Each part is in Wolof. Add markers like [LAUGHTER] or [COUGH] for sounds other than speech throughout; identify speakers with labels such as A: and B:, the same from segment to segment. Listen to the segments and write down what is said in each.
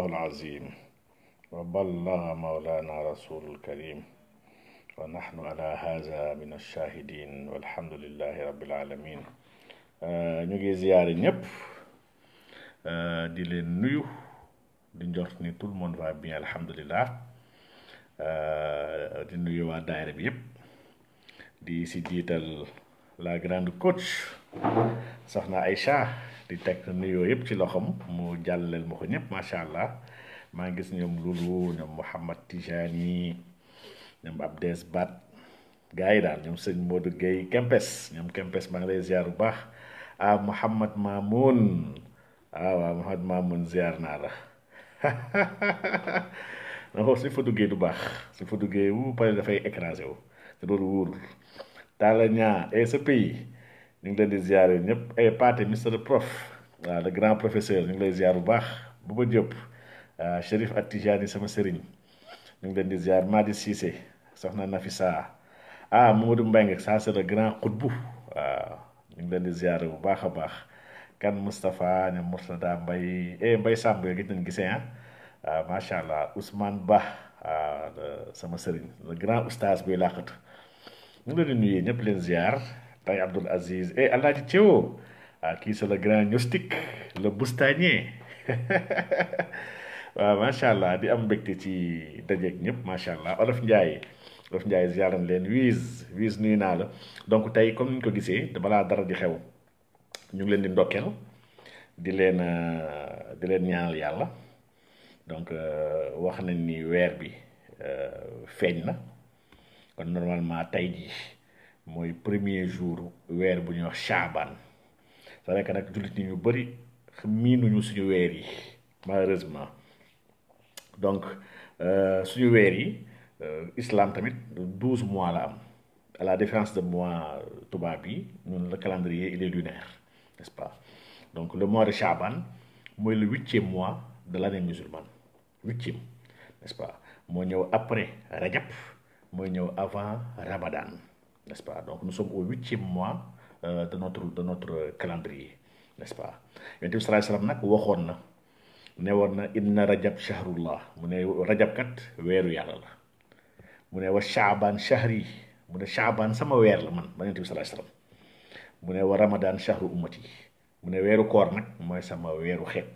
A: العظيم وبلغ مولانا رسول الكريم ونحن على هذا من الشاهدين والحمد لله رب العالمين نيجي زياره نيب دي لين نيو دي نجورتني طول مون فا بيان الحمد لله دي نيو وا دايره بييب دي سي جيتال لا غراند كوتش صحنا عائشه di teg nuyo yep ci loxam mu jallal mako ñep ma sha allah Muhammad gis ñom lulu ñom Mouhamad Tijani ñom Abdes Bat gay daal ñom sëñ Modou Gay Kempes ñom Kempes ma ngi lay ziaru baax ah Muhammad Mamoun ah wa Muhammad Mamoun ziar na la ho ci fotu gay du baax ci fotu gay wu pare fay écraser wu te loolu wuur dalanya ñu ngi leen di ziar yooyu ñëpp ay eh, pate mister le prof waaw le grand professeur ñu ngi lay ziar bu baax bu ba jëpp waaw ah, Chérif ak sama sëriñ ñu ngi leen di ziar Madi Cissé soxna Nafisa ah Mamadou Mbengue ça c'est le grand xutbu waaw ñu ngi leen di ziar bu baax a baax kan Moustapha ne Mourtada Mbaye mbay eh, Mbaye Samb yooyu gis nañ gisee ah waaw macha allah Ousmane Ba ah, sama sëriñ le grand oustaz buy làqatu ñu ngi leen di nuyu ñëpp leen ziar. Taye Abdul Aziz et eh, Alhaji Thio ah kii c'est le grand gnostique le boustanier waaw macha allah di am mbégte ci dajeeg ñëpp macha allah Olof Ndiaye Olof Ndiaye ziaram leen wiis wiis nuyu naa la donc tey comme ni ñu ko gisee balaa dara di xew ñu leen di ndokkeel di leen ah, di leen ñaanal yàlla donc ah, wax nañ ni weer bi ah, feeñ na kon normalement tey jii. le premier jour weer bu ñuy wax Chaban c'est vrai que nous jullit ñi ñu bëri miinuñu suñu weer yi malheureusement donc euh, suñu weer yi euh, islam tamit 12 mois la à la différence de mois toba le calendrier est lunaire n'est-ce pas donc le mois de Chaban c'est le huitième mois de l'année musulmane huitième n'est-ce pas moo ñëw après Rajab moy ñëw avant Ramadan. n'est-ce pas donc nous sommes au huitième mois euh, de notre de notre calendrier n'est-ce pas yonent bi sallallahu alayhi wasallam nag waxoon na ne woon na inna rajab shahrullah mu ne rajab kat weeru yàlla la mu ne wa shaabaan shahri mu ne shaabaan sama weer la man man yonent bi sallallahu alayhi wasallam mu ne wa ramadaan shahru ummati mu ne weeru koor nag mooy sama weeru xeet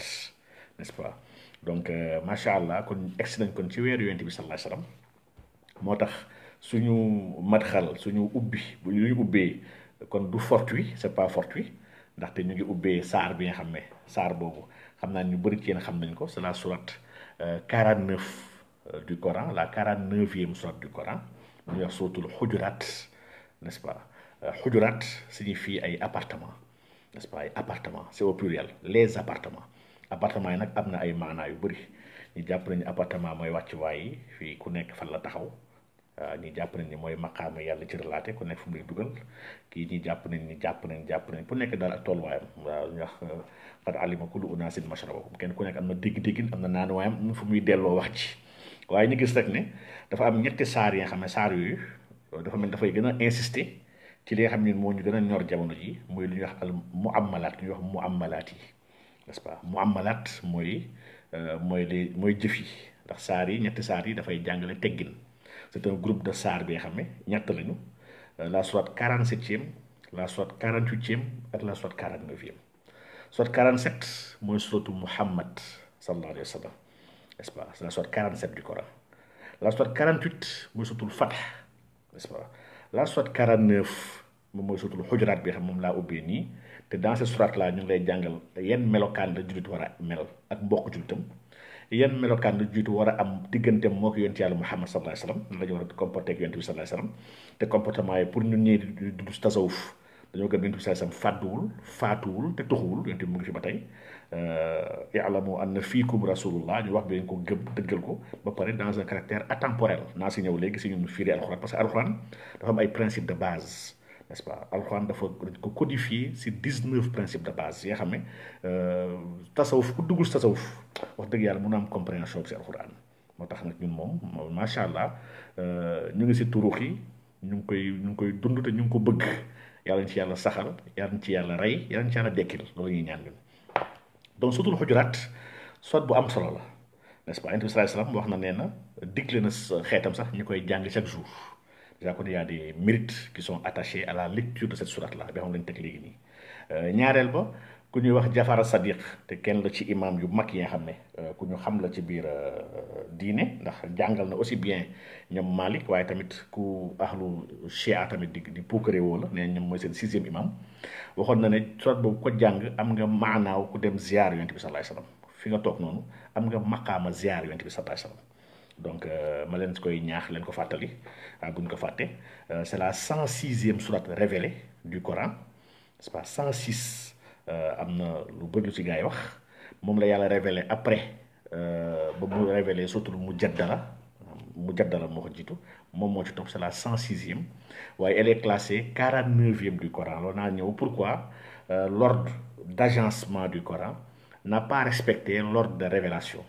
A: n'est-ce pas donc euh, macha allah kon egsi nañ kon ci weeru yonent bi sallallahu alayhi wasallam moo tax suñu matxal suñu ubbi bu ñu ubbé kon du fortuit c'est pas fortuit té ñu ngi ubbé sar bi nga xam sar bobu xamna ñu bëri ci yéen xam nañ ko c'est la sourate 49 euh, euh, du Coran la 49e sourate du Coran ñu wax Hujurat n'est-ce pas euh, Hujurat signifie ay appartement n'est-ce pas ay appartement c'est au pluriel les appartements appartement nak amna na ay maanaa yu bëri ñu japp nañ appartement moy wàccuwaay way fi ku nekk fan la taxaw Eh, ni japp nañ ni moy mooy yalla ci relaté ku nek fu muy duggal ki ni japp nañ ni japp nañ japp nañ ku nekk daal ak tolluwaayam waaw eh, ndax eh, xat alima kullu unasin mashrabahum ken ku nek amna deg deg amna nan wayam mu fu muy delo wax ci waye ni gis rek ne dafa am ñetti sar yi nga xam ne saar dafa mel dafay gëna insister ci li nga xam ne ñu gëna ñor jamono ji muy li wax al muamalaat ñu wax muamalaat n'est-ce pas muamalaat moy moy li moy jëf yi ndax sar yi ñetti sar yi dafay jàngalé teggin c'est un group de saar bi nga xam ne ñett lañu euh, la sourate 47e la sourate 48e ak la sourate 49e sourate 47 mooy sourate Muhammad sallallahu alayhi wa sallam n'est-ce pas c'est la sourate 47 du Coran la sourate 48 mooy sourate Fath n'est-ce pas moom mooy sourate Hujurat bi nga xam moom laa ubbee nii te dans cette sourate ñu ngi lay jàngal yan melokaan la jullit war a mel ak mbokk jullitam yan melokaan la jiitu war a am digganteem moo ko yonent yàlla Muhammad sallallahu alayhi wasallam nan la war a comporté ak yonent bi sallallahu alayhi te comportement yi pour ñun ñii du dund tasawuf dañoo gën yonent bi sallallahu alayhi wasallam faatuwul te tuxuwul yonent bi mu ngi fi ba tey i'lamu euh, anna fiikum rasulullah ñu wax bi dañ ko gëm dëggal ko ba pare dans un caractère atemporel naa si ñëw léegi si ñun firi alxuraan parce que alxuraan dafa am ay principe de base n'est-ce pas alxuraan dafa ko codifié si 19 principes de base yoo xam ne euh, tasawuf ku duggul tasawuf wax dëgg yàlla mën na am compréhension si alxuraan moo tax nag ñun moom macha allah euh, ñu ngi si turuux yi ñu ngi koy ñu ngi koy dund te ñu ngi ko bëgg yàlla ñu ci yàlla saxal yàlla ñu ci yàlla rey yàlla ñu ci yàlla dekkil loolu ñuy ñaan ñun donc surtout xujuraat soit bu am solo la n'est-ce pas Yonent bi sallallahu wax na nee na digle na xeetam sax ñu koy jàng chaque jour. il y a des mérites qui sont attachés à la lecture de cette sourate là bi xam lañ teg ni euh ñaarel ba ku ñuy wax jafar sadiq te kenn la ci imam yu mak yi xamne euh, ku ñu xam la ci biir euh, diine ndax jangal na aussi bien ñom malik waye tamit ku ahlu shia tamit di di poukere wo la ne moy sen 6e imam waxon na ne sourat bo ko jang am nga maana ku dem ziar yonte bi alayhi wasallam fi nga tok noonu am nga maqama ziar yonte bi alayhi wasallam donc euh, ma leen koy ñaax leen ko fatali Ah, euh, c'est la 106e surat révélée du Coran C'est pas 106 il y lu bëri ci gars wax moom la révélé après euh, ba mu révélé surtout le Mujaddala moo ko ci la 106e elle est classée 49e du Coran pourquoi euh, l'ordre d'agencement du Coran n'a pas respecté l'ordre de révélation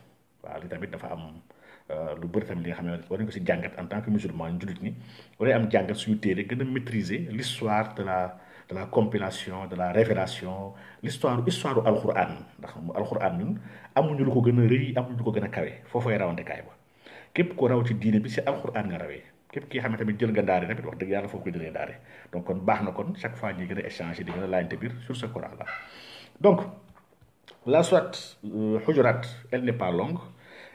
A: euh, lu bëri tamit li nga xam ne war nañ ko si jàngat en tant que musulman jullit ni war am jàngat suñu téere gën a maîtriser l'histoire de la de la compilation de la révélation l'histoire histoire al alquran ndax al alquran ñun amuñu lu ko gën a rëy amuñu lu ko gën a kawe foofay rawante kaay ba képp ko raw ci diine bi si alquran nga rawee képp ki nga xam ne tamit jël nga ndaare tamit wax dëgg yàlla foofu ko jëlee ndaare donc kon baax na kon chaque fois ñuy gën a échanger di gën a laajante biir sur ce Coran là donc la sourate euh, Hujurat elle n'est pas longue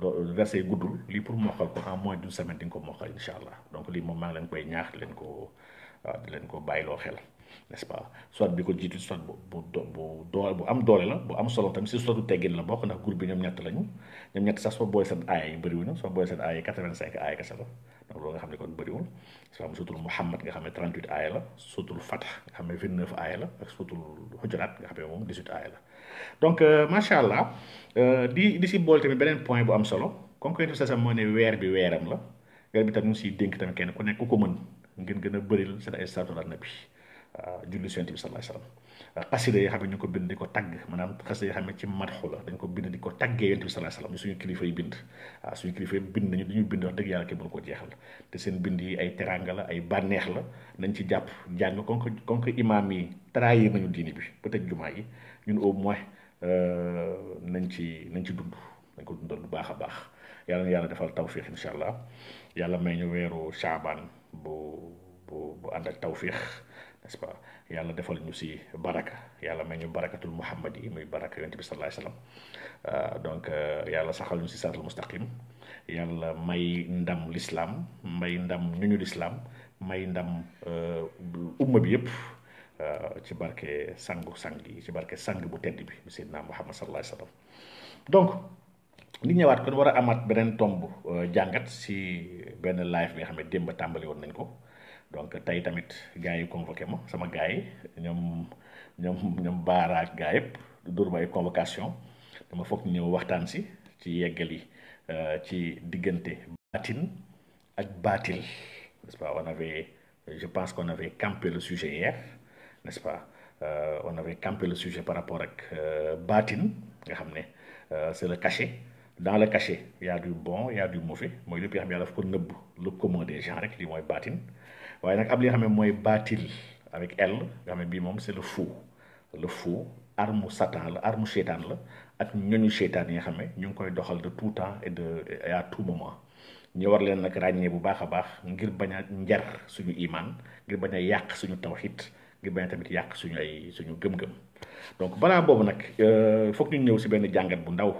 A: loolu verset yi guddul lii pour mokkal ko en moins d'une semaine di nga ko mokkal incha allah donc lii moom maa ngi leen koy ñaax leen ko waaw di leen ko bàyyiloo xel n'est-ce bi ko jiitu soit bu bu bu doole bu am doole la bu am solo tamit si sotu teggin la bokk ndax groupe bi ñoom ñett lañu ñoom ñett sax soo booy seen aaya yi bëriwul na soo booy seen aaya yi 85 aaya kese la loolu nga xam ne kon bëriwul soo am sutul Muhammad nga xam ne 38 aaya la sutul Fatah nga xam ne 29 aaya la ak sutul Hujurat nga xam ne moom la. donc euh, macha allah euh, di di si bool tamit beneen point bu am solo comme que sa moo ne weer bi weeram la weer bi tam mu siy dénk tamit kenn ku nekk ko mën ngeen gën a bëril seen ay salaatu ala nabi ah, julli si yonent bi sallallahu alayhi wasallam ah, xasida ñu ko bind ko tagg maanaam xasida yi xam ne ci marxu la dañ ko bind di ko taggee yonent bi sallallahu alayhi suñu kilifa yi bind waaw ah, suñu kilifa yi bind nañu dañuy bind wax dëgg ko jeexal te seen bind yi ay teranga ay bànneex la nañ ci jàpp jàng kon ko imaam yi trahir nañu diini bi ba tëj jumaa yi ñun au moins euh, nañ ci nañ ci dund nañ ko dundal lu baax a baax yàlla yàlla defal tawfiq insha allah yàlla may ñu weeru bu bu bu ànd ak tawfiq n'est-ce pas yàlla defal ñu si baraka yàlla may ñu barakatul muhammad muy baraka yonte bi sallallahu alayhi wasallam euh, donc euh, yàlla saxal ñu si mustaqim yàlla may ndam l'islam may ndam ñuñu l'islam may ndam umma bi Eh, ci barke sangu sangi ci barke sang bu tedd bi sayyidina muhammad sallallahu Alaihi wasallam donc li ñewat ko wara amat benen tombu eh, jangat si benn live bi xamé demba tambali won nañ ko donc tay tamit gaay yu convoquer mo sama gaay ñom ñom ñom ñoom baara ak gars yëpp dur ma convocation dama fokk ñew waxtaan si ci yi eh, ci digënté batin ak batil n'est-ce pas on avait je pense qu'on avait campé le sujet hier n'est-ce pas euh, On avait campé le sujet par rapport avec euh, Batin, euh, c'est le cachet. Dans le cachet, il y a du bon, il y a du mauvais. Moi, le permis à la fois le commun des gens, qui est Batin. waaye nag am li nga xam ne mooy baatil avec L nga xam ne c'est le faux le faux arme satan la arme seytaan la ak ñooñu seytaan yi nga xam ñu koy doxal de tout temps et de à tout moment ñu war leen nag ràññee bu baax a baax ngir bañ a njar suñu imaan ngir bañ a suñu tawxit ngir tamit yàq suñu ay suñu gëm-gëm donc bobu nak euh fokk ñu ñëw si benn jàngat bu ndaw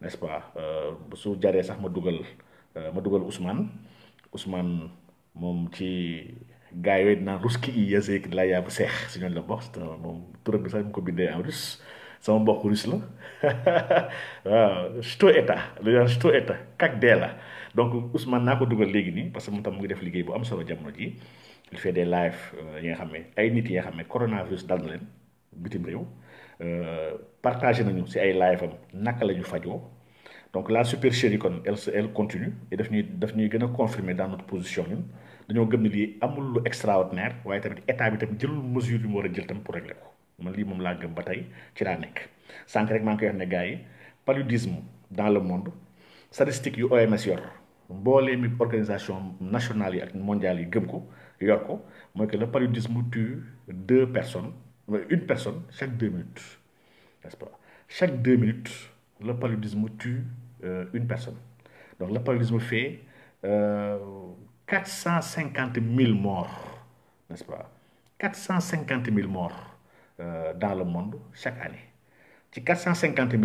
A: n'est est ce pas euh, su jaré sax ma duggal euh, ma duggal Ousmane Ousmane mom ci gaay na ruski yi yaseeg la yaabu seex si ñoon la bokk mom turam bi sax mu ko bindé en russe sama bokk russe la [LAUGHS] waaw eta état lu daan chto état kak dé la donc Ousmane nako duggal légui ni parce que moom tam mu ngi def liggéey bu am solo jamono ji il fait des live euh, yi nga xam ne ay nit yi nga xam ne coronavirus dal na leen bitim réew euh, partagé nañu si ay live am naka la ñu fajoo donc la supercherie kon elle elle continue et daf ñuy daf ñuy gën a confirmer dans notre position ñun dañoo gëm ne lii amul lu extraordinaire waaye tamit état bi tamit jëlul mesure bi mu war a jël tam pour régler ko man lii moom laa gëm ba tey ci laa nekk sànq rek maa ngi koy wax ne gars yi paludisme dans le monde statistique yu OMS yor mboolee mi organisation nationale yi ak mondiale yi gëm ko que le paludisme tue deux personnes une personne chaque deux minutes n'est-ce pas chaque deux minutes le paludisme tue euh, une personne donc le paludisme fait 450 euh, 000 morts n'est-ce pas 450 000 morts euh, dans le monde chaque année ces 450 000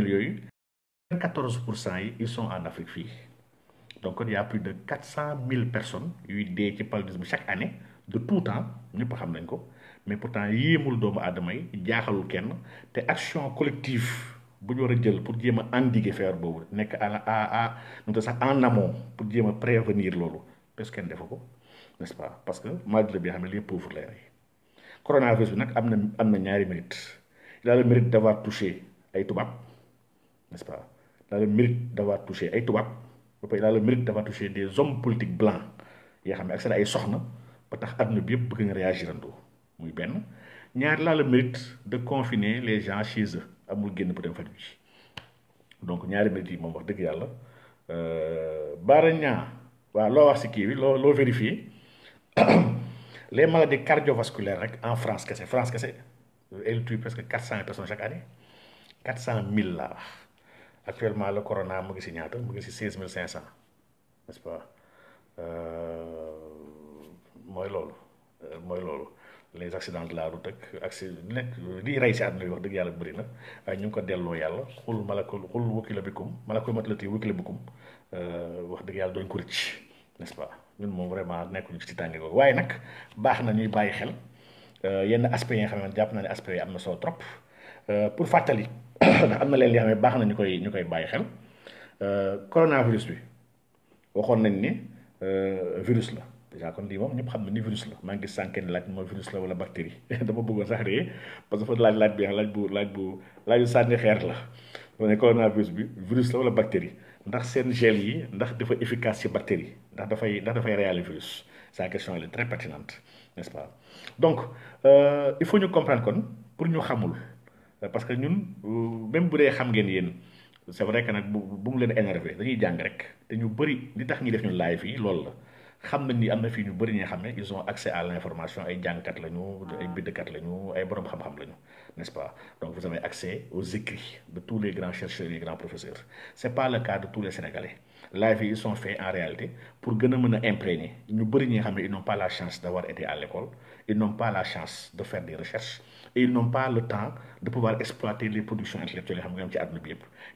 A: 14 ils sont en Afrique donc il y a plus de 400 000 personnes qui ont par des paludisme chaque année de tout temps ñëpp xam nañ ko mais pourtant yéemul doomu aadama jaaxalul kenn te action collective bu ñu war a jël pour jéem a endiguer feebar boobu nekk à à à sax en amont pour jéem a prévenir loolu parce kenn defu ko n'est-ce pas parce que maladie la bi nga xam ne les pauvres lay rey coronavirus nag am na am na ñaari mérite il a le mérite d'avoir ay tubaab n'est-ce pas il a le mérite d'avoir touché ay tubaab ba pare il a le mérite d'avoir des hommes politiques blancs yoo xam ne ak seen ay soxna. ba tax àdduna bi yëpp bëgg nga réagirandoo muy benn ñaar laa la mérite de confiner les gens chez eux amul génn bu dem faj bi donc ñaari mérite yi moom wax dëgg yàlla euh, baara ñaa waaw loo wax si kii bi loo loo vérifié [COUGHS] les maladies cardiovasculaires rek en France kese France kese elle tue presque quatre cent personnes chaque année quatre cent mille laa wax actuellement le corona mu ngi si ñaata mu ngi si seize mille cinq cent n'est-ce pas euh, mooy loolu euh, mooy loolu les accidents de la route ak accident nekk lii rey si àdduna bi wax dëgg yàlla bu bëri na waaye ñu ngi ko delloo yàlla xul malakul xul wakkila bikum malakul matalati wakkila bikum euh, wax dëgg yàlla doñ ko rëcc n'est-ce ñun moom vraiment nekkuñu ci tànge googu waaye nag baax na ñuy bàyyi xel euh, yenn aspects yi nga xam ne jàpp naa ne aspects yi am na soo trop pour fàttali [COUGHS] am na leen li xam ne baax na ñu koy ñu koy bàyyi xel coronavirus bi waxoon nañ ni virus la déjà kon lii moom ñëpp xam ne ni virus la maa ngi gis sànqee ni laaj mooy virus la wala bactérie [LAUGHS] dama bëggoon sax ree parce que fa laaj laaj bi ah, laaj bu laaj bu laaju sànni xeer la mu ne coronavirus bi virus la wala bactérie ndax seen gel yi ndax dafa efficace ci bactérie ndax dafay ndax dafay réale virus sa question elle est très pertinente n'est-ce pas donc euh, il faut ñu comprendre kon pour ñu xamul parce que ñun euh, même bu dee xam ngeen yéen c'est vrai que nag bu bu mu leen énervé dañuy jàng rek te bëri li tax ñuy def ñu live yi loolu la xam ni am na fi ñu ils ont accès à l'information ay jàngkat lañu ay kat lañu ay borom xam-xam lañu n'est-ce pas donc vous avez accès aux écrits de tous les grands chercheurs et les grands professeurs c'est pas le cas de tous les Sénégalais live ils sont faits en réalité pour que nous imprégner ñu bëri ñi ils n'ont pas la chance d'avoir été à l'école ils n'ont pas la chance de faire des recherches et ils n'ont pas le temps de pouvoir exploiter les productions intellectuelles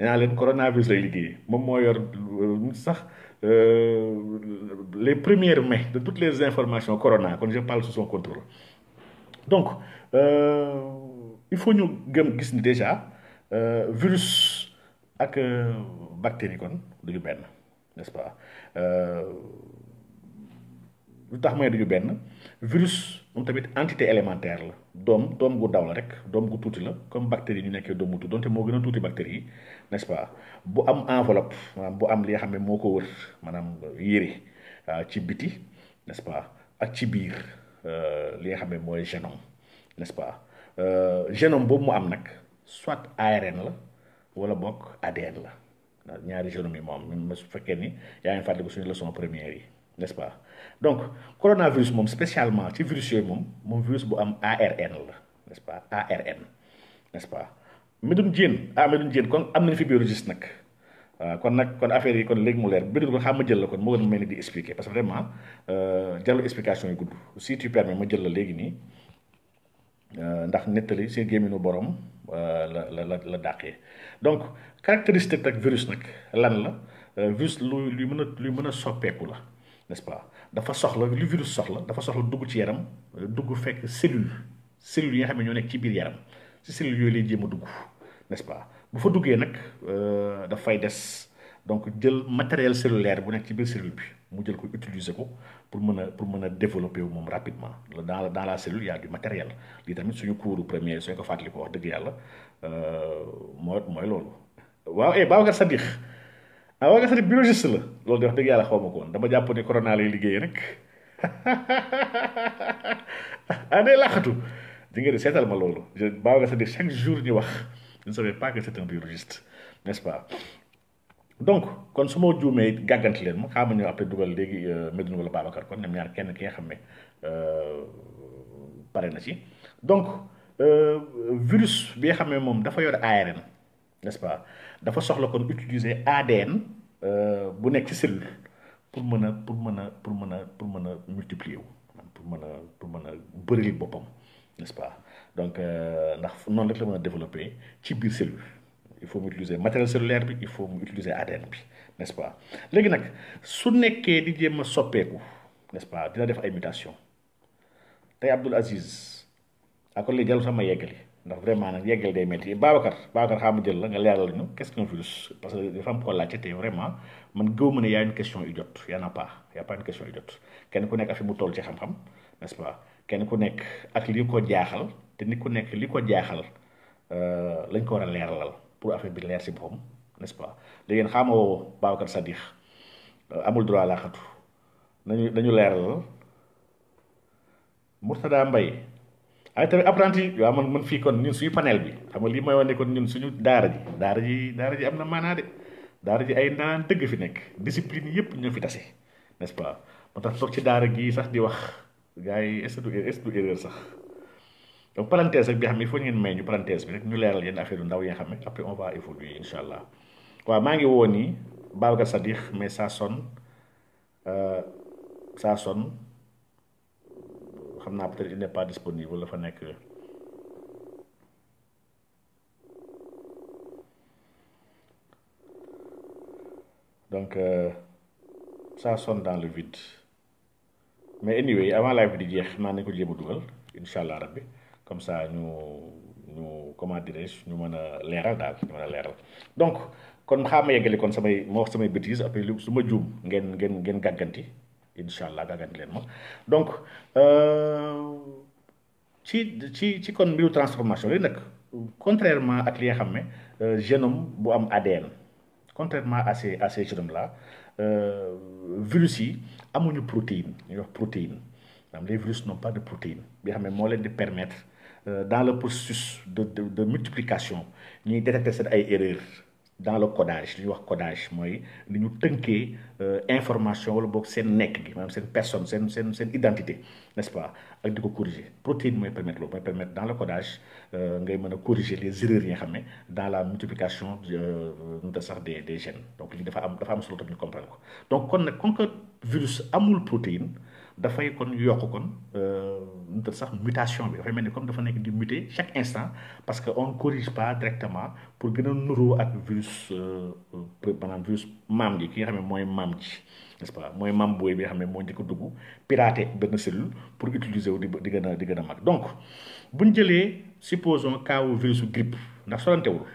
A: et naa leen coronavirus lay liggéey moom moo yor euh, sax euh, les premières mains de toutes les informations corona quand je parle sous son contrôle donc euh, il faut ñu gëm gis ni déjà virus ak bactérie kon du ñu n'est-ce pas lu tax mooy du virus. On tamit entité élémentaire la doom doom gu daw la rek comme bactéries ñu a bactéries n'est-ce pas bu am enveloppe bu am li n'est-ce pas ak ci euh, génome n'est-ce pas euh, génome am soit ARN la wala ADN la ñaari génome leçon première n'est-ce pas donc coronavirus mom, spécialement ci virus mom, moom virus bu am ARN la n'est-ce pas ARN n'est-ce pas Medoune Diène ah Medoune Diène kon am nañu fi biologiste ah, kon nak kon affaire yi kon léegi mu leer Medoune kon xam jël la kon mo gën melni di expliquer parce que vraiment euh jallu explication yi gudd si tu permets ma jël la ni euh ndax netali seen gémminu borom euh, la la la la dàqee donc caractéristique tak virus nak lan la euh, virus lu lu meuna lu meuna mën a la n'est-ce pas dafa soxla li virus soxla dafa soxla dugg ci yaram dugg fekk cellule cellule yi nga xam ne ñoo nekk ci biir yaram ci cellule yooyu lay jéem a dugg n'est-ce pas bu fa duggee nag euh, daf fay des donc jël matériel cellulaire bu nekk ci biir cellule bi mu jël ko utiliser ko pour mën a pour mën a développer moom rapidement dans la dans la cellule y a du matériel lii tamit suñu cours premier c'est ko fàttali ko wax dëgg yàlla euh, moo mooy loolu waaw eh Babacar Sadikh ah waa nga xam ne biologiste la loolu de wax dëgg yàlla xaw ma ko woon dama jàpp ne corona lay liggéey rek ah [LAUGHS] day laqatu di nga seetal ma loolu je baaw nga xam ne chaque jour ñu wax je ne savais pas que c'est un biologiste n'est-ce pas. donc kon su ma juumee gàgganti leen ma xaaral ma ñëw après dugal léegi euh, Médoune wala Babacar kon ñoom ñaar kenn ki nga xam ne euh, pare na ci donc euh, virus bi nga moom dafa yor ARN n'est-ce pas. dafa soxla kon utiliser ADN euh, bu nekk ci cellule pour mën a pour mën a pour mën a pour mën a multiplier wu pour mën a pour mën a bëril boppam n'est-ce pas donc euh, ndax noonu rek la mën a développer ci biir cellule il faut mu utiliser matériel cellulaire bi il faut mu utiliser ADN bi n'est-ce pas léegi nag su nekkee di jéem a soppeeku n'est-ce pas dina def ay mutation tey Abdoul Aziz ak li jarul sama yeggali ndax vraiment nag yeggal day métti Babacar Babacar xaaral ma jël la nga leeral ñu question virus parce que dafa am ko laajte te vraiment man gëw ne y a une question idiote y en a pas y a pas kenn ku nekk ak fi mu toll ci xam kenn ku nekk ak li ko jaaxal te ni ku nekk li ko jaaxal euh, lañ ko war a leeralal pour affaire bi leer si boppam n'est-ce pas léegi nag xaaral woo Babacar Sadikh euh, amul droit laaxatu nañu nañu leeralal Mourtada Mbaye ay tamit apprenti yo man man fi kon ñun suñu panel bi xam nga lii mooy kon ñun suñu daara ji daara ji daara ji am mana de daara ji ay naan deug fi nek discipline yépp ñu fi tassé nest ce pas moo tax toog ci daara gi sax di wax gaay est du est du erreur sax donc parenthèse ak bi xam ne fo faut ngeen may ñu parenthèse bi rek ñu leral yeen affaire ndaw yi xam après on va évoluer inshallah wa ma ngi woni nii Babacar Sadikh mais ça sonne euh, ça sonne xamna peut-être il n'est pas disponible fa nek donc euh, ça sonne dans le vide mais anyway avant live di jeex naa nañ ko jéem a inshallah allah rabbi comme ça ñu ñu comment dire je ñu mën a leeral daal ñu mën a donc kon xaama yeggale kon samay ma wax samay bêtise après lu su ma juum ngeen ngeen ma donc euh, ci ci ci kon mbiru transformation li à contrairement ak li nga le génome euh, bu am ADN contrairement à ces à ces génomes là euh, virus yi amuñu protéine protéines, wax les virus n'ont pas de protéines. bi ont des moyens de permettre dans le processus de de de multiplication ñi détecter cette erreur dans le codage li wax codage moy li teunké tënkee euh, information wala bok sen nek gi maanaam sen personne sen sen sen identité n'est-ce pas ak diko corriger protéine moy permettre loolu mooy permettre dans le codage euh, ngay mën corriger les erreurs yi xamné dans la multiplication euh, de te sax des des gènes donc li dafa am dafa am solo tamit ñu comprendre ko donc kon nag kon que virus amul protéine dafay kon yokk kon euh, nu sax mutation bi dafay mel ni comme dafa nek di muter chaque instant parce que on corrige pas directement pour gëna nuru ak virus euh, euh, maanaam virus maam ji ki nga xam ne mooy maam n'est-ce pas moy mam boy bi nga xam ne moo njëkk dugg pirater benn cellule pour utiliser di di gën di gëna mag donc buñ jëlé jëlee supposons cas wu virusu grippe ndax sorantewul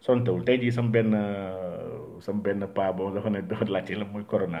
A: sorantewul tay di sama ben sama ben pa boobu dafa ne dafa laajte la moy corona.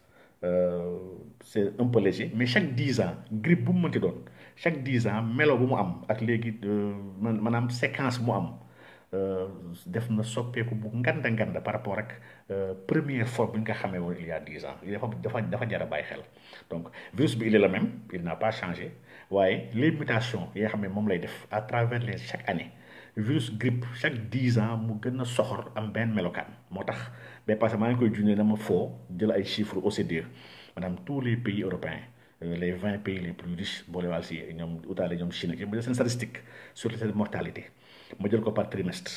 A: Euh, c'est un peu léger mais chaque 10 ans grippe boum mu donne chaque 10 ans melo am ak euh, séquence mu am euh, def na par rapport ak première fois bi nga il y a 10 ans donc virus il est le même il n'a pas changé waaye les mutations à travers chaque année virus grippe chaque 10 ans mu est am ba passé maa ngi koy junjee dama foo jël ay chiffres OCDE maanaam tous les pays européens euh, les vingt pays les plus boo boolewaal si ñoom utaale ñoom Chine ak yëpp ba seen statistique sur les mortalité ma jël ko par trimestre.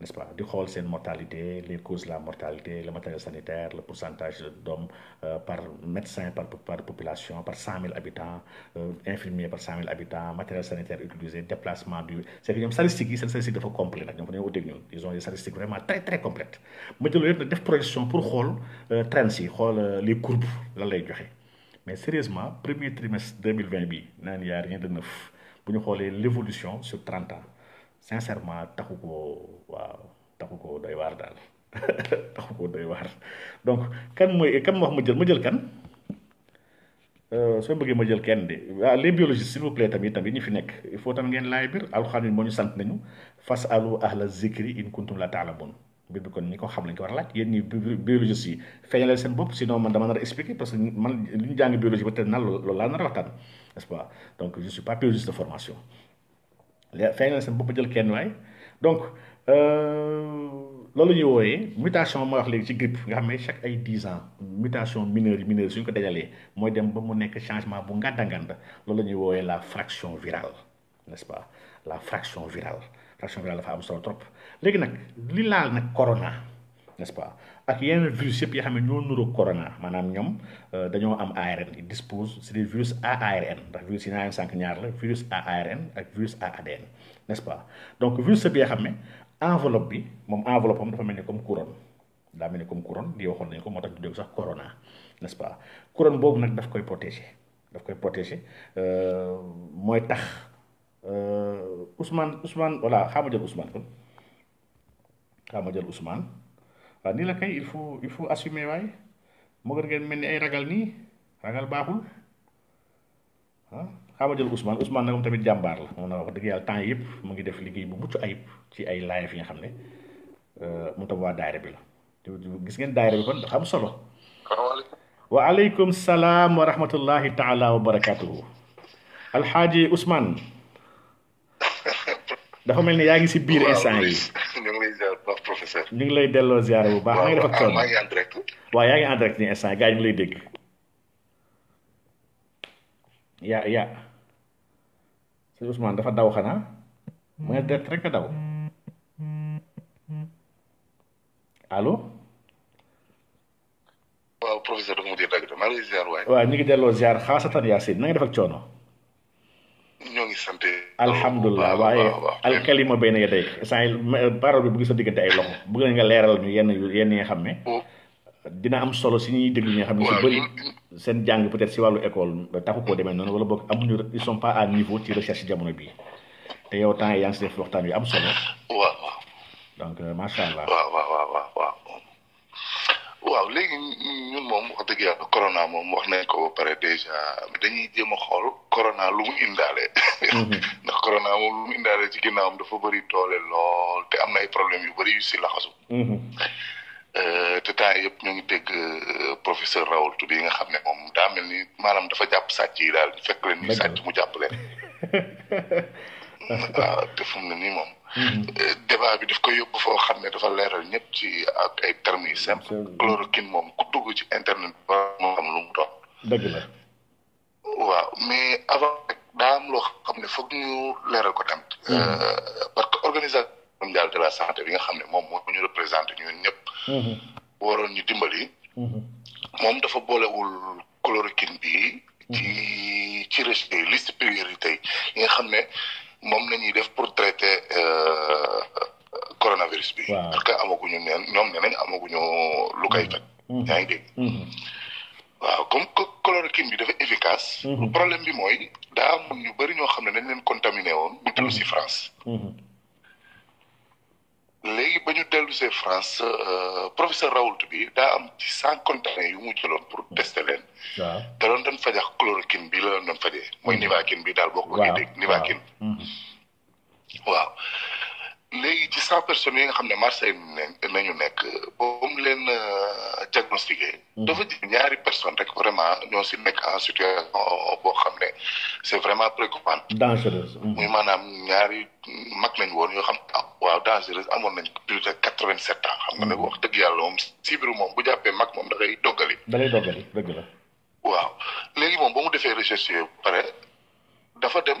A: n'est-ce pas di c'est mortalité les causes de la mortalité le matériel sanitaire le pourcentage d'hommes euh, par médecin par par population par 100 000 habitants euh, infirmiers par 100 000 habitants matériel sanitaire utilisé déplacement du c'est que les statistiques sont complètes. statistique complète ils ont des statistiques vraiment très très complètes mais de def projection pour xool euh, trends xol, les courbes la lay mais sérieusement premier trimestre 2020 il n'y a rien de neuf pour nous l'évolution sur 30 ans sincèrement taxu ko waaw taxu ko doy war daal taxu ko doy war donc kan mooy kan wax ma jël ma jël kan euh, soo bëggee ma jël kenn de ah les biologistes s'il vous plaît tamit tamit ñi fi nekk il faut tam ngeen laay bir moo ñu sant nañu fas alu ahla zikri in kuntum la taalamun bi bi kon ñi ko xam lañ ko war laaj yéen ñi biologistes yi feeñalal seen bopp sinon man dama nar expliquer parce que man li ñu jàng biologie ba loolu laa nar n'est ce pas donc je suis pas biologiste de formation fay na seen bopp jël kenn waay donc euh, loolu la ñuy mutation ma wax léegi ci grippe nga xam chaque 10 ans mutation mineure mineure suñ ko dajalee mooy dem ba mu nekk changement bu que nous loolu la ñuy la fraction virale n'est-ce pas la fraction virale fraction virale dafa am solo trop léegi nag li laal corona n'est-ce pas ak yeneen virus yëpp yoo xam ne ñoo nuru corona maanaam ñoom euh, dañoo am ARN ils disposent c'est virus à ARN ndax virus yi naa leen ñaar la virus à ARN ak virus à ADN n'est-ce donc virus yëpp yoo xam ne enveloppe bi moom enveloppe am dafa mel ni comme couronne daa mel ni comme couronne di waxoon nañu ko moo tax ñu dégg sax corona n'est-ce pas couronne boobu nag daf koy protéger daf koy protéger euh, mooy tax euh, Ousmane Ousmane voilà xaama jël Ousmane kon xaama jël Ousmane. waaw nii la kay il faut il faut assumer way mo gën gën melni ay ragal ni ragal baxul ha ah. xama jël Ousmane Ousmane nagam tamit jambar la mo na wax deug yalla temps yépp mo ngi def liggéey bu muccu ayib ci ay live yi nga xamné euh mu tam waa daayira bi la gis ngeen daaira bi kon xam solo wa alaykum salam wa rahmatullahi taala wa barakatuh al alxaaji Ousmane [LAUGHS] dafa melni yaangi ci ngi biir instant yi ñu ngi lay delloo ziar bu baax nga def ak coono waaw yaa ngi en direct ni instant gars yi ñu lay dégg ya ya sëñ Ousmane dafa daw xanaa mu ngi direct rek a daw allo
B: waaw professeur dafa mu di dagg de maa ngi ziar waay
A: waaw ñu ngi delloo ziar xaasatan Yacine na ngi def ak coono ñoo ngi sant. alhamdulilah waaye alkalima bay na nga tey saa euh, parole bi bu ngi sa diggante ay loxo bëgg nañ nga leeral ñu yenn yenn yi nga xam ne. Oh. dina am solo si ñuy déglu ñi nga xam ne si bëri seen jàng peut-être si wàllu école taxu ko demee noonu wala boog amuñu ils sont pas à niveau ci recherche jamono bi te yow temps yi yaa ngi si def waxtaan wi am solo. waaw waaw. donc euh, macha allah. waaw waaw waaw waaw.
B: waaw léegi ñun moom wax dëgg yàlla corona moom wax nañ ko ba pare déjà dañuy jéem a xool corona lu mu indaale.
C: Mhm. [LAUGHS]
B: ndax corona moom lu mu indaale ci ginnaawam dafa bëri toole lool te am na ay problèmes yu bëri yu si laxasu. Mhm. Euh, te temps yëpp ñu ngi dégg euh, professeur Raoul Tudd yi nga xam ne moom daa mel nii maanaam dafa jàpp sàcc yi daal fekk leen ni sàcc mu jàpp leen. [LAUGHS] te fu ne nii moom. Mm-hmm. débat bi def koy yóbbu foo xam ne dafa leeral ñëpp ci ak ay termes yu simple. chloroquine moom ku dugg ci internet bi moo xam lu mu doon. dëgg la. waaw mais avant daa am loo xam ne foog ñu leeral ko tam mm-hmm. parce que organisation mondiale de la santé bi nga xam ne moom moo ñu représenté ñun ñëpp. Mm-hmm. waroon ñu
C: dimbali. moom dafa boolewul chloroquine bi. ci
B: ci liste priorité yi nga xam ne. moom la ñuy def pour traiter euh, coronavirus bi. parce que amaguñu neen ñoom nee nañ amaguñu lu koy faj. Mm-hmm. yaa ngi dégg. Mm-hmm. waaw comme que chloroquine bi dafa efficace. Mm-hmm. problème bi mooy daa am ñu bëri ñoo xam ne dañ leen contaminé
C: woon. ñu dellu si France. léegi ba ñu dellusee France euh, professeur Raoult bi daa am ci cent contenant yu mu jëloon pour hmm. tester leen. waaw
B: te doon doon fajax chloroquine bi la doon doon fajee. mooy hmm. nivaquine bi daal boo ko. waaw waaw dégg nivaquine. waaw. Hmm. léegi ci cent personnes yi nga xam ne Marseille nañu nekk ba mu a euh, diagnostiqué. Mmh. dafa ji ñaari personnes rek vraiment ñoo si nekk en situation boo xam ne c'est vraiment préoccupante. dangereuse. Mmh. maanaam ñaari mag lañ woon yoo xam ne waaw dangereuse amoon nañ plus de quatre vingt xam nga ne mmh. wax dëgg yàlla moom sibiru moom bu jàppee mag moom da ngay doggali. da ngay doggali dëgg la. waaw léegi moom ba mu defee recherche pare dafa dem.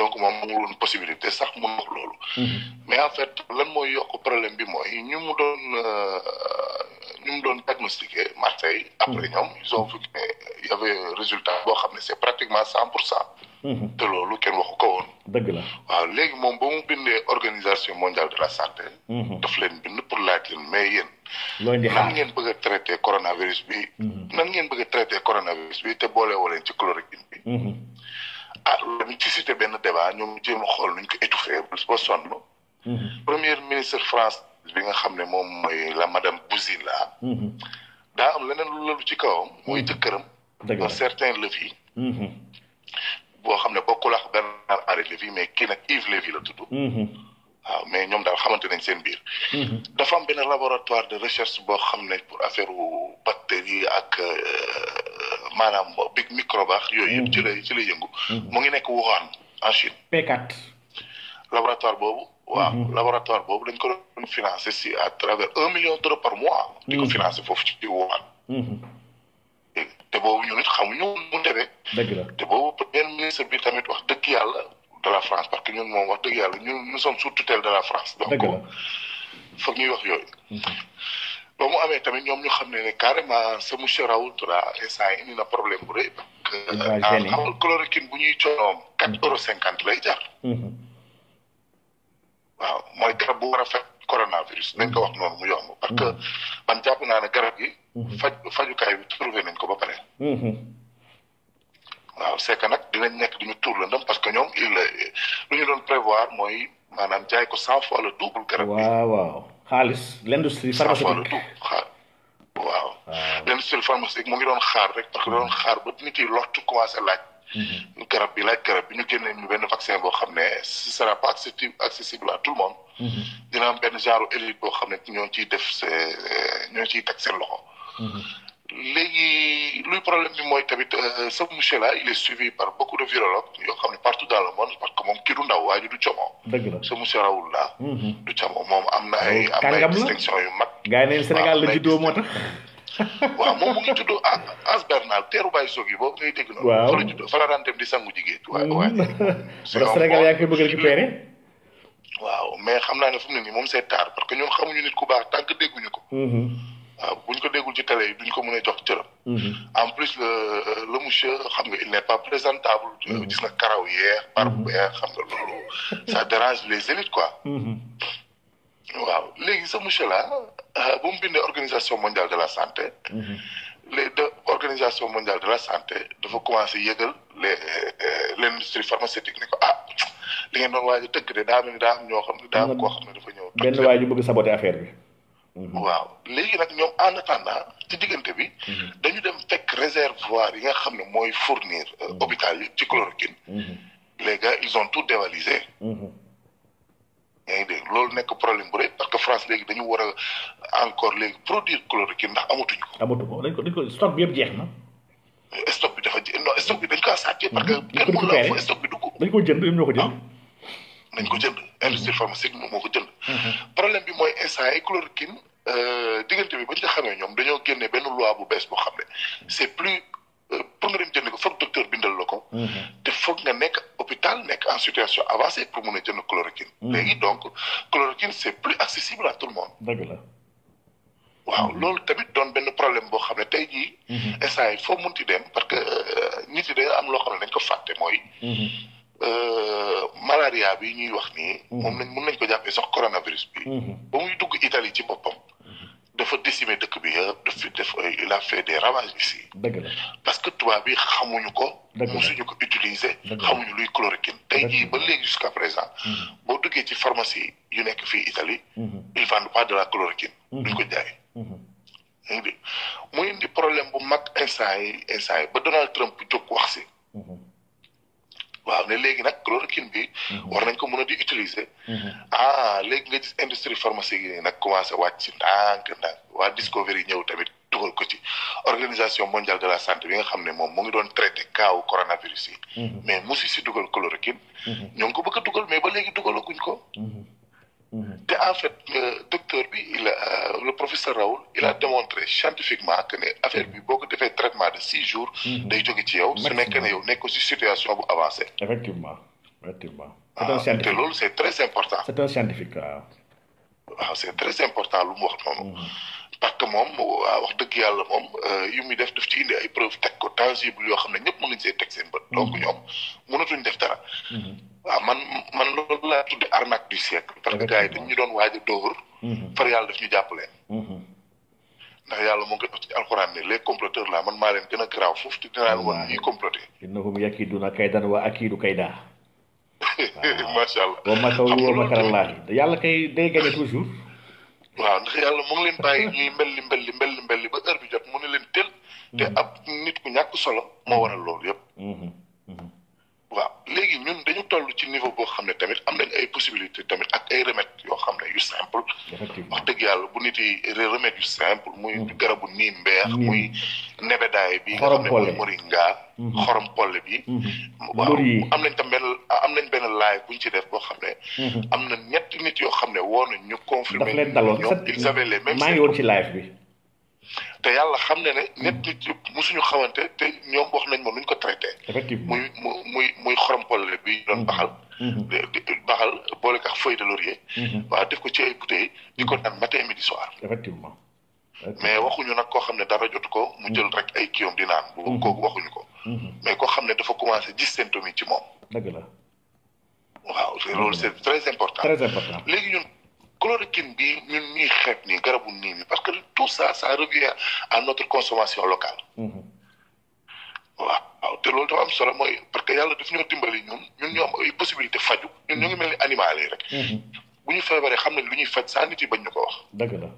B: donc moom mu woon possibilité sax mun wax loolu. Mhm. mais en fait lan mooy yokk problème bi mooy ñu mu doon euh, ñu mu doon diagnostiqué Marseille. après mhm. ñoom ils ont vu que y résultat boo xam ne c' est pratiquement cent pour cent. Mhm. te loolu kenn waxu ko woon. dëgg la waaw léegi moom ba mu bindee organisation mondiale de la santé. daf leen bind pour laaj leen mais yéen. nan ngeen bëgg a traité coronavirus bi. nan ngeen bëgg a traité coronavirus bi te boolewoo leen ci chloroquine ah loolu ci cité benn débat ñoom ñu jéem a xool nuñ ko étouffé ba sonn. Mm-hmm. première ministre France bi nga xam ne moom mooy la madame Bouzine la
C: mm-hmm. daa am leneen lu lalu ci kawam. mooy mm-hmm. jëkkëram. dëgg un certain Lévy. boo xam ne bokkul ak benn
B: Henri Lévy mais kii nag Yves Lévy la tudd. waaw mais ñoom daal xamante nañ seen biir. Mm-hmm. dafa am benn laboratoire de recherche boo xam ne pour affaire bactéries ak euh, maanaam big microbe ak yooyu yëpp ci lay mm-hmm. ci lay yëngu. Mm-hmm. mu ngi nekk Wuhan en Chine. p laboratoire boobu. waaw laboratoire boobu dañ ko doon financé si a travers un million d'euros par mois. di financé foofu ci Wuhan. te boobu ñun it xamuñu mu demee. te boobu premier
C: ministre bi tamit wax dëkk yàlla. de la France parce que ñun moom wax dëgg ñu ñun nous sommes sous tutelle de la
B: France. donc foog ñuy wax yooyu. ba mu amee tamit ñoom ñu xam ne ne carrément sa monsieur Raoult la instant yi indi na problème bu rëy. parce que xamal euh, ah, chloroquine bu ñuy coonoom. quatre euros cinquante lay jar. Mhm. waaw mooy garab bu war a fekk coronavirus nañ ko mhm. wax noonu mu yomb. parce que mhm.
C: man jàpp naa ne garab yi. faj fajukaay bi trouvé nañ ko ba pare.
B: waaw c'est que nag dinañ nekk duñu tuur la ndam parce que ñoom il lu ñu doon
A: prévoir mooy maanaam jaay ko cent fois le double garab bi waaw waaw xaalis l'industrie pharmaceutique
B: waaw l'industrie pharmaceutique mu ngi doon xaar rek parce que doon xaar ba nit yi lottu commencé laaj mm-hmm. garab bi laaj garab bi ñu génnee ñu benn vaccin boo xam ne ce sera pas accessible à tout le monde mm-hmm. dina benn genre élite boo xam ne ñoo ciy def ñoo ciy teg seen loxo
C: mm-hmm. léegi luy problème bi mooy tamit euh, ce monsieur là
B: il est suivi par beaucoup de virologues yoo xam ne partout dans le monde parce que moom kii du ndaw waaye du camoo. la ce monsieur mm-hmm. du camoo moom am na ay. am na ay distinction yu mag. gars yi neen Sénégal la juddoo moo tax. waaw moom mu ngi [LAUGHS] tudd As Bernal teeru Baye Sogi boobu ngay dégg noonu. waaw di sangu jigéen. waaw mm-hmm. waaw mais xam naa ne fu mu ne nii moom c'est tard parce que ñun xamuñu nit ku baax tant que dégguñu
A: ko. Mm-hmm.
B: waaw bu ñu ko déggul ci télé yi duñ ko mën a jox cëram. Mhm. en plus le le monsieur xam nga il n'est pas présentable. Mhm. Euh, gis na karaw yeex barbu mhm. yeex xam nga loolu ça dérange les élites quoi. waaw léegi sa monsieur là euh, bu mu bindee organisation mondiale de la santé. les de organisation mondiale de dafa commencé yëgal les euh, l'industrie pharmaceutique ni ko ah li ngeen doon tëgg daa mel ni daa am ñoo xam
A: ne daa am koo xam ne dafa ñëw. benn waay ñu bëgg saboter affaire bi. Mm-hmm. waaw
B: léegi nag ñoom en attendant ci diggante bi. Mm-hmm. dañu dem fekk réservoir yi nga xam ne mooy fournir euh, mm-hmm. hôpital yi ci chloroquine. les gars ils ont tout dévalisé. yaa loolu nekk problème bu rëy parce que France léegi dañu war
A: encore léegi produire chloroquine ndax amatuñu ko. amatu ko dañ ko stock bi yëpp jeex na. stock bi dafa jeex non stock bi dañ ko sàccee. parce que kenn ko jënd jënd. Ah. nañ ko jënd mm-hmm. industrie pharmaceutique moom moo ko
B: jënd. Mm-hmm. problème bi mooy instant yi chloroquine euh, diggante bi bañ ko xamee ñoom dañoo génne benn loi bu bees boo xam ne c' est plus euh, pour nga dem jënd ko foog docteur bindal la ko. Mm-hmm. te foog nga nekk hôpital nekk en situation avancé pour mun a jënd chloroquine. léegi donc chloroquine c' est plus accessible à tout le monde. dëgg la. waaw loolu tamit doon benn problème boo xam ne tey jii. instant yi foo munti dem parce que euh, nit yi dañoo am loo xam ne dañ ko fàtte mooy. Euh, malaria bi ñuy wax nii. Mhm. moom nañ mun nañ ko jàppee sax
C: coronavirus bi. Mhm. ba muy dugg Italie ci boppam. dafa décimer dëkk bi yëpp daf fi def
B: ay il a fait des ravage ici. parce que tubaab bi xamuñu ko. musuñu ko utiliser. xamuñu luy chloroquine tey jii ba léegi jusqu'à présent. Mhm. boo duggee ci pharmacie yu nekk fii Italie. ils vendent pas de la chloroquine. duñ ko jaay. muy indi problème bu mag instant yi instant yi ba Donald Trump jóg wax si. waaw ne léegi nag chloroquine bi. Mhm. war nañ ko mën a di utiliser. Mhm. ah léegi nga gis industrie pharmacie yi nag commencé wàcc si ndànk ndànk waa Discovery ñëw tamit dugal ko ci organisation mondiale de la santé bi nga xam ne moom moo ngi doon traité kaawu coronavirus yi. Mhm. mais musi si dugal chloroquine. ñoo ngi ko bëgg a dugal mais ba léegi dugalaguñ ko. te en fait le docteur bi il euh, le professeur Raoul il a démontré scientifiquement que ne affaire bi boo ko defee traitement de six jours. Mhm. day jóge ci yow su nekkee ne yow nekk ci situation bu avancé
A: effectivement effectivement.
B: c'est un ah, scientifique te loolu c'est très important. c'est un
A: scientifique waaw.
B: waaw ah, très important lu mu wax noonu. Mhm. parce que moom ah, wax dëgg yàlla moom euh, yu muy def daf ci indi ay preuves teg ko tangible yoo xam ne ñëpp mën nañu see teg seen bët. Mhm. donc ñoom mënatuñ def dara. waaw man man loolu laa tudde arnaque du siècle parce que gars yi dañ ñu doon waaj a dóor mm-hmm. far yàlla daf ñu jàppale mm-hmm. ndax yàlla moo ngi def ci alxuraan ne les comploteurs là man maa leen gën a garaaw foofu te
A: dinaa leen wan ñuy comploté innahum yakiduna kaydan wa akidu kayda
B: [LAUGHS] macha allah
A: wa makaw wa makarallahi yàlla kay day gagné toujours
B: waaw ndax yàlla mu ngi leen bàyyi ñuy ba heure bi jot mu ne leen tel te mm-hmm. ab nit ku ñàkk solo moo waral loolu yëpp waaw léegi ñun dañu toll ci niveau boo xam ne tamit am nañ ay possibilité tamit ak ay remèdes yoo xam ne yu simple. wax dëgg yàlla bu nit yi remet yu simple. muy mm. garabu nii mbeex muy nebedaay bi nga xam ne mooy moringa. Mm-hmm. xorom polle bi. Mm-hmm. waaw am nañ tam benn am nañ benn live buñ ci def boo xam ne. Mm-hmm. am na ñetti nit yoo xam ne woo nañ ñu confirmer. daf leen daloon ñoom ils maa ngi woon ci live bi. te yàlla xam ne ne ñett nit yëpp musuñu xamante te ñoom wax nañ ma nuñ ko traité muy mu
A: muy muy xorompole bi doon baxal mm-hmm. baxal boole ak feuille de laurier mm-hmm.
B: waaw def ko ci ay bouteilles di ko naan matin midi soir mais waxuñu nag koo xam ne dara jotu ko mu jël mm-hmm. rek ay kiom di naan bu waxuñu ko mais koo xam ne dafa commencé gis symptômes yi ci moom dëgg la waaw loolu c'est très important léegi ñun chloroquine bi ñun ñuy xeeb nii garabu nii parce que tout ça ça revient à notre consommation locale. Mhm. waaw te loolu dafa am solo mooy parce que yàlla def ñoo dimbali ñun ñun ñoo am ay possibilité faju ñun ñoo ngi mel ni animal yi rek. Mhm. bu ñu feebaree xam ne lu ñuy faj saa nit yi bañ ñu ko wax. dëgg la.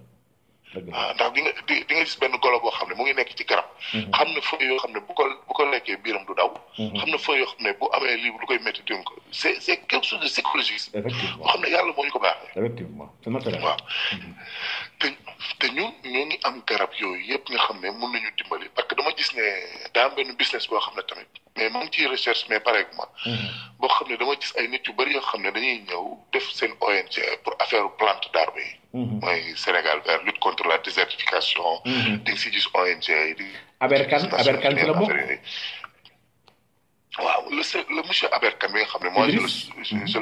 B: ah ndax di nga di di benn golo boo xam ne mu ngi nekk ci garab. Mhm. xam na feuille yoo xam ne bu ko ko lekkee biiram du daw. Mhm. xam na feuille yoo xam ne bu amee koy métti tuum ko c' est c' est
C: xam ne yàlla moo ko baaxee. effectivement c' est naturel. Mhm.
B: te ñun ñoo am garab yooyu yëpp nga xam ne mun nañu dimbali parce que dama gis ne daa am benn business koo xam ne tamit mais maa ngi ciy recherche mais pareillement. boo xam ne dama gis ay nit yu bëri yoo xam ne dañuy ñëw def seen ONG pour affaire plante d' arbre yi. Mm-hmm. mooy Sénégal vers euh, lutte contre la désertification. di si gis ONG
C: Aberkan Aberkan le
B: le monsieur Aberkan bi nga xam ne. moi je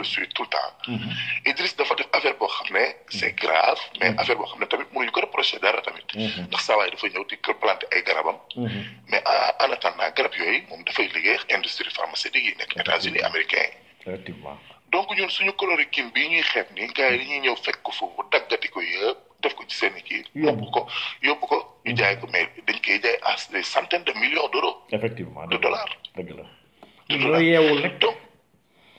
B: le suis tout le temps.
C: Mm-hmm.
B: Idriss dafa def affaire boo xam ne c' est mm-hmm. grave mais affaire boo xam ne tamit mënuñu ko reproché dara tamit. ndax saa dafa ñëw di ko planté ay garabam. mais en attendant garab yooyu moom dafay liggéey industrie pharmaceutique yi nekk États-Unis américains yi. donc ñun suñu chloroquine bii ñuy xeet nii gars yi dañuy ñëw fekk ko foofu daggati ko yëpp def ko ci seen i kii. yóbbu ko
A: yóbbu ko ñu jaay ko mais dañ koy jaay à des centaines de millions d' euros. de dollars dëgg la. de dollars
C: yeewul rek donc.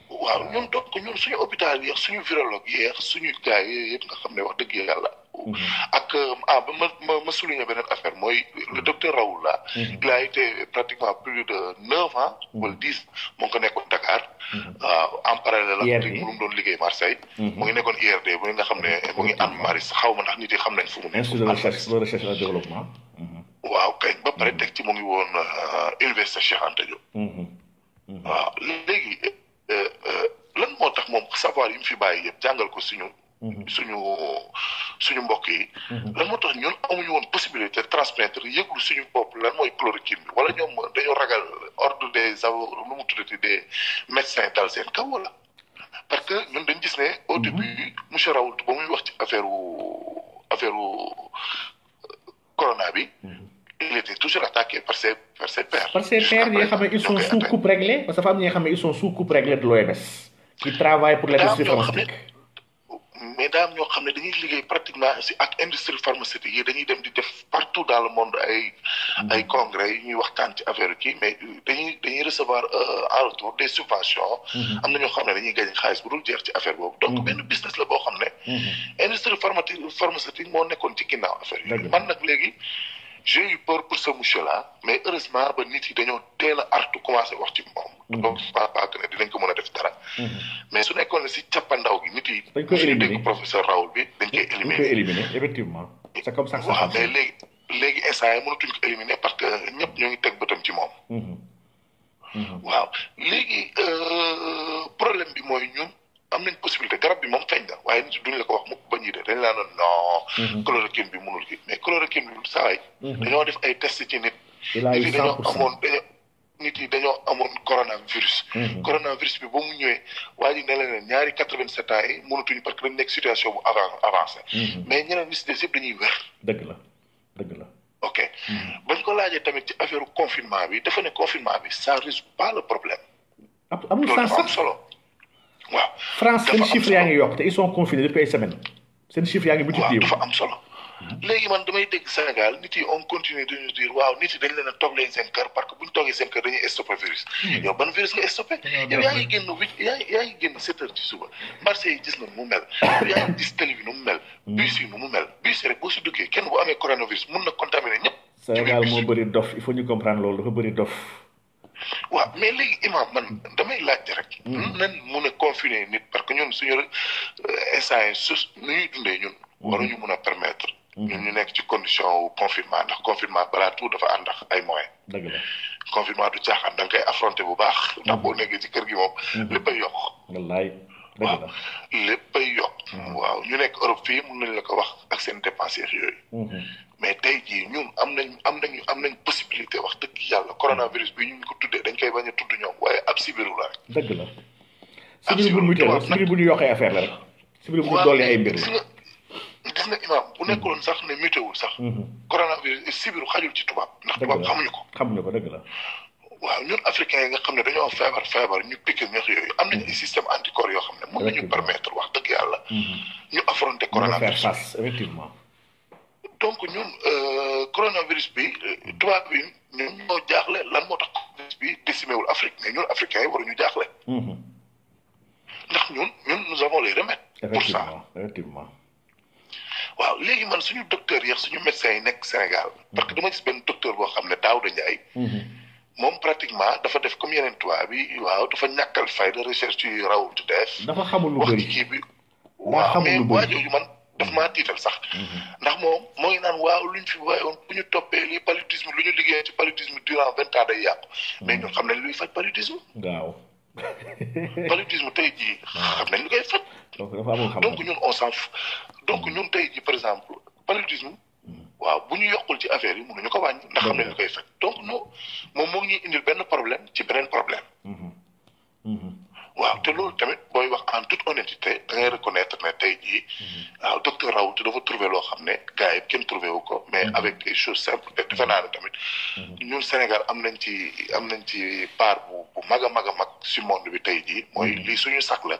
B: waaw ñun donc ñun suñu hôpital yeex suñu virologue yeex suñu gars yi yëpp nga xam ne wax dëgg yàlla.
C: Mm-hmm.
B: ak um, ah ba ma ma ma souligner beneen affaire mooy le mm-hmm. docteur Raoul là. Mm-hmm. il a été pratiquement plus de neuf ans. wala dix mu ngi ko nekkoon Dakar. Ah, en parallèle la IRD mu doon liggéey Marseille. mu ngi nekkoon IRD mu nga xam ne mu ngi am Maris xaw ma ndax nit yi xam nañ fu mu nekk. institut de
A: recherche de recherche et développement.
B: waaw kay ba pare teg ci mu ngi woon euh, Université Cheikh Anta Diop. waaw léegi euh, euh, lan moo tax moom savoir yi mu fi bàyyi yëpp jàngal ko si ñun.
C: Mm-hmm. suñu suñu mbokk yi. Mm-hmm. lan moo tax ñun amuñu woon possibilité transmettre yëglu suñu pop lan mooy chloroquine bi wala ñoom dañoo ragal ordre de
B: aveugles nu mu tuddati des médecins dal seen kaw wala. parce que ñun dañ gis ne. au mm-hmm. début monsieur Raoult ba muy wax ci affaire wu affaire wu corona bi.
A: il était toujours attaqué par ses par ses pairs. par ses pairs yi nga xam ne ils sont sous coupe réglée que dafa am ñi nga xam ne ils coupe réglée de l'OMS. qui travaille pour la. daaw ñoo
B: Mm-hmm. mais daa am ñoo xam ne dañuy liggéey pratiquement si ak industrie pharmaceutique yi dañuy dem di def partout dans le monde ay. Mm-hmm. ay congrès yi ñuy waxtaan ci affaire kii mais dañuy dañuy recevoir euh, en retour des subventions. Mm-hmm. am na ñoo xam ne dañuy gagné xaalis bu dul jeex ci affaire boobu. donc benn business la boo xam ne. industrie pharmaceutique moo nekkoon ci ginnaaw affaire yi. man nag léegi. j'ai eu peur pour ce monsieur mais heureusement ba nit yi dañoo teel artu commencé wax ci moom. Mm-hmm. donc je pense ne dinañ ko mën a def dara. Mm-hmm. mais su nekkoon ne si cappandaw gi nit yi. dañ koy éliminer dégg professeur Raoul
A: bi dañ koy. éliminer effectivement. waaw mais
B: léegi léegi instant yi mënatuñ ko éliminer parce que ñëpp ñoo ngi teg bëtam ci moom. Mm-hmm. waaw léegi euh, problème bi mooy ñun. am nañ possibilité garab bi moom feeñ na waaye duñ la ko wax mukk ba ñii de dañ laa noon non mhm. chloroquine bi mënul gi mais chloroquine bi sawaay mhm. dañoo def ay test ci nit nit yi dañoo amoon dañoo nit yi dañoo amoon mhm. mu ñëwee waa ji ne la leen ñaari quatre vingt sept ans yi mënatuñu parce que dañ nekk situation bu si la
A: dëgg la
B: ok bañ ko laajee tamit ci affaire confinement bi dafa ne confinement bi ça résout pas le problème amul sens solo
A: waaw France seen chiffre yaa ngi yokk te ils sont confinés depuis dafa am solo.
B: léegi man damay dégg Sénégal nit yi on continue de nous dire waaw nit yi dañ leen a toog leen seen kër parce que bu ñu toogee seen kër dañuy stoppé virus. Hmm. yow ban virus nga stoppé. yaa ngi génn huit ci suba. marché yi gis na mu mel. [COUGHS] yaa ngi gis télé bi nu mu mel. Hmm. bus yi nu mu mel. bus rek boo si duggee kenn bu amee coronavirus mun na contaminer ñëpp.
A: Sénégal moo bëri dof il faut ñu comprendre loolu
B: waaw mais léegi imam man damay laajte rek. Hmm. nan mun a confiner nit parce que ñun suñu euh, instant yi su nu ñuy dundee ñun. Hmm. ñu mun a permettre. Hmm. ñun ñu nekk ci condition wu confinement ndax confinement balaa tout dafa ànd ak ay moyens. dëgg la confinement du caaxaan da nga koy affronter bu baax. ndax boo nekkee ci kër gi moom. léppay yokk. wallaay. waaw léppay yokk mm-hmm. waaw ñu nekk Europe fii mun nañu la ko wax ak seen dépensiers yooyu mm-hmm. mais tey jii ñun am nañ am nañu am nañ possibilité wax dëgg yàlla coronavirus bi ñu ngi ko tuddee dañ koy bañ a tudd ñoom waaye ab sibiru la
A: rek dëgg la sibiru bu mutee bu ñu yokkee affaire la rek sibiru bu dolli ay mbir la gis nga imam bu nekkoon sax ne mutéwul sax mm-hmm. coronavirus sibiru xajul ci tubaab ndax tubaab xamuñu ko xamuñu ko dëgg la waaw ñun africains yi nga xam ne dañoo feebar feebar ñu piqué ñax yooyu am nañu mm-hmm. système anticorps yoo xam ne mën nañu permettre wax dëgg yàlla. Mm-hmm. ñu affronter coronavirus effectivement.
B: donc ñun euh, coronavirus bi euh, tubaab bi ñun ñoo jaaxle lan moo tax coronavirus bi décimé wul Afrique mais ñun
A: africains yi waruñu jaaxle. Mm-hmm. ndax ñun ñun nous avons les remèdes. pour ça
B: waaw léegi man suñu docteur yi suñu médecins yi nekk Sénégal. parce que dama gis benn docteur boo xam ne Daouda Ndiaye. moom pratiquement dafa def comme yeneen tubaab bi waaw dafa ñàkkal fayda recherche yu rawul di def. dafa xamul lu bëri wax kii bi. waaw mais waa jooju man daf maa tiital sax. Mm-hmm. ndax moom moo ngi naan waaw luñ fi waayoon bu ñu toppee lii paludisme lu ñu liggéey ci paludisme durant vingt ans day yàqu. Mm-hmm. mais ñun xam ne luy faj paludisme. waaw. [LAUGHS] paludisme tey jii xam nañ lu koy faj.
A: donc dafa amul xam
B: ñun on s'en donc mm-hmm. ñun tey jii par exemple paludisme. waaw bu ñu yokkul ci affaire yi ñu ko wàññi. ndax xam ne ñu koy fekk donc non moom moo ngi indil benn problème ci beneen problème. Mm-hmm. Mm-hmm. waaw te loolu tamit booy wax en toute honnêteté da ngay ne tey jii. Mhm. waaw docteur Raoult dafa trouvé loo xam ne gars yi kenn trouvé wu ko mais mhm. avec des choses simples te naa ne tamit. Mhm. ñun Sénégal am nañ ci am nañ ci part bu bu mag a mag a mag si monde bi tey jii mooy lii suñu sax la.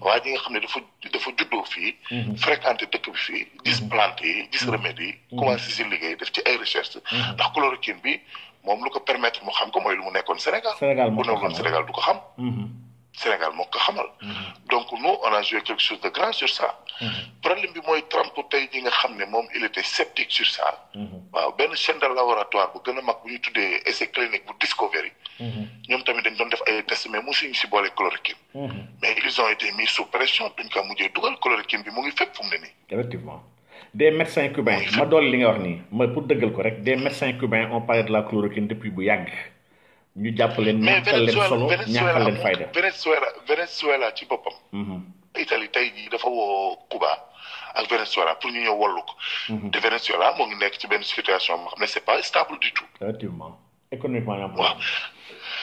B: waa ji nga xam ne dafa dafa juddoo fii. fréquenté dëkk bi fii gis plante yi gis remèdes yi. commencé si liggéey def ci ay recherche ndax chloroquine bi moom lu ko permettre moo xam ko mooy lu mu nekkoon Sénégal. Sénégal bu nekkoon Sénégal du ko xam. Sénégal moo ko xamal. Mm-hmm. donc nous on a joué quelque chose de grand sur ça. Mm-hmm. problème bi moy Trump tay di nga xamné mom il était sceptique sur ça. Mm-hmm. waaw ben chaîne de laboratoire bu gëna a mag bu ñu tuddee essai clinique bu Discovery. ñom tamit dañ doon def ay tests mais mosuñu si boole chloroquine. mais ils ont été mis sous pression duñ ko mujjé dugal chloroquine bi mu ngi fep fu
A: mu effectivement des médecins cubains ma dool li nga wax ni ma pour dëggal ko rek des médecins cubains ont parlé de la chloroquine depuis bu yàgg. ñu jàpp leen ñàkkal leen solo ñàkkal leen fayda
B: Venezuela Venezuela ci boppam. Mhm. Italie tey di dafa woo Cuba ak Venezuela pour ñu ñëw wallu ko. Mhm. te Venezuela moo ngi nekk ci benn situation moo xam ne c'est pas stable du tout.
A: effectivement économiquement la waaw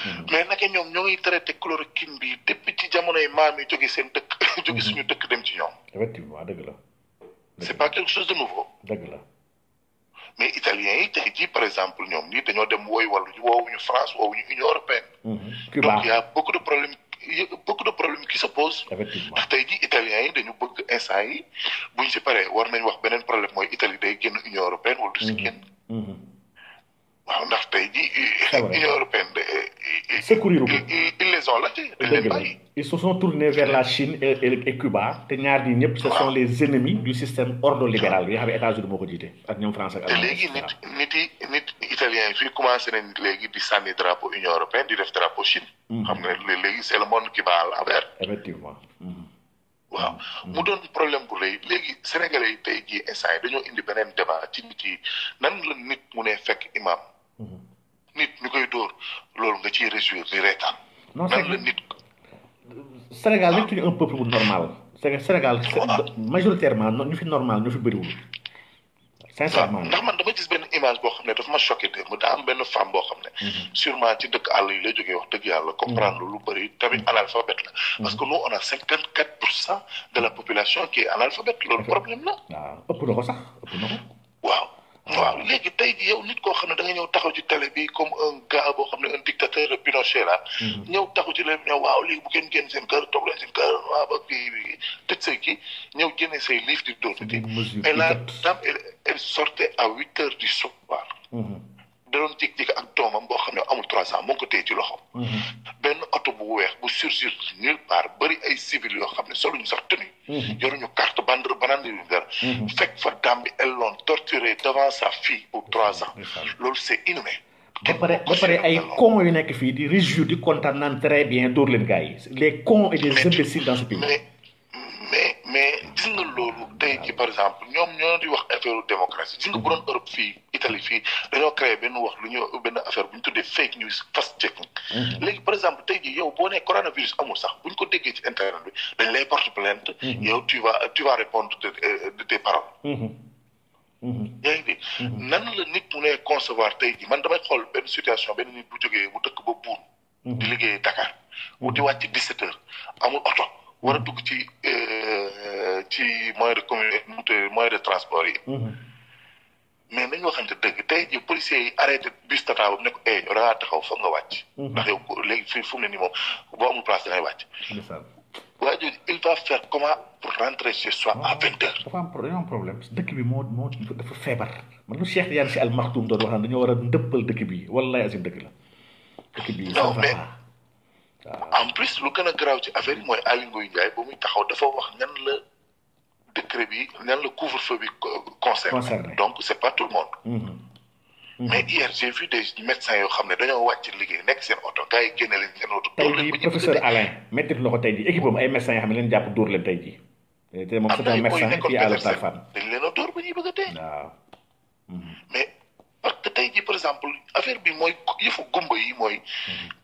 B: mhm. mais naka ñoom ñoo ngi traité
C: chloroquine bi
B: depuis ci jamonoy maam yi jóge seen dëkk. [LAUGHS] jóge suñu dëkk dem ci ñoom.
A: effectivement dëgg la.
B: c'est pas quelque chose de nouveau. dëgg la. mais italien yi tey jii par exemple ñoom nii dañoo dem wooyu wàllu woowuñu France woowuñu Union européenne. Mm-hmm. donc y' a beaucoup de problèmes beaucoup de problèmes qui se posent. ndax tey jii italiens yi dañu bëgg instant yi buñ
A: si paree war nañ wax beneen problème mooy Italie day génn Union européenne wala du si mm-hmm. génn. Mm-hmm. waaw ndax tey ji Union européenne secourir ils les ont lâchés. dëgg la ils se sont tournés vers la eh. Chine et et Cuba te ñaar di ñëpp. ce sont les ennemis du système ordolibéral libéral yi xam États-Unis moo ko jiite ak ñom France ak. allemagne légui
C: nit nit nit
B: italien fi commencé nañ légui di sanni drapeau Union européenne di def drapeau Chine. Hmm. xam nga légui c'est le monde qui va à l'envers. effectivement. Hmm. waaw hmm. mu doon problème bu rëy léegi sénégalais yi tey jii instant yi dañoo indi beneen débat ci nit yi nan la nit mu ne fekk imam.
A: Mm-hmm. nit ñu koy dóor loolu nga ciy réussir di reetaan. non c' la nit. Sénégal nekk nañu ah. un peuple bu normal. Sénégal majoritairement ñu fi normal ñu fi bëriwul. sincèrement ndax
B: man dama gis benn image boo xam ne dafa ma choqué de mu daa am benn femme boo xam ne. Mm-hmm. sûrement ci dëkk àll yi lay jógee wax dëgg yàlla. comprendre lu bëri tamit mm-hmm. analphabète la. parce que nous on a cinquante quatre pour cent de la population qui est analphabète loolu problème la. Ah, ëpp na sax ëpp na waaw. waaw léegi tey yow nit koo xam ne danga ñëw taxaw ci télé bi comme un gars boo xam ne un dictateur de Pinochet la. Mhm. ñëw taxu ci leen ne waaw léegi bu kenn génn seen kër toog leen seen kër waaw ba kii bi tëj say kii ñëw génne say livre di dóor nit yi. et la dame elle sortait à huit heures du soir.
C: Mhm. da doon
B: jékki-jékki ak doomam boo xam ne amul trois ans moo ko tey ci loxo.
C: Mhm. benn
B: oto bu weex bu surgir nulle part bari ay civil yoo xam ne soluñu sax tenu mhm. yoruñu carte banane banandiru dara. Mhm. fekk fa gambi bi elle torturé devant sa fille pour trois ans. loolu c' est inhumain.
A: ba pare ba pare ay cons yu nekk fii di réjouir di kontaan naan très bien dóor leen gars yi les cons et les imbéciles dans ce pays mais mais gis nga loolu tey ci par exemple ñoom ñoo di wax affaire démocratie gis nga
B: bu doon Europe fii Italie fii dañoo créé benn wax lu ñuy benn affaire bu ñu tuddee fake news fast checking mhm. léegi par exemple tey jii yow boo nee coronavirus amul sax bu ñu ko déggee ci internet bi dañ lay porte plainte mhm. yow tu vas tu vas répondre de euh, tes parents.
C: Mhm.
B: yaa ngi dégg nan la nit mu ne concevoir tey jii man damay xool benn situation benn nit bu jógee bu dëkk ba buur di liggéey Dakar bu di wàcc 17 heures amul oto war a dugg ci euh, ci moyen de commune moyen de transport yi. Mm-hmm. mais nañu waxante dëgg tey jii policiers yi arrêté bus Tata boobu ne ko eh taxaw foog nga wàcc. Mm-hmm. ndax léegi fii fu mu ne nii moom boo amul place dangay wàcc. waa jooju il va faire comment pour rentrer chez soi à vingt heures.
A: am problème dëkk bi moo moo dafa feebar. man lu Cheikh Yane si Al Maktoum doon wax naan dañoo war a ndëppal dëkk bi wallaay asim dëkk la. dëkk bi non mais. Ah. en
B: plus lu gën a garaaw ci affaire mooy Aly Ngouille Ndiaye ba muy taxaw dafa wax ñan la décret bi ñan la couvre-feu
C: bi concerné donc c'est pas tout le monde mm-hmm. Mm-hmm. mais hier j'ai vu des médecins yoo xam ne dañoo wàcc liggéey nekk seen oto gars yi génne leen seen oto tey jii
A: professeur Alain méttit loxo tey jii équipe ay médecins yoo xam ne leen jàpp dóor leen tey jii te moom c'est médecin fii à l'hôpital Fann
B: dañ leen a ba ñuy bëgg a parce que tey jii par exemple affaire bi mooy yëfu gumba yi mooy.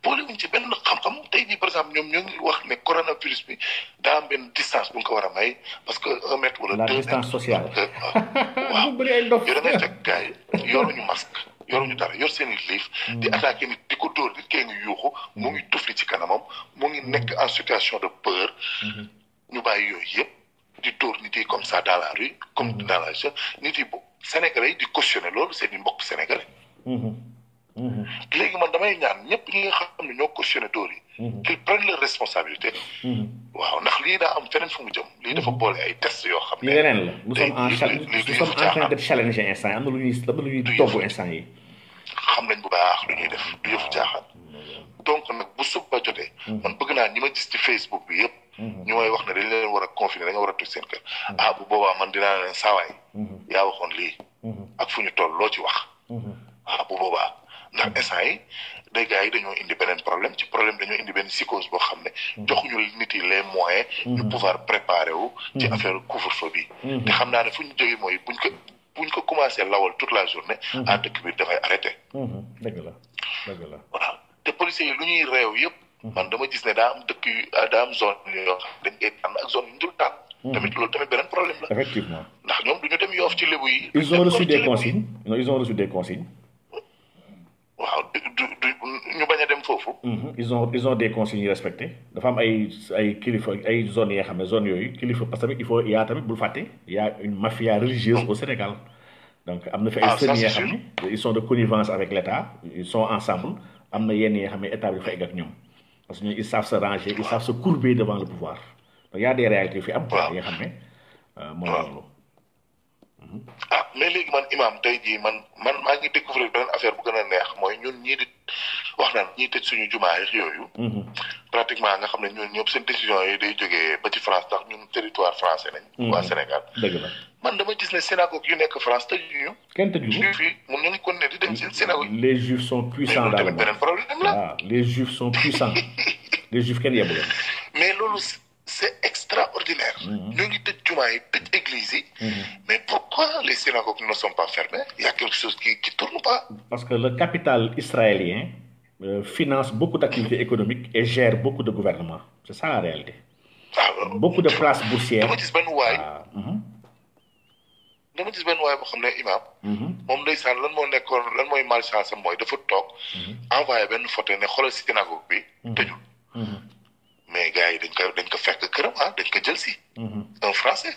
B: boolewuñ ci benn xam-xam tey jii par exemple ñoom ñoo ngi wax ne coronavirus bi daa am benn distance bu nga ko war a may parce que un mètre wala. deux mètres la
A: distance sociale. Euh,
B: [LAUGHS] waaw yow da ngay fekk yoruñu masque. yoruñu dara yor seen i liif. di hmm. attaqué nit ko dóor nit kee yuuxu. mu hmm. ngi tufli ci kanamam mu ngi nekk en situation de peur. Hmm. ñu bàyyi yooyu yëpp. di dóor nit yi comme ça dans la rue comme mm-hmm. dans la rue nit yi di cautionner loolu seen i mbokk sénégalais mm-hmm. Mm-hmm. léegi man damay ñaan ñëpp ñi nga xam ne ñoo cautionné dóor yi qu'ils prennent leur responsabilité waaw ndax lii daa am feneen fu mu jëm lii dafa boole ay test yoo
C: xam
A: ne leneen la nous sommes en train de challenger instant yi am na lu ñuy am na lu yi xam nañ bu baax du yëfu jaaxaan donc nag bu sub ba jotee. Mhm. man bëgg
B: naa ñi ma gis ci Facebook bi yëpp. Mhm. ñu may wax ne dañ leen war a confiner da war a tuj seen kër. Mhm. ah bu boobaa man dinaa leen saawaay. yaa waxoon lii. ak fu ñu loo ci wax. ah bu boobaa ndax instant yi day gars yi dañoo indi problème ci problème dañoo indi benn psychose boo xam ne. jox ñu yi le moyens. ñu pouvoir préparer wu. ci affaire couvre-feu te xam naa ne fu ñu jógee mooy buñ ko. buñ ko commencé lawal toute la journée. à ah, dëkk bi dafay arrêté. te policiers yi lu ñuy réew yëpp. Mhm. man dama gis ne daa am dëkk yu daa am zone yoo xam dañ koy tànn ak zone yu dul tànn.
A: Mhm. tamit loolu tamit beneen problème la. effectivement ndax ñoom du ñu dem yoof ci lebu yi. ils ont reçu des consignes non ils ont reçu des consignes. waaw du du ñu bañ a dem foofu. Mhm. ils ont ils ont des consignes respectées respecté dafa am ay ay kilifa ay zones nga xam ne zone yooyu kilifa parce que il faut y a tamit bul fàtte y a une mafia religieuse au Sénégal donc am na fi ay. ah ça yoo xam ne ils sont de connivence avec l' État ils sont ensemble. am na yenn yoo xam ne état bi dafa egg ak ñoom parce que ñoom ils savent se ranger ils savent se courber devant le pouvoir donc y a des réalités fi am. waaw yoo xam ne euh, moo loolu.
B: Mhm. ah mais léegi man imam tey jii man man maa ngi découvrir beneen affaire bu gën a mooy ñun ñii wax naan ñii tëj suñu jumaa yi yooyu. Mhm. pratiquement nga xam ne ñun ñëpp seen décision yi day jógee ba ci France ndax ñun territoire français nañ. Mhm. waa Sénégal man dama gis ne synagogue yu nekk France te ñu. kenn tëjuñu juif est mun ñu ngi
A: di synagogue les juifs sont puissants daal problème ah, les juifs sont puissants [LAUGHS] les juifs kenn est
B: mais loolu c'est extraordinaire. Mm-hmm. ñu ngi tëj jumaa yi église mm-hmm. mais pourquoi les synagogues ne sont pas fermées il y a quelque chose qui qui
A: tourne pas. parce que le capital israélien euh, finance beaucoup d'activités économiques et gère beaucoup de gouvernements C'est ça la réalité. Ah, euh, beaucoup de places boursières.
B: dama gis benn waaye boo xam ne imaam. Mhm. moom lan moo nekkoon lan mooy malchance mooy dafa toog. Mhm. envoyé benn photo ne xoolal synagogue bi.
C: Mhm.
B: mais gars yi dañ ko dañ ko fekk këram ah dañ ko jël si. un français.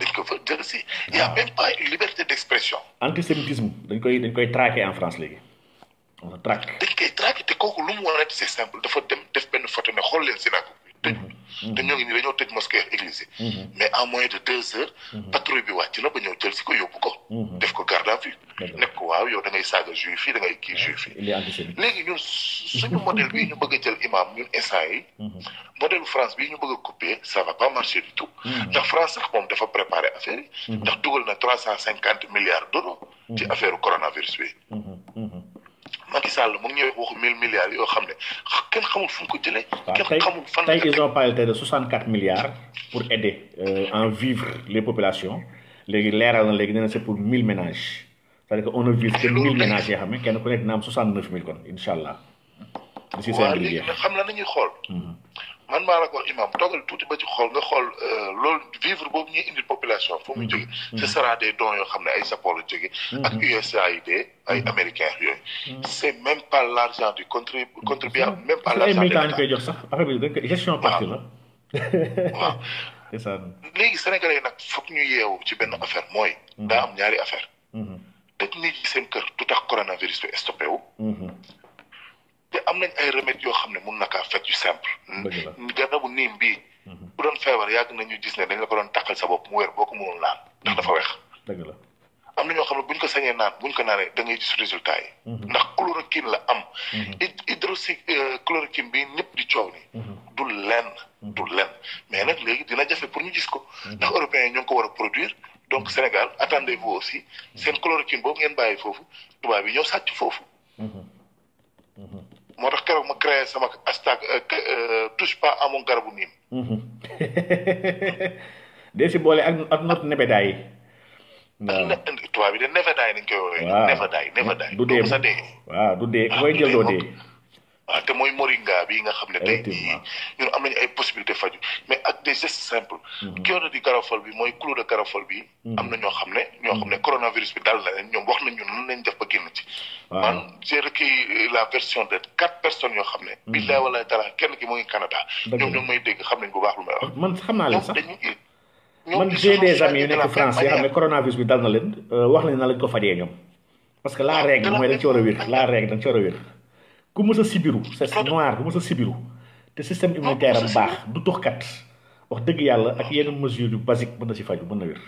B: dañ ko fa jël si. y a ah. même pas une liberté d'
A: dañ koy dañ koy traqué en France léegi. on traque dañ
B: koy traqué te kooku lu mu war a c' se simple dafa dem def benn photo ne xool leen synagogue. tëj. te ñoo ngi nii dañoo tëj église mhm. mais en moins de deux heures. Mhm. patrouille bi ci na ba ñëw jël si ko yóbbu ko. Mhm. def ko garde à vue. nekk ko waaw yow da ngay saaga juif yi da ngay kii juif yi. léegi ñun suñu [LAUGHS] modèle bii ñu bëgg jël imam ñun instant yi. modèle France bii ñu bëgg a coupé ça va pas marcher du tout. ndax France sax moom dafa préparé affaire yi. ndax dugal na trois cent cinquante milliards d'euros. ci affaire coronavirus bi. Macky Sall mu ngi ñuy waxu mille milliards yoo xam ne kenn xamul fu mu ko jëlee.
A: kenn xamul fan la tey ils ont parlé de 64 milliards aider euh, en vivre les populations léegi leeral na léegi nee na c'est pour 1000 ménages c'est-à-dire que on a vivre te 1000 ménages yoo xam ne kenn ku nekk dina am 69000 kon incha allah. d'ici cinq mille
B: xam na nañuy xool. Mhm. man maa la ko imam toogal tuuti ba ci xool nga xool euh, loolu vivre boobu ñuy indil population foo mu mm-hmm. jóge mm-hmm. ce sera des yoo xam ne ay sappoor la jóge mm-hmm. ak USAID ay américains yooyu c' est même pas l' argent du contribu contribuable même pas l' argent de koy
A: jox sax affaire bi gestion parti la [LAUGHS] waaw [LAUGHS]
B: léegi sénégalais yi nag foog ñu yeewu ci benn affaire mooy daa am ñaari affaire tëj nit ñi seen kër du tax coronavirus bi stoppé wu te am nañ ay remèdes yoo xam ne mun na kaa fekk yu simple. garabu nii bii. bu mhm. doon feebar yàgg nañu gis ne dañ la ko doon takkal sa bopp mu weer boo ko mënoon
C: naan ndax dafa weex. la am na ñoo xam ne bu ko sañee naan bu ñu ko naanee da ngay gis résultat yi.
B: Mhm. ndax chloroquine la am. Mhm. hydroxy euh, chloroquine bi ñëpp di coow ni du lenn du mais nag léegi dina jafe pour ñu gis ko. ndax européens ñoo ngi ko war a produire. donc Sénégal attendez-vous aussi seen chloroquine boobu ngeen bàyyi foofu tubaab yi ñoo sàcc foofu. moo tax keroog ma créé sama hashtag euh, euh, touche pas à mon garabu niim.
A: Mhm. [LAUGHS] de boole ak ak noot nebedaay yi. waaw
B: tubaab bi de nebedaay dañ koy woowee.
A: waaw nebedaay nebedaay. du dee
B: waaw
A: du dee ku ah, jël doo dee.
B: ah te mooy moringa bi nga xam ne tey jii ñun am nañu ay possibilité faju mais ak des gestes simples cure mhm. di garafol bi mooy clou de garafol bi mhm. am na ñoo xam ne ñoo xam ne mhm. coronavirus bi daal na leen ñoom wax nañ ñu nan lañ def ba génn ci yoo xam ne billaay walaay kenn ki mu ngi Canada
A: ñoom ñoom xam nañ bu baax xam naa leen sax bi dal na leen euh, wax nañ na lañ ko fajee ñoom parce que la ah, règle mooy dañ ci war a wér la règle dañ ci war a wér ku mës se sibiru c'est noir ku mës se sibiru te système immunitaire ah, am baax du toxkat wax dëgg yàlla ak yenn mesures yu basique mën na si faju mën na wér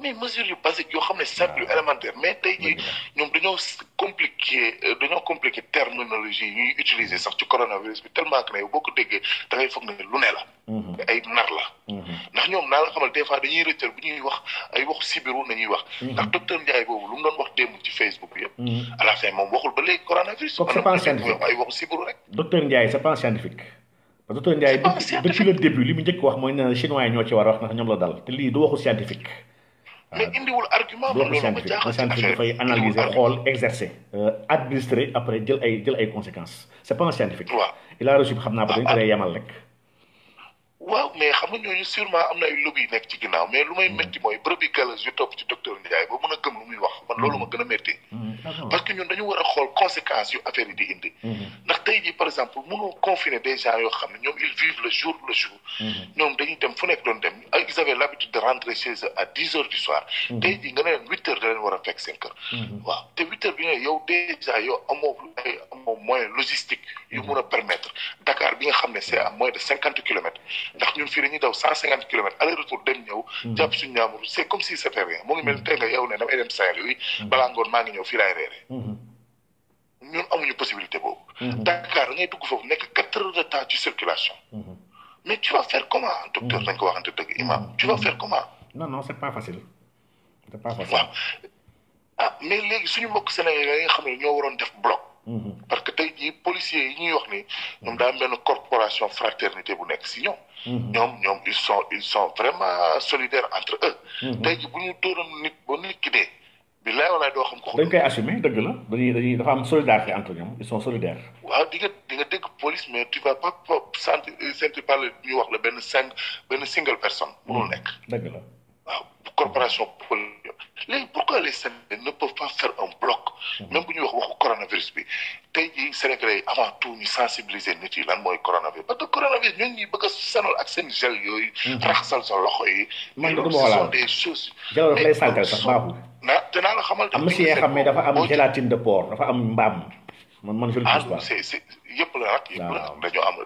B: mais mesures basiques, yo xamné simple élémentaire mais tay jii ñom dañoo compliquer euh, dañoo compliquer terminologie yi ñuy utiliser sax ci coronavirus bi tellement que né boo ko déggee da ngay foog ne lu né la. Mm-hmm. ay nar la. Mm-hmm. ndax ñom na la xamal des fois dañuy rëccal bu ñuy wax ay wax sibiru nañuy wax. Mm-hmm. ndax docteur Ndiaye bobu lu mu doon wax dem ci Facebook yépp à la
A: fin mom waxul ba lay coronavirus. kooku c'est scientifique ay wax sibiru rek. docteur Ndiaye c'est pas scientifique. parce que docteur Ndiaye depuis le début li mu njëkk wax moy ne chinois ñoo ci war wax ndax ñom la dal te li du waxu scientifique mais ah.
B: indiwul argument un loolu ma jaaxal ci affaire dafay
A: analyser xool exercer. Euh, administrer après jël ay jël ay conséquences c' est pas un scientifique. il a reçu xam naa ba ah, ah. dañ ko waaw mais xam nga ñooñu sûrement am na ay lobby yu nekk ci ginnaaw mais lu may
B: métti hmm. mooy bërëb galas yu topp ci docteur Ndiaye ba mën a gëm lu muy wax man loolu hmm. ma gën a métti hmm, parce que ñun dañu war a xool conséquences yu affaire yi di indi ndax tey jii par exemple mënoo confiner des gens yoo xam ne ñoom ils vivent le jour le jour ñoom dañuy dem fu nekk doon dem ils avaient l'habitude de rentrer chez eux à dix heures du soir tey jii nga ne leen huit heures da leen war a fekk seen kër waaw te huit heures bi nga yow déjà yow amoo amoo moyen logistique yu mun a permettre Dakar bi nga xam ne c'est à moins de cinquante kilomètres ndax ñun fii dañuy daw cent cinquante kilomètres aller retour dem ñëw hmm. jàpp suñu ñaamuru c'est comme si c'était rien mu ngi mel nga yow ne damay dem Saint Louis hmm. balaa ngoon maa ngi ñëw fii laay hmm. ñun amuñu possibilité boobu Dakar da ngay dugg foofu nekk quatre heures de temps ci circulation mais tu vas faire comment docteur nañ ko waxante dëgg imam tu vas faire comment non non c'est
A: pas facile c'est pas
B: ah, mais léegi suñu mbokk Sénégalais yi xam ne ñoo waroon def bloc Mm-hmm. parce que tay jii policiers yi ñuy wax ni ñom da am corporation fraternité bu
C: nek si ñom mm-hmm. ñom ñoom ils sont ils sont vraiment
A: solidaires entre eux. Mm-hmm. tay jii bu ñu dóoroon nit bo nit ki dé bi lay wala do xam ko. dañ koy assumer dëgg la dañuy dañuy dafa am solidarité entre ñom ils sont solidaires.
B: waaw di nga di nga dégg police mais tu vas pas sentir sentir parler ñu wax la ben cinq ben single personne.
A: ñu nek dëgg la
B: corporation léegi pourquoi les Sénégalais ne peuvent pas faire un bloc mhm. même bu ñuy wax waxu coronavirus bi tey jii Sénégalais avant tout nous sensibiliser nit yi lan mooy coronavirus parce que coronavirus ñun ñi bëgg a sanal ak seen gel yooyu mhm. raxasal sa loxo yi mais loolu ce sont des
A: choses gelaw dafa lay sàngal sax baaxul
B: na dinaa la xamal am na si xam dafa am
A: gélatine de porc dafa am mbam man man je le ah, dis pas c'est c'est
B: yépp la nag yëpp la dañoo am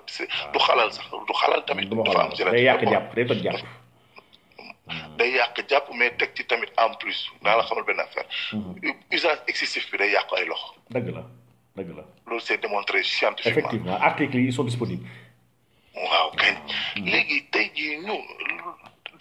B: du xalal sax du xalal tamit dafa
A: am gélatine de porc
B: Mm-hmm. day yàq jàpp mais teg ci tamit en plus naa la xamal benn affaire.
A: Mm-hmm.
B: usage excessif bi day yàq ay loxo.
A: dëgg la dëgg la.
B: loolu c'est démontré scientifiquement. effectivement
A: articles yi ils sont disponibles.
B: waaw kañ. Mm-hmm. léegi tey jii ñu.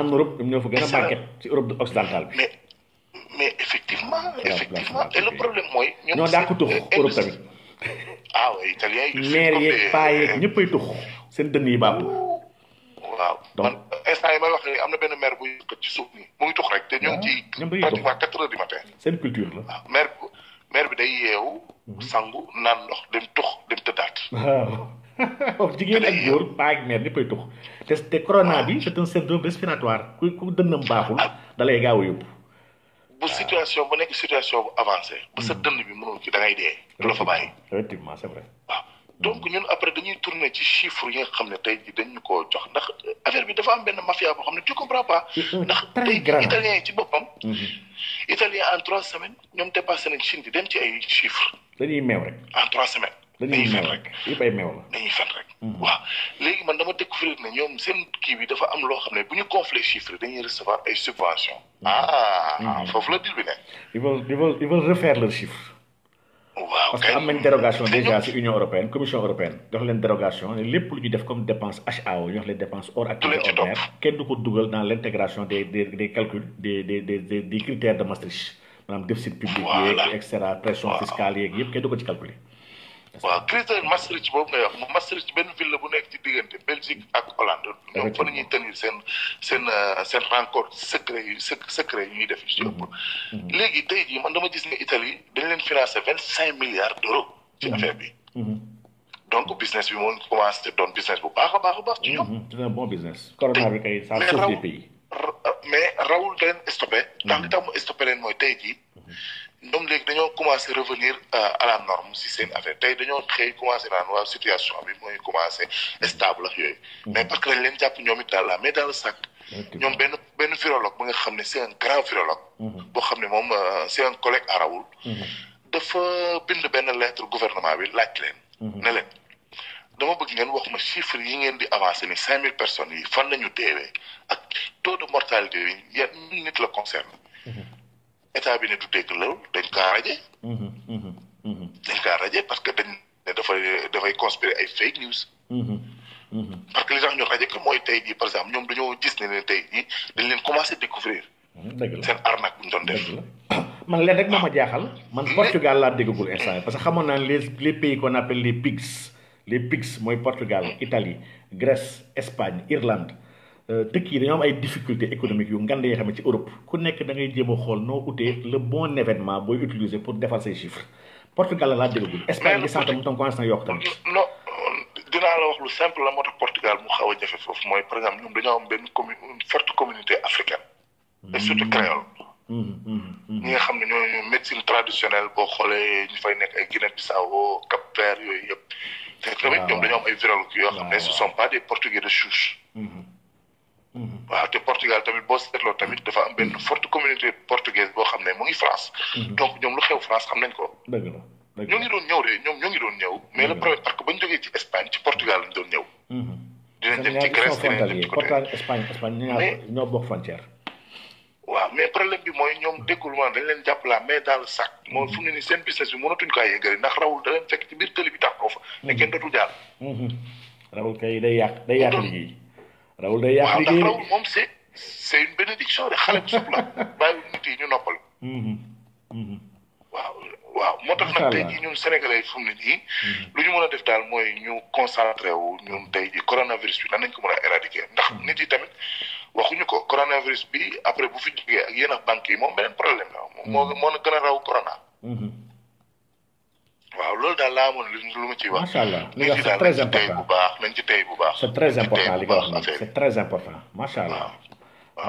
A: en Europe ñoom ñoo fa gën a màgget ci Europe occidentale bi. mais
B: mais effectivement. effectivement et le problème mooy. ñoo dàq
A: tux Europe tamit. [LAUGHS] ah oui italien yi. maire yeeg paa yeeg euh, ñëppay tux seen dënn yi baaxul. Donc, ah,
B: culture mhm. dem
A: dem wax jigéen ak góor paag mère ñëppay tux te corona bi c'est un syndrome respiratoire ku ku dënnam baaxul da lay gaaw a bu situation bu nekk situation bu avancée. ba sa hmm. dënn bi mënul ci da ngay dee. du la fa bàyyi. Hmm. donc ñun après dañuy tourner
C: ci chiffre yi nga xam ne tey jii dañu koo jox
B: ndax euh, affaire bi dafa am benn mafia boo xam ne tu comprends pas. ndax
A: tey italien yi ci boppam. Hmm. italien en trois semaines ñoom dépassé nañ Chine di dem ci ay chiffres. dañuy meew rek en trois semaines. dañuy fen rek yëpp ay meew dañuy fen rek mhm. waaw léegi man dama découvrir ne ñoom seen kii bi dafa am loo xam ne bu ñu gonfler chiffre dañuy recevoir ay subventions mhm. ah mhm. foofu la dil bi ne ils veulent ils veulent ils veulent refaire leur chiffre waaw parce que am nañ dérogation déjà si union européenne commission européenne jox leen dérogation ne lépp lu ñu def comme dépense HAO ñu wax les dépenses hors activité ordinaire kenn du ko dugal dans l' intégration des des des calculs des des des des critères de Maastricht maanaam déficit public yeeg et cetera pression fiscale yeeg yëpp kenn du ko ci calculer
B: waaw critère Maastricht boobu ngay wax Maastricht benn ville la bu nekk ci diggante Belgique ak Hollande. ñoom fa nañuy tenir seen seen euh, seen rencontre secret yu secret yu ñuy def ci mm-hmm. yëpp. Mm-hmm. léegi te jii man dama gis ne Italie dañ leen financé vingt cinq milliards d' euros ci mm-hmm. affaire bi. donc business bi moon commencé doon business bu baax a baax a baax ci ñoom.
A: c'est un bon business. corona bi kay
B: mais rawul leen stoppé. ndax li tax mu stoppé leen mooy tey jii. nous avons commencé à revenir euh, à la norme si une affaire tey dañoo xëy commencé naan une situation bi mooy commencé stable ak yooyu. Mm-hmm. mais parce que dañ leen jàpp la mais dans le sac. Nous avons un philologue bu nga un grand philologue. Mm-hmm. boo xam ne euh, un collègue à Raoul. Raoult. Mm-hmm. dafa fait une lettre gouvernement bi laaj leen. ne leen dama bëgg ngeen wax ma chiffre yi ngeen di avancé ni cinq personnes yi fan la ñu ak taux de mortalité yi yan nit la concerne état bi ne du dégg loolu dañ kaa raje. Mhm, mhm, mhm. dañ kaa raje parce que dañ ne dafay dafay conspirer ay fake news. parce que les tax ñu raje ko mooy tey jii par exemple ñoom dañoo gis ne leen tey jii dañ leen commencé découvrir dëgg seen arnaque bu ñu
A: doon def. [COUGHS] man leen rek moo ma jaaxal. man Portugal laa déggagul instant parce que xamoon naa les les pays qu'on appelle les PIGS les PIGS mooy Portugal hmm. Italie Grèce Espagne Irlande. Euh, dëkk yi dañoo am ay difficultés économiques yu ngande yoo xam ne ci Europe ku nekk da ngay jéem a xool noo utee le bon événement booy utiliser pour defar say chiffres Portugal la laa déggagul. Espagne gi sant mu tam commencé na yokk tamit.
B: non dinaa la wax lu simple la moo tax Portugal mu xaw a jafe foofu mooy par exemple ñoom dañoo am benn commune une forte communauté africaine. et surtout créole. Mm-hmm, mm-hmm, mm-hmm. ñi nga xam ne ñu médecine traditionnelle boo xoolee ñu fay nekk ay Guinée Bissau Cap Vert yooyu yëpp. te tamit ñoom dañoo am ay virologues yoo xam ne ce sont pas des portugais de souche. Mm-hmm. waaw te Portugal tamit boo seetloo tamit dafa am benn forte communauté portugaise boo xam ne mu
A: ngi France. Mm-hmm. donc ñoom lu xew France xam nañ ko. dëgg ñoo ngi doon ñëw de ñoom
C: ñoo ngi doon ñëw. mais le problème parce que ba ñu jógee ci Espagne doon ñëw. Mm-hmm. dinañ dem
B: ci Grèce dinañ dem ci mais problème bi mooy ñoom découlement dañ leen jàpp la mais dans le sac moo fu mu ne nii seen business bi mënatuñ kaa yëngali ndax
A: rawul da fekk ci biir tëli bi tax ko fa. ne kenn dootu jaar. rawul kay day yàq day yàq liggéey Raoul day waaw ndax
B: moom c'est c'est une bénédiction de xale bu suuf la [LAUGHS] bàyyi nit ñu noppal.
A: Mhm, mhm.
B: waaw waaw moo
A: tax nag tey jii ñun sénégalais fu mu ne mhm.
B: lu ñu mën a def daal mooy ñu concentré wu ñun tey ji coronavirus bi nan nañ ko mën a éradiquer ndax nit yi tamit waxuñu ko coronavirus bi après bu fi jógee ak yéen a banque yi moom beneen problème la. moo moo gën a raw corona. waaw loolu daal laa amoon lu ma
A: ciy wax. macha allah li nga c'est bu
B: baax nañ ci tey bu baax.
A: c'est très important li nga wax nii c'est très important macha allah.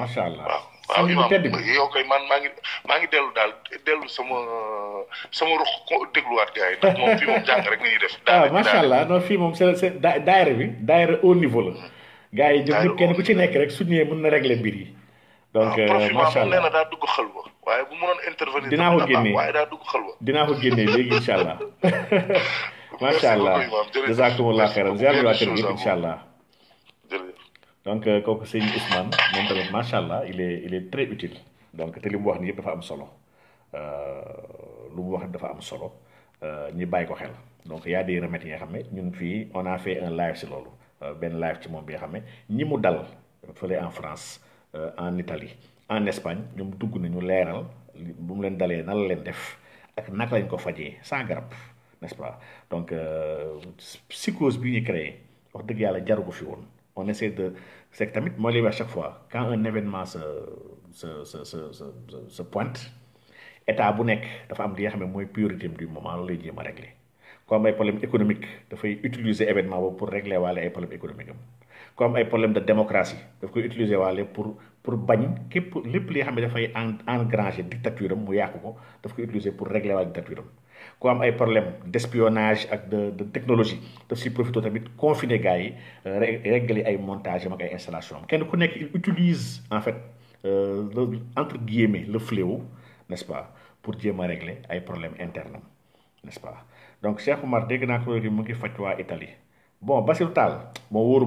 A: macha allah waaw waaw
B: yow koy man maa ngi maa ngi dellu daal dellu sama sama ruq dégluwaat gars yi ndax moom fii moom jàng
A: rek la def. Ah, daanaka macha allah non fii moom c'est da daayira bi daayira au niveau la. Hmm. gars yi ñoom ñëpp kenn ku ci nekk rek su ñëwee mën na régler mbir yi. donc euh, macha allah nee na
B: daa dugg xalwa
A: dinaa ko génne daa dinaa ko génne léegi incha allah. [LAUGHS] [LAUGHS] macha allah jazakumullah xeyran ziar bi waa kër gi yëpp incha allah. donc euh, kooku sëñ Ousmane moom tamit macha allah il est il est très utile. donc te li mu wax nii yëpp dafa am solo euh, lu mu wax dafa am solo ñi bàyyi ko xel donc y a des remèdes yi nga xam ne ñun fii on a fait un live si loolu benn live ci moom bi nga xam ne ñi mu dal fële en France. Euh, en Italie en Espagne ñoom dugg nañu leeral bu mu leen dalee nan leen def ak naka lañ ko fajee sans garab n'est-ce pas donc euh, psychose bi ñu créé wax dëgg yàlla jaru ko fi woon on essaie de c'est tamit mooy li chaque fois quand un événement se se se se se pointe bu nekk dafa am di nga xam mooy priorité du moment loolu lay jéem a régler comme ay problème économique dafay utiliser événement boobu pour régler waale ay problème économique y am ay problème de démocratie daf koy utiliser pour pour bañ képp lépp li engranger dictature mu utiliser pour régler la dictature il y am ay problème d'espionnage, de de technologie daf si profite tamit confiner gars euh, régler ay montage et les installations. installation am il utilise en fait euh, entre guillemets le fléau nest ce pas pour jéem a régler ay problèmes internes. nest ce pas donc Cheikh Oumar dégg naa ko mu ngi faj Italie bon Basile tal, bon, wóoru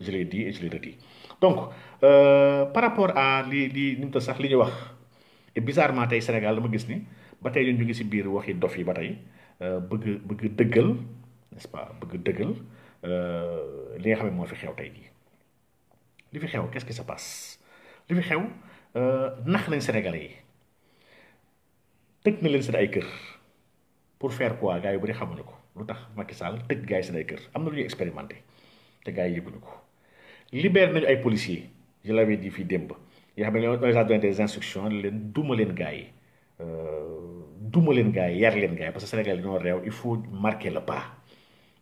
A: je l'ai dit et je l'ai donc euh, par rapport à li li ni mu sax li ñu wax et bizarrement tey Sénégal dama gis ni ba tey ñu ngi si biir waxi dof yi ba tey euh, bëgg bëgg dëggal n'est-ce pas bëgg dëggal euh, li nga xam ne moo fi xew tey jii li fi xew qu'est-ce qui se passe li fi xew nax nañ Sénégalais yi tëj na leen seen ay kër pour faire quoi yi yu bari xamuñu ko lu tax Macky Sall tëj gars yi seen ay kër am na lu ñuy expérimenté te gars yi yëguñu ko. libérer les ay policiers je l'avais dit fii démb yoo xam ne donné des instructions leen duma leen gars yi euh, duma leen gars les yar parce que yi parce que Sénégal dañoo réew il faut marquer le pas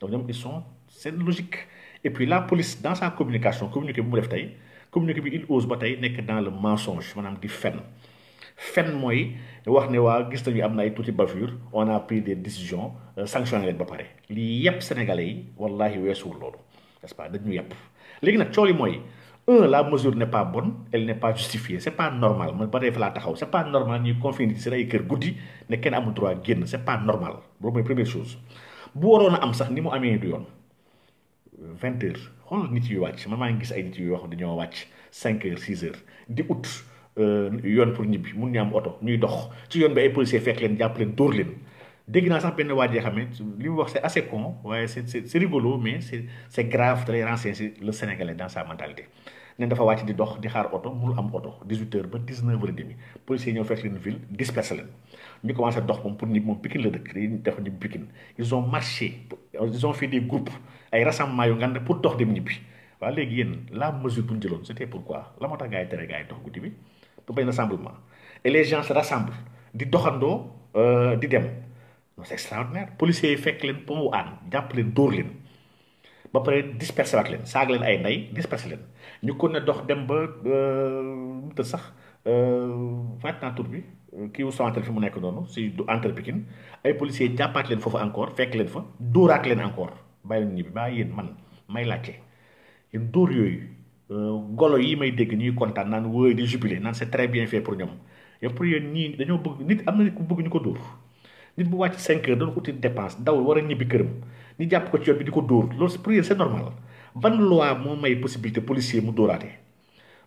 A: donc ils sont c'est logique et puis la police dans sa communication communiqué bi mu def tey communiqué bi il ose ba tey nekk dans le mensonge maanaam di fen fen mooy wax ne waa gis nañu am na ay les bavures, on a pris des décisions euh, sanctionné leen ba pare lii yëpp sénégalais yi wallahi weesuwul loolu n'est-ce pas dañu yëpp léegi nag cool yi mooy la mesure n'est pas bonne elle n'est pas justifiée c'est pas normal man ba def laa taxaw c'est pas normal ñuy confiné ci seen ay kër guddi ne kenn amul droit génn c'est pas normal boobu mooy première chose bu waroon a am sax ni mu amee du yoon vingt heures xool nit yu wàcc man maa ngi gis ay nit yu wax ñoo wàcc cinq heures six heures di août euh, yoon pour ñibbi mun ñu am oto ñuy dox ci yoon bi ay policiers fekk leen jàpp leen dóor leen dégg naa sax benn waajee xam ne wax c'est assez con ouais, c'est c'est rigolo mais c'est c'est grave te lay renseigner le sénégalais dans sa mentalité ne dafa wàcc di dox di xaar oto mënul am oto 18 h ba 19 h et demi policiers ñëw fekk une ville disperse leen ñu commencé dox moom pour ni moom Pikine la dëkk dañuy def ni Pikine ils ont marché ils ont fait des groupes ay rassemblement yu ngand pour dox dem ñibbi waaw léegi yéen la mesure bu ñu c'était pourquoi la moo tax gars yi tere gars dox guddi bi pour bañ rassemblement et les gens se rassemblent di doxandoo euh, di dem non c'est extraordinaire policiers yi fekk leen ba mu ànd jàpp leen dóor leen ba pare dispersé waat leen saag leen ay ndey dispersé leen ñu ko ne dox dem ba mu euh, sax euh, fàtt naa tur bi kii wu soxantel fi mu nekk noonu si du entre ay policiers jàppaat leen foofu encore fekk leen fa dóoraat leen encore bàyyi leen ñibbi baa yéen man may laajte yéen dóor yooyu euh, golo yi may dégg ñuy kontaan naan wóoy di jubilé naan c'est très bien fait pour ñoom yëpp pour yéen ñii dañoo bëgg nit am na nit ku ko dóor. nit bu wàcc 5 heures doon ko dépense daw war a ñibbi këram ñu jàpp ko ci yoon bi di ko dóor loolu pour yéen c'est normal ban loi moo may possibilité policier mu dóoraatee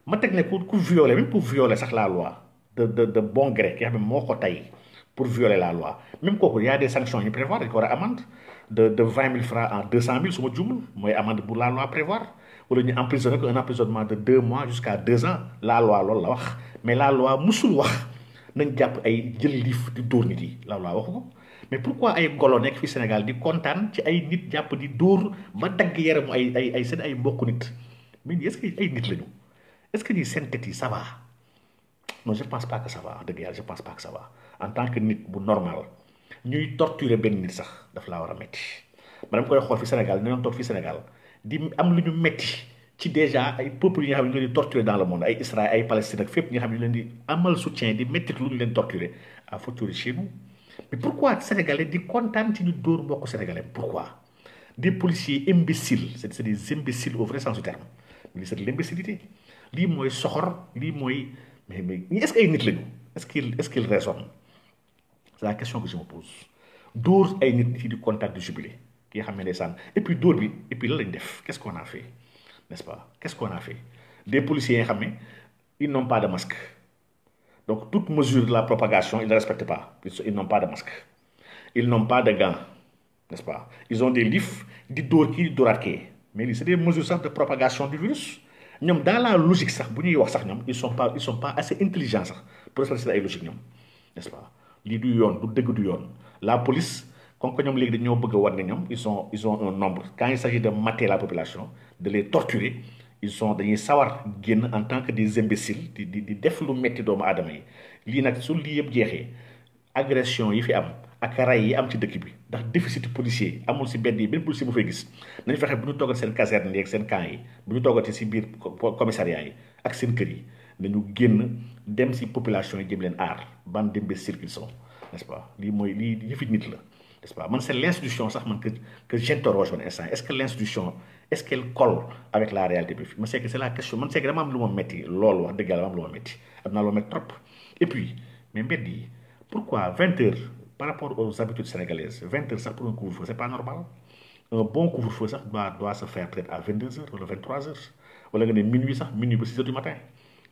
A: ma teg ne ku ku violer même pour violer sax la loi de de de bon gré ki nga xam ne moo ko tey pour violer la loi même kooku y a des sanctions yu prévoir dañ ko war a amende de de vingt mille francs à deux cent mille su ma jumul mooy amende bu la loi prévoir wala ñu emprisonné ko un emprisonnement de deux mois jusqu'à deux ans la loi loolu la wax mais la loi musul wax. nañ jàpp ay jël liif di dóor nit yi laaw laa waxu ko mais pourquoi ay golo nekk fi Sénégal di kontaan ci ay nit jàpp di dóor ba dagg yaramu ay ay ay seen ay mbokku nit mais est-ce que est-ce que ñuy seen tête yi ça va je pense park que ça dëgg yàlla je pense pas que ça en tant que nit bu normal ñuy torturer benn nit sax daf laa war a métti ma koy xool fi Sénégal dañoo toog fi Sénégal di am lu ñu metti ci déjà ay peuples yi nga xam ne ñoo torturer dans le monde ay Israël ay Palestine ak fépp ñi nga xam ne leen di amal soutien di mettre lu ñu leen torturer à foutre chez nous mais pourquoi sénégalais di kontaan ci ñu door mbokku sénégalais pourquoi des policiers imbéciles c'est des imbéciles au vrai sens du terme mais c'est de l'imbécilité lii mooy soxor lii mooy mais mais est-ce que ay nit lañu est-ce qu'il est-ce qu'il raisonne c'est la question que je me pose door ay nit ci di kontaan di jubilé ki nga xam ne ndeysaan et puis door bi et puis lan lañ def qu'est-ce qu'on a fait n'est-ce pas Qu'est-ce qu'on a fait Des policiers, ils n'ont pas de masque. Donc, toute mesure de la propagation, ils ne respectent pas. Ils n'ont pas de masque. Ils n'ont pas de gants, n'est-ce pas Ils ont des livres, des dorki, doraké. Mais c'est des mesures de propagation du virus. Dans la logique, ils ne sont, pas, ils sont pas assez intelligents pour respecter la logique. N'est-ce pas La police, quand ils ont un nombre, quand il s'agit de mater la population, de les torturer ils sont savoir savoir en tant que des imbéciles des di de def lu metti doomu aadama yi agression yi fi am ak ray yi déficit policier amul bu fay gis caserne camp yi nous commissariat yi ak population yi jëm leen bande d'imbéciles qu'ils sont n'est-ce pas n'est-ce pas c'est l'institution que que j'interroge est-ce que l'institution est ce qu'elle colle avec la réalité Je sais que c'est la question Je sais que dama am luma metti lool wax deug yalla metti am na lo trop et puis je me dis, pourquoi 20h par rapport aux habitudes sénégalaises 20h ça, pour un couvre-feu n'est pas normal un bon couvre-feu ça, doit, se faire peut-être à 22h ou 23h Ou à minuit ça minuit ba 6h du matin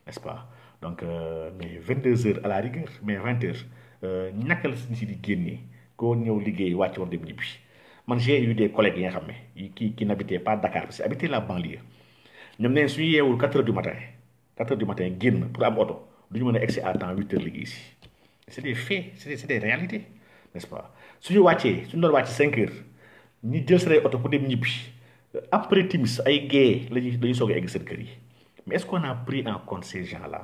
A: n'est-ce pas donc 22h euh, à la rigueur mais 20h euh, ñakal ci di génné ko ñew liggéey wacc war dem ñibi man j'ai eu des collègues qui n'habitaient pas Dakar qui habitaient la banlieue ñom né suñu à 4h du matin 4h du matin guen pour am auto duñu excès à temps 8h ici c'est des faits c'est des réalités n'est-ce pas suñu wacce suñu do 5h ñi jël sé auto pour dem ñibi après timis ay gay lañu dañu soga egg à kër yi mais est-ce qu'on a pris en compte ces gens là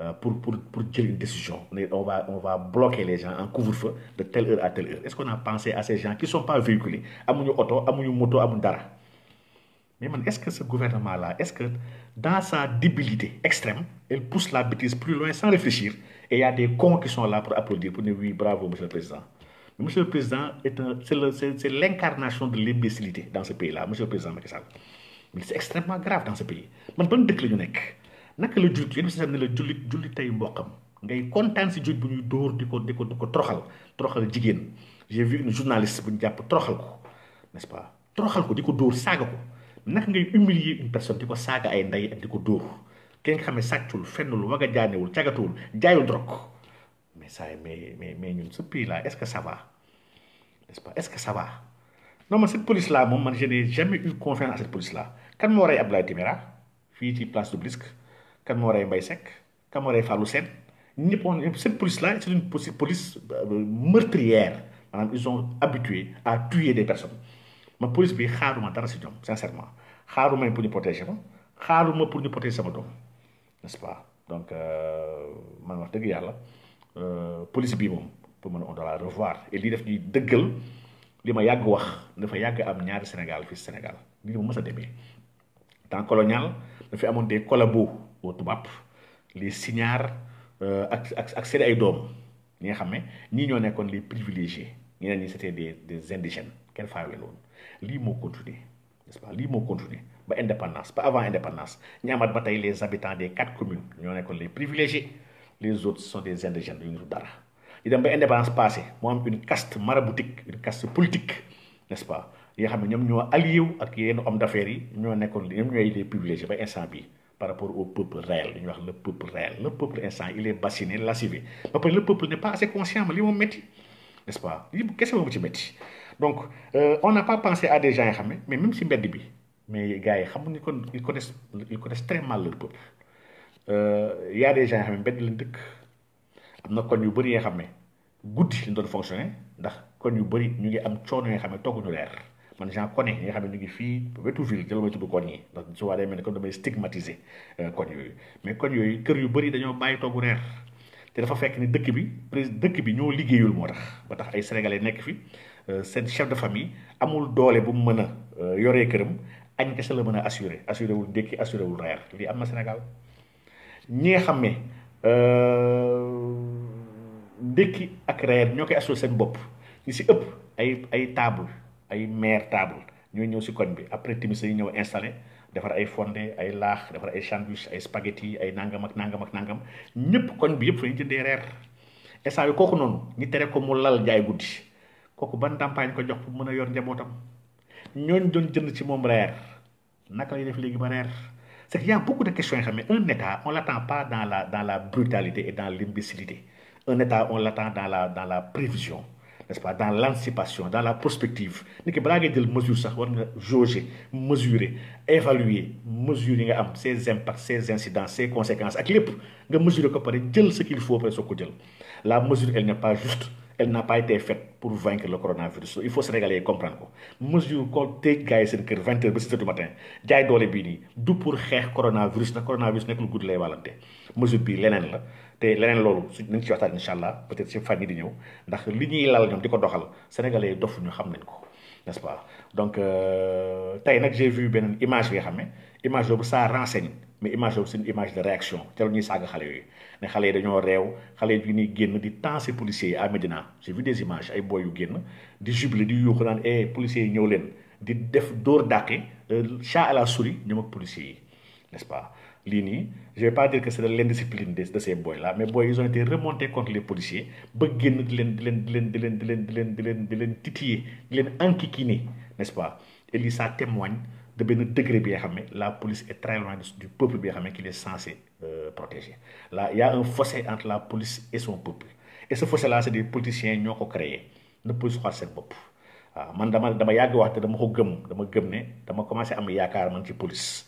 A: euh, pour, pour, pour une décision. On va, on va bloquer les gens en couvre-feu de telle heure à telle heure. Est-ce qu'on a pensé à ces gens qui ne sont pas véhiculés Amounou auto, moto, amou dara. Mais est-ce que ce gouvernement-là, est-ce que dans sa débilité extrême, il pousse la bêtise plus loin sans réfléchir Et il y a des cons qui sont là pour applaudir, pour dire oui, bravo, monsieur le président. Mais monsieur le président, c'est l'incarnation de l'imbécilité dans ce pays-là, monsieur le président Mais c'est extrêmement grave dans ce pays. Mais bonne déclin, naka la jullit yéen bi la jullit jullit tey mboqam ngay kontaan si jullit bu ñuy dóor di ko di ko di ko toroxal toroxal jigéen j'ai vu une journaliste bu ñu jàpp toroxal ko n'est-ce pas toroxal ko di ko dóor saaga ko naka ngay humilier une personne di ko saaga ay ndey ak di ko dóor ki nga xam ne sàccul fennul waga jaanewul cagatuwul jaayul drog mais ça mais mais mais ñun ce pays là est-ce que ça est n'est-ce pas est-ce que ça va non man cette police moom man je n'ai jamais eu confiance à cette kan moo rey Abdoulaye Timéra ci place de kan moo rey Mbaye Seck kan moo rey Fallou Sène ñëpp cette police là c'est une police euh, meurtrière maanaam ils sont habitués à tuer des personnes ma police bi xaaruma dara si ñoom sincèrement xaaruma pour ñu protéger ma xaaruma pour ñu protéger sama doom n'est-ce pas donc euh, man wax dëgg yàlla euh, police bi moom pour mën on doit la revoir et li def ñuy dëggal li ma yàgg wax dafa yàgg am ñaari Sénégal fii Sénégal lii moom mës a demee temps colonial dafa amoon des collabos au tubaab les signares euh, ak ak ak seen ay dom ñi nga ñi ñoo nekkoon les privilégiés ñeneen ñi c'était des des indigènes quel faaru leen woon lii moo continuer n'est-ce pas li mo continuer ba indépendance pas avant indépendance ñu amaat ba tey les habitants des quatre communes ñoo nekkoon les privilégiés les autres sont des indigènes yu ñu dara ñu dem ba indépendance passé mo am une caste maraboutique une caste politique n'est-ce pas yi nga ñom ñoo allié ak yenn hommes d'affaires yi ñoo nekkoon ñom ñooy les privilégiés ba instant bi par rapport au peuple réel le peuple réel le peuple instant il est bassiné lascivé Après, le peuple n'est pas assez conscient mais il un métier, n'est-ce pas li kese moomu ci métti donc euh, on n'a pas pensé à des gens mais même si mbedd bi mais gars yi kon ils connaissent ils connaissent très mal le peuple Il euh, y a des gens qui ont ne des lañ Ils ont na koñ yu Ils ont xam ne guddi lañ doon fonctionner ndax koñ yu bëri ñu ngi am man gens connais ñi nga xam ne ñu ngi fii wetu ville jël ma tudd koñ yi ndax su waa day mel ni comme damay stigmatiser koñ yooyu mais koñ yooyu kër yu bëri dañoo bàyyi toggu rèr. te dafa fekk ni dëkk bi prés dëkk bi ñoo liggéeyul moo tax ba tax ay sénégalais nekk fi sen chef de famille amul doole bu mu yore kèrèm, yoree këram añ kese la mën a assuré assuré wul ndékki assuré wul reer lii am na Sénégal ñi nga xam ne ak rèr, ñoo koy assuré seen bopp ñu si ëpp ay ay table ay mer table ñooy ñëw ci koñ bi après timis yi ñëw installé defar ay fondé ay laax defar ay sandwich ay spaghetti ay nangam ak nangam ak nangam ñëpp koñ bi yëpp fa ñu jëndee reer instant bi koku non ñi téré ko mu lal jaay guddi koku ban ndàmpaañ ko jox pour mën yor njabootam ñoon doon jënd ci moom reer naka lay def léegi ba reer c'est qu'il y a beaucoup de questions mais xam ne un état on l'attend pas dans la dans la brutalité et dans l'imbécilité un état on l'attend dans la dans la prévision n'est-ce pas, dans l'anticipation, dans la prospective ni ki balaa ngay mesure sax war nga jauger mesurer évaluer mesure nga am ses impacts ses incidences ses conséquences ak lépp nga mesurer ko paré djel ce qu'il faut pare soo djel. la mesure elle n'est pas juste elle n'a pas été faite pour vaincre le coronavirus il faut sénégalais yi comprendre ko mesure ko tëj gars yi seen 20 vingt heures ba heures du matin jaay doole bii nii du pour xeex coronavirus Le coronavirus nekk lu gudd lay wàllante mesure bi, leneen la te leneen loolu su nañ ci waxtaan incha allah peut-être si fan yi di ñëw ndax li ñuy lal ñoom di ko doxal sénégalais dof ñu xam nañ ko n'est-ce pas donc euh, tey nag j'ai vu beneen image yoo nga xam ne image bu ça renseigne mais image boobu c'est une image de réaction te lu ñuy saaga xale yooyu ne xale yi dañoo réew xale yi ñuy génn di tancer policiers yi à Médina j'ai vu des images ay boy yu génn di jubilé di yuuxu naan eh policier yi ñëw leen di def dóor dàqe euh, chat à la souris ñoom ak policiers pas lini ne je vais pas dire que c'est de l'indiscipline de de ces boys là mais boys ils ont été remontés contre les policiers ba ont di leen di di di di di titiller enquiquiner n'est-ce pas et ça témoigne de ben degré bi la police est très loin du peuple bi qu'il est censé euh, protéger là il y a un fossé entre la police et son peuple et ce fossé là c'est des politiciens qui ont créé na police xool cette bop waaw man dama dama yag wax te dama ko gëm dama gëm dama commencé am yakar man ci police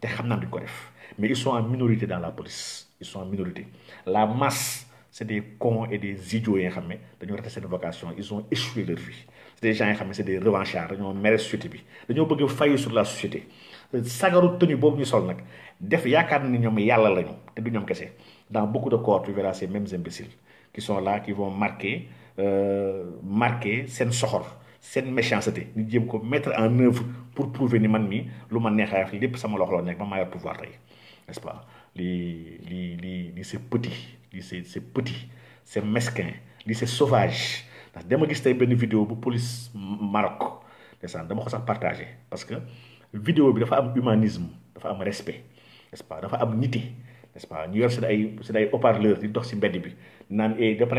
A: te xam naa def mais ils sont en minorité dans la police ils sont en minorité la masse c'est des cons et des idiots yi nga dañu raté cette vocation ils ont échoué leur vie C'est des gens yi nga c'est des revanchards dañoo mere société bi dañu bëgg fayu sur la société sagaru tenu bobu ñu sol nak def yaakaar ni ñom yalla lañu té du ñom kessé dans beaucoup de corps tu verras ces mêmes imbéciles qui sont là qui vont marquer euh, marquer sen soxor cette méchanceté nous devons ko mettre en œuvre pour prouver ni man mii les plus neexee de lépp sama loxo la pouvoir n'est-ce pas c'est petit c'est petit c'est mesquin c'est sauvage que dama gis tey une vidéo bu police Maroc je dama ko sax partager, parce que vidéo bi dafa am humanisme dafa am respect n'est-ce pas dafa am nité n'est-ce pas Nous yor seen ay c'est ay haut-parleur di dox ci mbedd bi eh dem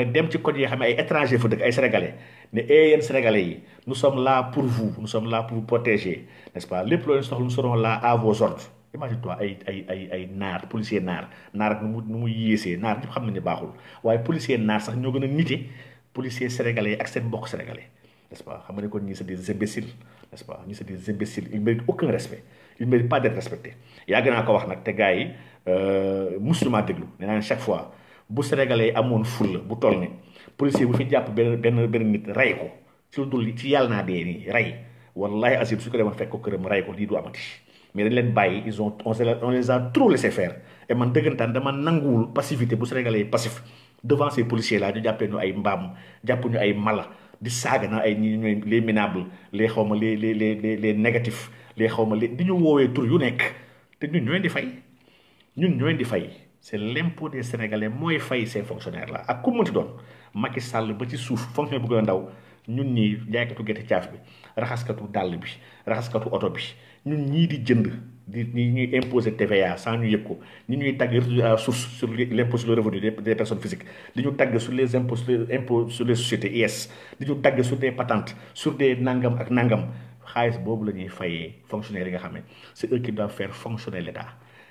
A: ay nous sommes là pour vous nous sommes là pour vous protéger n'est-ce pas nous serons là à vos ordres imagine-toi ay ay ay ay nar, policier ne policier policier sénégalais n'est-ce pas des imbéciles n'est-ce pas des imbéciles méritent aucun respect ils méritent pas d'être respectés a euh, chaque fois bu sénégalais amone foule bu toll ni policier bu fi japp ben ben ben nit ray ko ci lu dul ci yàlla naa dee ray wallahi asib su ko demoon fekk ko kërëm ray ko li du amati mais dañ leen bàyyi ils ont on les a trop laissé faire et man dëggantaan dama nanguwul passivité bu sénégalais yi passif devant ces policiers là ñu jappé ñu ay mbam jàpp ñu ay mala di saaga na ay ñi ñoy les minables les xawma ma les les les les négatifs les xawma ma les di ñu woowee tur yu nekk te ñun ñooy di fay ñun ñooy di fay. C'est l'impôt des sénégalais qui fay ces fonctionnaires là ak ku mënti doon Macky Sall ba ci fonctionnaire fonctionnaire bu a ndaw ñun ñii jaaykatu gerte caaf bi raxaskatu dàll bi raxaskatu les bi ñun ñii di jënd di ñuy imposer TVA sans ñu yëg ni ñi ñuy sur l' sur le revenu des personnes physiques ni ñu sur les impôts sur les impôts sur les sociétés IS di ñu sur des patentes sur des nangam ak nangam xaalis la fonctionnaire eux qui doivent faire fonctionner l'État.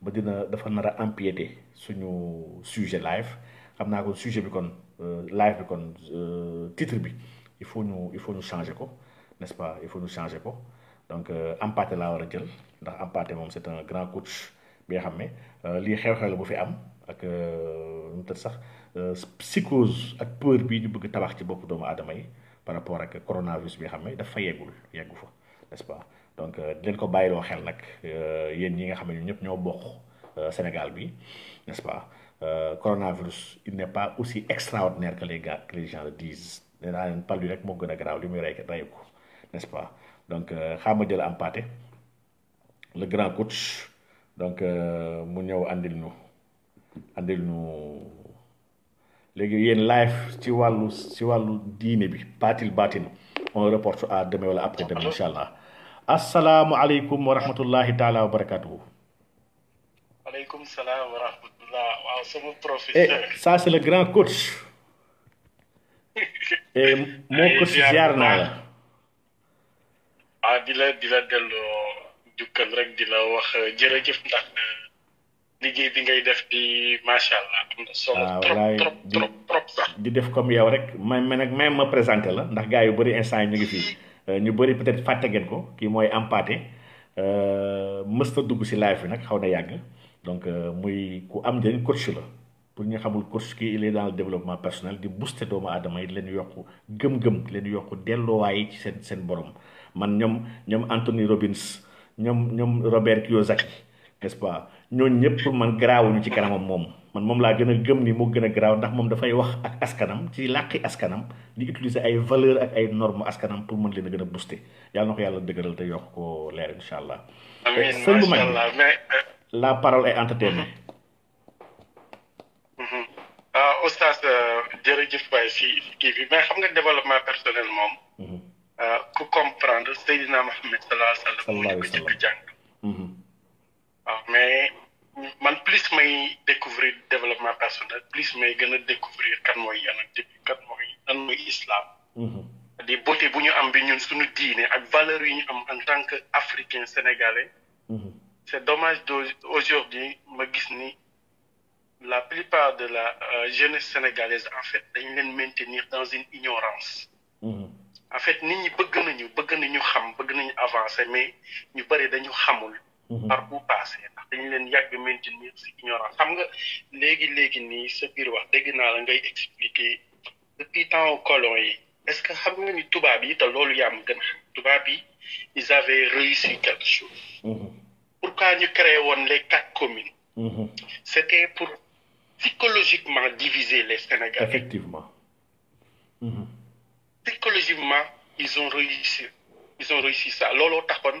A: ba dina dafa nar a empiété suñu sujet live xamna ko sujet bi kon euh, live bi kon euh, titre bi il faut ñu il faut ñu changer ko n'est-ce pas il faut ñu changer ko donc Hampâté euh, la war jël ndax Hampâté mom c'est un grand coach bi nga li xew-xew la bu fi am ak mu tëdd sax psychose ak peur bi ñu bëgg tabax ci bop doomu adamay par rapport ak coronavirus bi nga dafa yegul yeggu n'est-ce pas donc euh, di leen ko bàyyiloo xel nag euh, yéen ñi nga xam ne ñun ñëpp ñoo bokk euh, Sénégal bi n'est-ce pas coronavirus il n'est pas aussi extraordinaire que les gars que les gens le disent nee naa leen palu rek moo gën a garaaw li muy rey rey ko n'est-ce pas donc xaama jël Hampâté le grand coach donc mu ñëw andil ñu andil ñu léegi yéen live ci wàllu ci wàllu diine bi baatil baatin on reporte à demain wala après demain incha allah. Assalamualaikum warahmatullahi ta'ala wabarakatuh. barakatuh warahmatullahi salam wa rahmatullah professeur eh, ça c'est le grand coach [LAUGHS] eh, mon eh, coach ziar na
D: ah di la di la delo jukkal rek di la wax eh, jërëjëf ndax eh,
A: liggéey bi ngay def di machallah am solo ah, trop trop trop trop di def comme yow ya, rek may nak même me présenter la ndax gaay yu bari instant ñu ngi fi Euh, ñu bëri peut-être fàtte ngeen ko kii mooy Hampâté euh, mës na dugg si live bi nag xaw na yàgg donc euh, muy ku am njëriñ coach la pour ñu xamul coach kii il est développement personnel di booster doomu aadama yi di leen yokk gëm-gëm di leen yokk delloowaay ci seen seen borom man ñoom ñoom Anthony Robbins ñoom ñoom Robert Kiyosaki n'est-ce pas ñooñu ñëpp man garaawuñu ci kanamam moom. man moom laa gën a gëm ni moo gën a garaaw ndax moom dafay wax ak askanam ci làqi askanam di utiliser ay valeur ak ay normes askanam pour mën leen a gën a booster yàlla na ko yàlla dëgëral te yokk ko leer incha allah. amiin eh, macha allah euh, la parole ay entretenue. Mm-hmm. ah oustaz euh, jërëjëf waay kii bi mais xam nga développement personnel moom. Mm-hmm. Euh, ku comprendre Seydina Mohamed sallallahu alayhi wa sallam. sallallahu alayhi wa sallam mu ngi ko jëkk jàng. waaw mm-hmm. ah,
D: mais. man plus may découvrir développement personnel plus may gëna découvrir kan mooy yonent bi kan moy lan moy islam mhm. di beauté bu ñu am bi ñun suñu diiné ak valeur yi ñu am en tant que africain sénégalais mhm. c'est dommage d'aujourd'hui ma gis ni la plupart de la euh, jeunesse sénégalaise en fait dañ leen maintenir dans une ignorance mhm. en fait nit ñi bëgg nañu bëgg nañu xam bëgg nañu avancer mais ñu bari dañu xamul Mhm. par où passé ndax dañ leen yàgg maintenir si ignorance xam nga léegi léegi nii sa biir wax dégg naa la ngay expliquer depuis temps colon yi est ce que xam nga ni tubaab yi te loolu yaa ils avaient réussi quelque chose. Mhm. pourquoi ñu créé les quatre communes. Mhm. C'était pour psychologiquement diviser les Sénégalais. effectivement. psychologiquement ils ont réussi ils ont réussi ça looloo taxoon.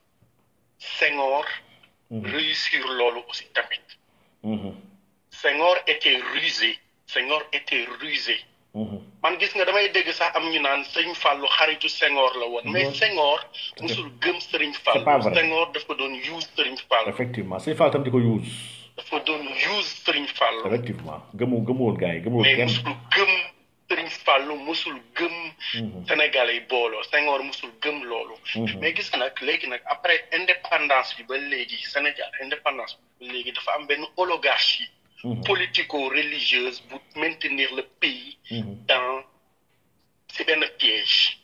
D: Senghor réussir loolu aussi tamit mhm. Senghor était rusé Senghor était rusé mhm. man gis nga damay dégg sax am ñu naan sëñ Fallou xaritu Senghor la woon mais mhm. Senghor musul gëm Sëriñ Fallou Senghor daf ko doon use Sëriñ Fallou
A: effectivement Sëriñ tam di ko use
D: daf ko doon use Sëriñ Fallou
A: effectivement gëmu gëmu woon gars yi gëmu woon kenn mais
D: musul gëm Sëriñ Fàllu musul gëm mhm. Sénégalais yi booloo Senghor musul gëm loolu mhm. mais gis nag léegi nag après indépendance bi ba léegi Sénégal indépendance bi ba léegi dafa am benn oligarchie mhm. politico-religieuse bu maintenir le pays dans si benn piège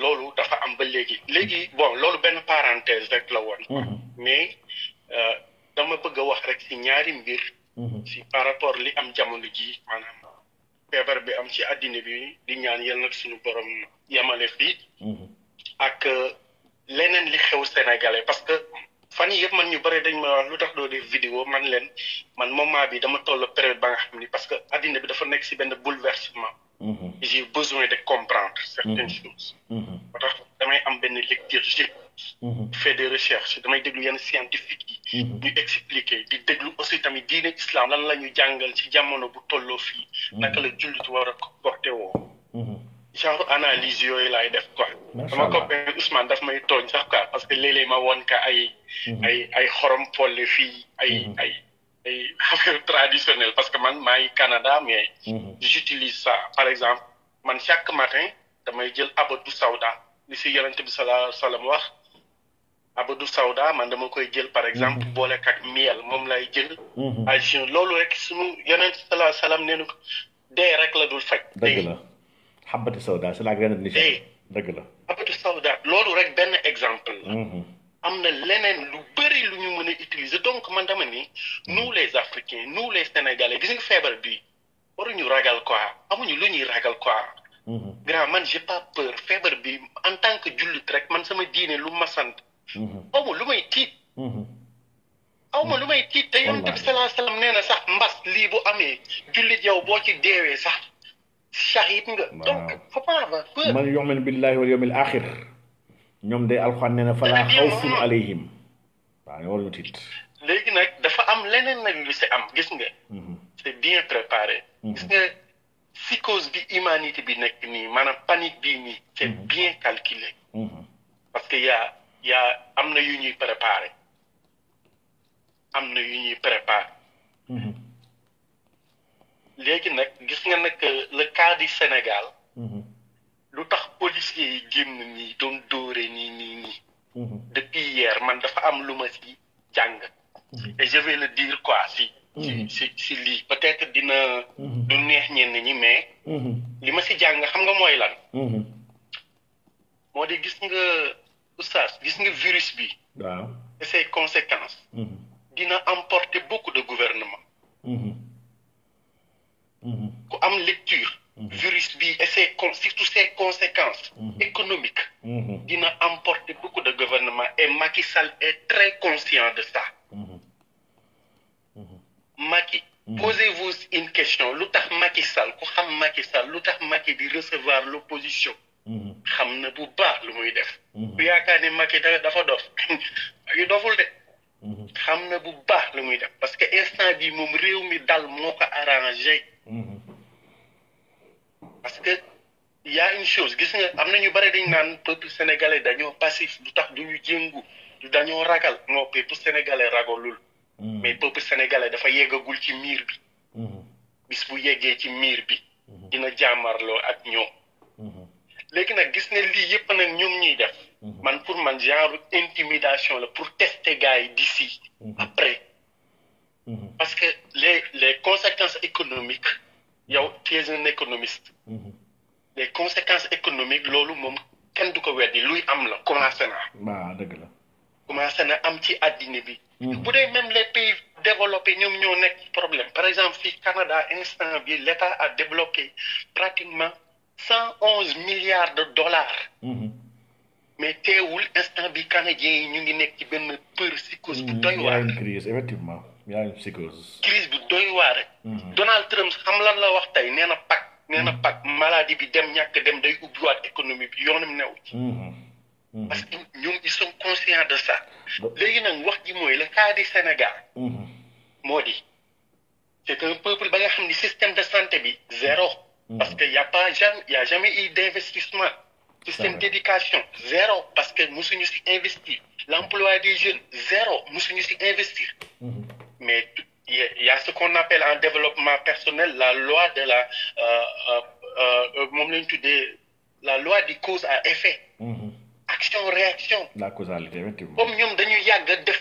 D: loolu dafa am ba léegi léegi bon loolu benn parenthèse rek la woon mais euh, dama bëgg a wax rek si ñaari mbir Mm-hmm. si par rapport li am jamono ji maanaam feebar bi am ci addina bi di ñaan yal nag suñu borom yamale fii mm-hmm. ak euh, leneen li xew sénégalais parce que fan yii yëpp man ñu bari dañ ma wax lu tax doo def vidéo man leen man moom moment bi dama toll période ba nga xam ni parce que àddina bi dafa nekk si benn bouleversement mm-hmm. j'ai besoin de comprendre certaines choses ba tax damay am benn lecture Mm-hmm. fait des recherches damay déglu yenn scientifique yi mm-hmm. ñu expliquer di déglu aussi tamit diine islam lan lañu jàngal ci jamono bu tolloo fii mm-hmm. naka la jullit war a porté woo genre analyse yooyu laay def quoi dama copain Ousmane daf may tooñ sax quoi parce que léeg-léeg ma woon ka ay ay ay xorom polle fii ay ay ay [LAUGHS] affaire traditionnelle parce que man maa ngi Canada mais j'utilise ça par exemple man chaque matin damay jël abadou sawda li si yonente bi salaa salaam wax abadou sawda man dama koy jël par exemple mhm. boolek ak miel moom lay jël mhm. algion loolu rek suñu yonent salaa salaam nee ko dee rek la dul faj
A: dëgg la xabatu sawda c'est la grande niche dëgg la
D: xabatu sawda loolu rek benn exemple la mhm. am na leneen lu bëri lu ñu mën utiliser donc man dama ni nous les africains nous les sénégalais gis nga feebar bi ñu ragal quoi amuñu lu ñuy ragal quoi grand man j'ai pas peur feebar bi en tant que jullit rek man sama diine lu ma sant Mhm. aw ma lu may tiit. Mhm. aw ma lu may tiit te yonent ne salaa na sax mbas lii bu amee jullit yow boo ci deewee sax shahid nga. donc faut pas avoir
A: peur. man yu'min billahi wal yawmil aaxir ñoom day alxuraan nee na falaa xawfun alayhim
D: léegi nag dafa am leneen nag si am gis nga. Mhm. c'est bien préparé. gis nga psychose bi humanité bi nekk nii maanaam panique bii nii. c'est bien calculé. parce que y yaa am na yu ñuy préparé am na yu ñuy préparé.
C: Mm-hmm. léegi nag gis nga nag euh, le cas du Sénégal. Mm-hmm. lu tax policiers yi génn ñi doon dóore nii nii nii. Mm-hmm. depuis hier man dafa am lu ma ci jàng. et je le dire quoi si.
D: si lii peut-être dina. du neex ñenn ñi mais. li ma ci jàng xam nga mooy lan.
C: moo di gis nga. oustaz gis nga virus bi.
D: waaw et ses conséquences. Mhm. dina emporter beaucoup de gouvernement.
C: Mhm. Mhm. ku am lecture. virus bi et ses conséquences. économiques.
D: dina emporter beaucoup de gouvernement et Macky Sall est très conscient de ça. Macky. posez-vous une question lu Macky Sall ku xam Macky Sall lu Macky di recevoir l'opposition Mm-hmm. xam na bu baax lu muy def. Mm-hmm. bu yaakaar ne Macky dafa dof [LAUGHS] Macky doful de. Mm-hmm. xam na bu baax lu muy def parce que instant bi moom réew mi dal moo ko arrangé. parce que y a une chose gis nga am na ñu bari dañ naan peuple sénégalais dañoo passif du tax duñu ñu jéngu dañoo ragal non peuple sénégalais ragalul. mais peuple sénégalais dafa yeggagul ci miir bi. bis bu yeggee ci miir bi. dina jàmmarloo ak ñoom. léegi nag gis ne lii yëpp nag ñoom ñuy def mhm. man pour man genre intimidation pour tester gars d'ici mhm. après mhm. parce que les les conséquences économiques yow tu es un économiste les conséquences économiques loolu moom kenn du ko weddi luy am la commencé na waaw dëgg la commencé na am ci bi bu même les pays développés ñoom ñoo nekk problème par exemple fii Canada instant l'État a débloqué pratiquement cent onze milliards de dollars. Mhm. mais teewul instant bi canadien yi ñu ngi nekk ci benn
A: peur psychose bu doy waar. crise
D: bu doy waar. Mhm. Donald Trump xam lan la wax tey nee na pak nee mhm. maladie bi dem ñàkk dem day ubbiwaat économie bi yoonam new ci. parce que ñoom ils sont conscients de sa léegi nag wax ji mooy la cas du Sénégal. moo di. c' est un peuple ba nga xam ni système de santé bi zéro. Parce mhm. qu'il n'y a, pas jamais, y a jamais eu d'investissement. C'est une dédication, zéro, parce que nous sommes investis. L'emploi des jeunes, zéro, nous sommes investis. Mhm. Mais il y, a ce qu'on appelle en développement personnel la loi de la. Euh, euh, euh la loi des causes à effet. Mhm. Action-réaction.
A: La causalité, Comme
D: nous, nous avons fait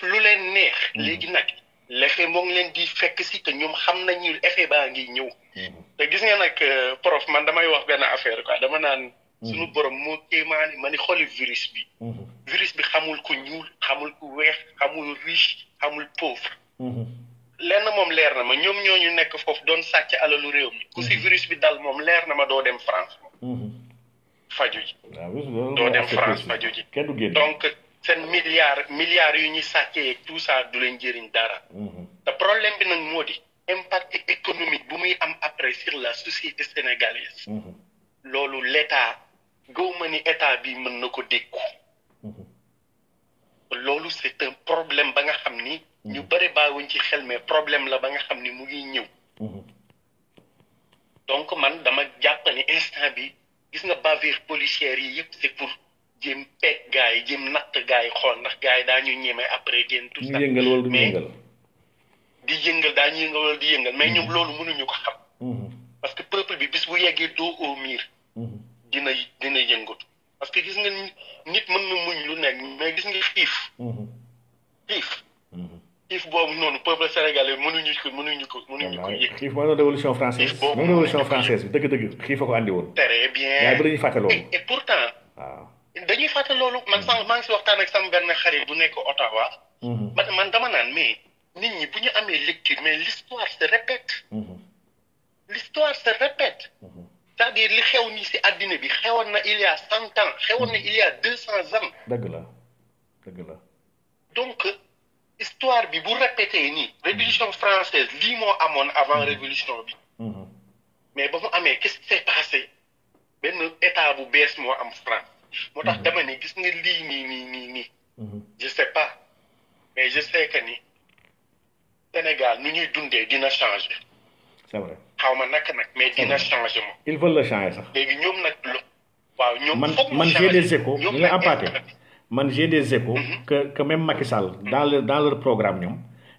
D: l'effet moom leen di fekk si te ñoom xam nañu effet baa ngi ñëw. Hmm. te gis nga nag euh, prof man damay wax benn affaire quoi dama naan. Hmm. suñu borom moo téemaani ma ni xoli virus bi. Hmm. virus bi xamul ku ñuul xamul ku weex xamul riche xamul pauvre. lenn moom leer na ma ñoom ñooñu nekk foofu doon sàcc alalu réew mi ku si virus bi dal moom leer na ma doo dem France. faju ji. Ah doo dem France faju ji donc. seen milliards milliards yu ñuy sàccee tout ça du leen jëriñ dara. Mhm. te problème bi nag moo di. impact économique bu muy am après sur la société sénégalaise. Mhm. loolu l' état ni état bi mën na ko dékku. Mhm. loolu c' problème ba nga xam ni. ñu bëri baawuñ ci xel mais problème la ba nga xam ni mu ngi ñëw. donc man dama jàpp ni instant bi gis nga bavure policière yi yëpp c' est pour. jéem peeg gars yi jéem natt gars yi xool ndax gars yi daañu ñeme après jéem. tout ça yëngal wala du yëngal di yëngal daañu yëngal wala di yëngal mais ñoom mm-hmm. ko mm-hmm. parce que peuple bi bis bu yeggee doo au mur. Mm-hmm. dina dina yëngatu. parce que gis nga nit mën
A: na muñ lu nekk mais gis nga xiif. xiif. xiif noonu peuple sénégalais mënuñu ko mënuñu ko mënuñu ko dëgg-dëgg xiif a ko andi woon.
D: très bien gars yi dañuy
A: fàtte loolu. Ah.
D: dañuy fàtte loolu man sànq maa ngi si waxtaan ak sama benn xarit bu nekk Ottawa. Mhm. man man dama naan mais nit ñi bu ñu amee lecture mais l'histoire se répète. Mhm. l'histoire se répète. Mhm. c'est-à-dire li xew nii si àddina bi xewoon na il y a cent ans xewoon na il y a deux cents ans.
A: dëgg la dëgg la.
D: donc histoire bi bu répété nii. révolution française lii moo amoon avant révolution bi. mais ba mu amee qu'est-ce qui s'est passé benn état bu bees moo am France motax mhm. dama ni gis nga lii nii nii nii mhm. nii je sais pas mais je sais que ni Sénégal nu ñuy dundee dina changer c'est vrai xaw ma naka nag mais dina changer moom
A: ils veulent le changer sax
D: léegi ñoom nag lu
A: waaw ñoom man man j'ai des échos ñu nga ampaté man j'ai des échos que que même Macky Sall dans le dans leur programme ñoom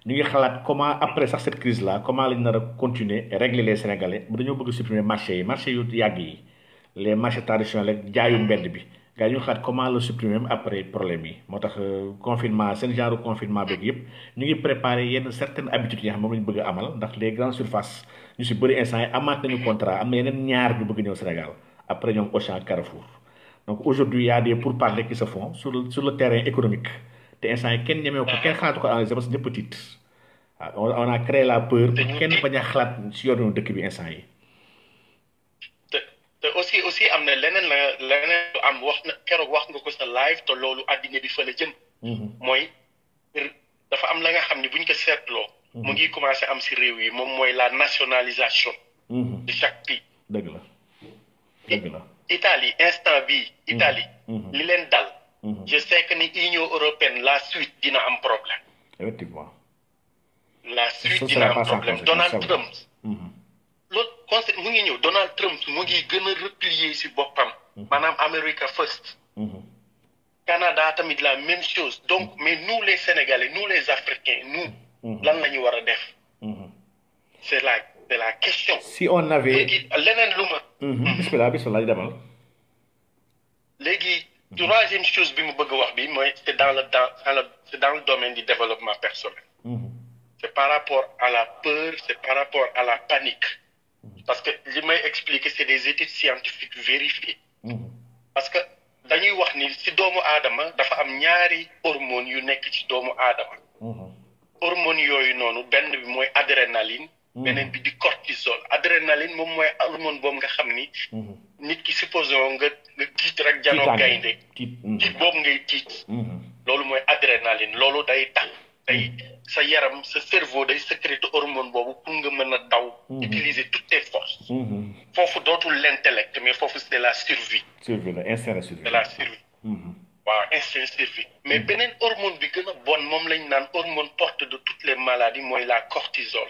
A: ñu ngi xalaat comment après sax cette crise là comment lañ nar a continuer et régler les sénégalais ba dañoo bëgg supprimer marché yi marché yu yàgg yi les marchés traditionnels ak jaayu mbedd bi gars xat comment le supprimer après problème yi motax euh, confinement sen genre confinement beeg yëpp ñu ngi préparer yenn certaines habitudes yi moom lañ bëgg amal ndax les grandes surfaces ñu ci bëri instant yi amaat nañu contrat am na yeneen ñaar ñu bëgg ñëw Sénégal après ñoom Auchan Carrefour donc aujourd'hui il y a des pourparlers qui se font sur le, sur le terrain économique té instant yi kenn ñemeew ko kenn xalaatu ko analyser parce que ñëpp tiit ah, on a créé la peur pour kenn baña a xalaat si yoonu dëkk bi instant yi te aussi aussi am na leneen
D: la leneen lu am wax na keroog wax nga ko sa live te loolu addina bi fa la jëm. Mm-hmm. mooy er, dafa am la nga xam ne buñ ko seetloo. Mm-hmm. mu ngi commencé am si réew yi moom mooy la nationalisation.
A: Mm-hmm. de chaque pays. dëgg la
D: Italie instant bi Italie. li leen dal. je sais ni Union européenne la suite dina am problème. effectivement. la suite dina am problème Donald Trump. constat mu ngi ñew Donald Trump mu ngi gëna replier si boppam. Mm-hmm. maanaam America first. Mm-hmm. Canada tamit la même chose donc mm-hmm. mais nous les Sénégalais nous les Africains nous. lan la ñu def. C'est la c'est la question.
A: si on avait lenen luma C'est la demal.
D: légui troisième chose bi mu bëgg wax bi dans le dans dans le domaine du développement personnel. C'est par rapport à la peur c'est par rapport à la panique. Mhm. parce que li may expliquer c'est des études scientifiques vérifiées. Mhm. parce que dañuy wax ni ci doomu aadama dafa am ñaari hormones yu nekk ci doomu aadama. Mhm. hormones yooyu noonu benn bi mooy adrénaline. beneen bi di cortisol adrénaline moom mooy hormone boobu nga xam ni. nit ki supposé nga nga tiit rek janoo gaynde tiit boobu ngay tiit. loolu mooy adrénaline loolu day tax.
A: tey sa yaram sa cerveau day sécréter hormone boobu pour nga mën a taw mhm. utiliser toutes tes forces. Mhm. foofu dootul l'intellect mais foofu c'est la survie. survie la instinct la survie. Mhm.
D: waaw instinct survie. mais beneen hormone bi gën a bon moom lañ naan hormone porte de toutes les maladies mooy la cortisol.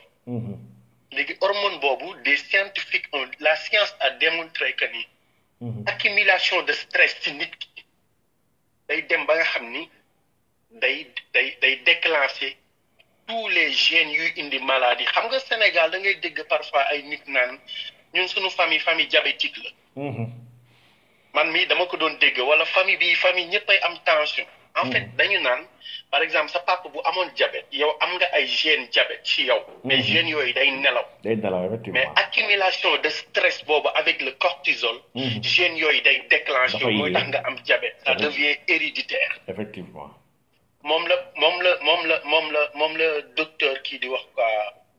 D: léegi hormone boobu des scientifiques on la science a démontré que ni. accumulation de stress ci nit day dem ba nga xam ni. day day day déclencher tous les gènes yuy indi maladie xam nga Sénégal da ngay dégg parfois ay nit naan ñun suñu famille famille diabétique la. Mhm. man mii dama ko doon dégg wala famille bi famille ñëppay am tension. en fait mhm. dañu naan par
C: exemple sa papa bu amoon diabète yow am nga ay gènes diabète ci yow. Mhm. mais
D: gènes yooyu day nelaw.
A: day nelaw mais
D: accumulation de stress boobu avec le cortisol. gènes yooyu day déclenché. mooy tax nga am diabète ça devient héréditaire.
A: effectivement
D: mom la mom la mom la mom la mom la docteur kii di wax quoi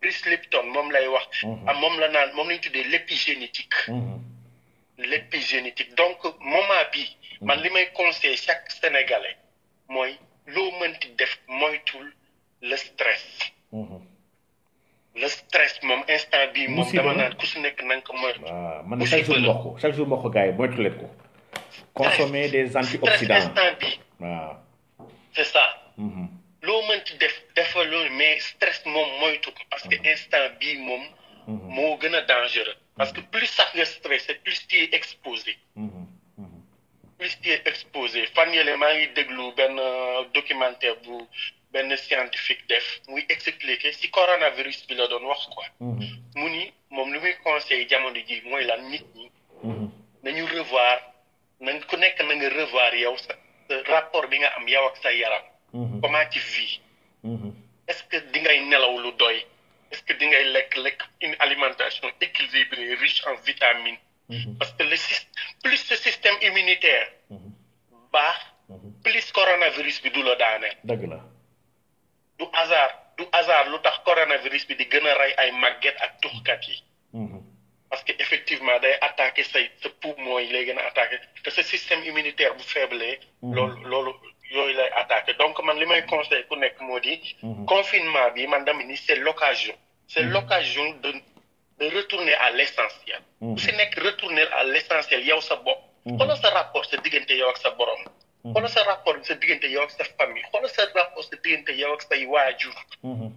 D: Bruce Lipton mom lay wax. Mhm. am ah, mom la nan mom la tuddé l'épigénétique. Mhm. l'épigénétique donc moma bi mhm. man limay conseiller chaque sénégalais mooy loo mënti def moytul le stress. le stress mom instant bi mom dama nan ku
A: si nekk na ko moytu. Ah, man chaque jour mboq chaque jour mboq gars yi ko. consommer des antioxydants waaw. Ah c'est ça. Mm-hmm.
D: loo mënti def defal loolu mais stress moom moytu parce que mm-hmm. instant bii moom. Mm-hmm. moo gën dangereux. parce que plus ça nga stressé plus tu es exposé. plus tu es exposé fan yële maa ngi déglu ben documentaire bu ben scientifique def muy expliquer si coronavirus bi la doon wax quoi. mu ni moom lu muy conseil jamono ji mooy lan nit ñi. nañu revoir nous ku nekk na nga revoir yow sax. rapport bi nga am yow ak sa yaram. Mhm. comment tu vis. Mhm. est-ce que di ngay nelaw lu doy. est-ce que di ngay lekk lekk une alimentation équilibrée riche en vitamines. Mhm. parce que le plus ce système immunitaire. baax. plus coronavirus bi du la daaneel. dëgg la. du hasard du hasard lu tax coronavirus bi di gën a rey ay màgget ak tuxkat yi. parce que effectivement day attaque say sa poumon yi lay gën a attaqué te sa système immunitaire bu faible. Mhm. loolu loolu yooyu lay attaqué donc man li may conseil ku nekk moo di. Mhm. confinement bi man dama ni c' est l' occasion. c' mhm. de de retourner à l' essentiel. bu si nekk retourner à l' essentiel yow sa bopp. xoolal sa rapport sa diggante yow ak sa borom. xoolal sa rapport sa diggante yow ak sa famille xoolal sa rapport sa diggante yow ak say waajur. c'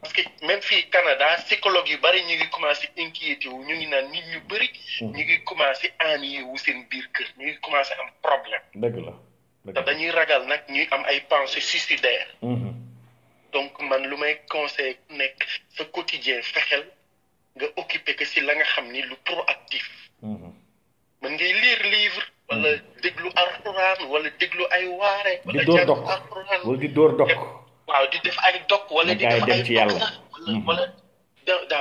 D: parce que même fii Canada psychologue yu bari ñu ngi commencé inquiété wu ñu ngi naan nit ñu bari. Hmm. ñu ngi commencé ennuyé wu seen biir kër ñu ngi commencé am problème. dëgg la te dañuy ragal nag ñuy am ay pensées suicidaires. Hmm. donc man lu may conseil nekk sa quotidien fexel nga occupé que si la nga xam lu proactif. Hmm. mën ngay lire livre. wala déglu alxuraan wala déglu ay waare. wala jàng
A: alxuraan wala di door dox.
D: waaw di def ay dog
A: wala di def ay dog
D: mm-hmm.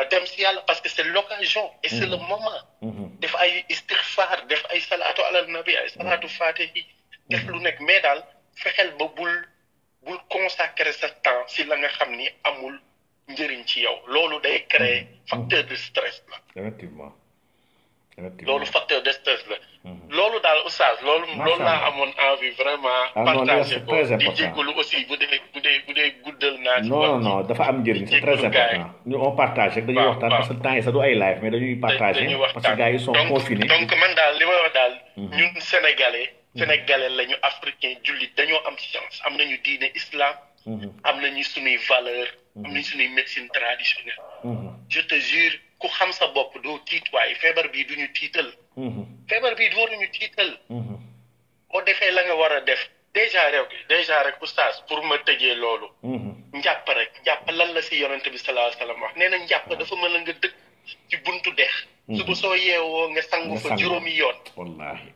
D: dem si yàlla parce que c' est l' occasion est le mm-hmm. moment mm-hmm. def ay istixfaar def ay salaatu alal nabi ay salaatu fatihi def lu nekk mais daal fexeel ba bul bul consacre sa temps si la nga xam ni amul njëriñ ci yow loolu day créer facteur de stress
A: la loolu facteur de stress la. Mhm. loolu daal oustaz loolu. loolu laa amoon envie vraiment. Ah partager ko di jégalu aussi bu dee bu
D: dee bu dee guddal
A: naa. ci non non dafa am njëriñ c'est très important. ñu on partage rek dañuy waxtaan parce que temps yi sax du ay live mais dañuy partager parce que gars yi sont confinés. donc
D: man daal li may wax daal. Mhm. ñun sénégalais. Mhm. sénégalais la africain jullit dañoo am science am nañu diine islam. am nañu suñuy valeur am nañ suñuy médecine traditionnelle mhm. je te jure ku xam sa bopp doo tiit waaye feebar bii duñu tiital mhm. feebar bii du war nañu tiital mhm. boo defee la nga war a def dèjà rek dèjà rek oustaz pour ma tëjee loolu njàpp rek njàpp lan la si yonente bi sallallahu alayhi wa wax nee na njàpp dafa mën a nga dëkk ci buntu dex suba soo yeewoo nga sangu fa juróomi
A: yoon wallaahi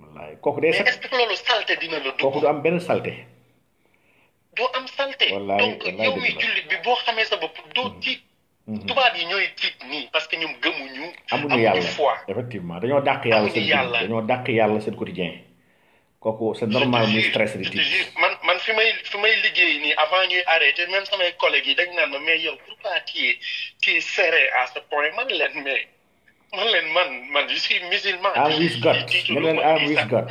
A: wallaahi kooku day mais
D: est loolu salte dina
A: la dugg du am benn salte
D: doo am salte donc yow jullit bi boo xamee sa bopp doo tiit tubaab yi ñooy tiit nii parce que ñoom gëmuñu
A: amuñu yàlla foi effectivement dañoo dàq yàlla seen yàlla dañoo dàq yàlla seen quotidien kooku c'est normal muy stress
D: man man fi may fi may liggéey nii avant ñuy arrêté même samay collègues yi dañ naan ma mais yow pourquoi tu es tu à ce point man leen mais man leen man man je suis musulman I'm with
A: God man leen I'm with God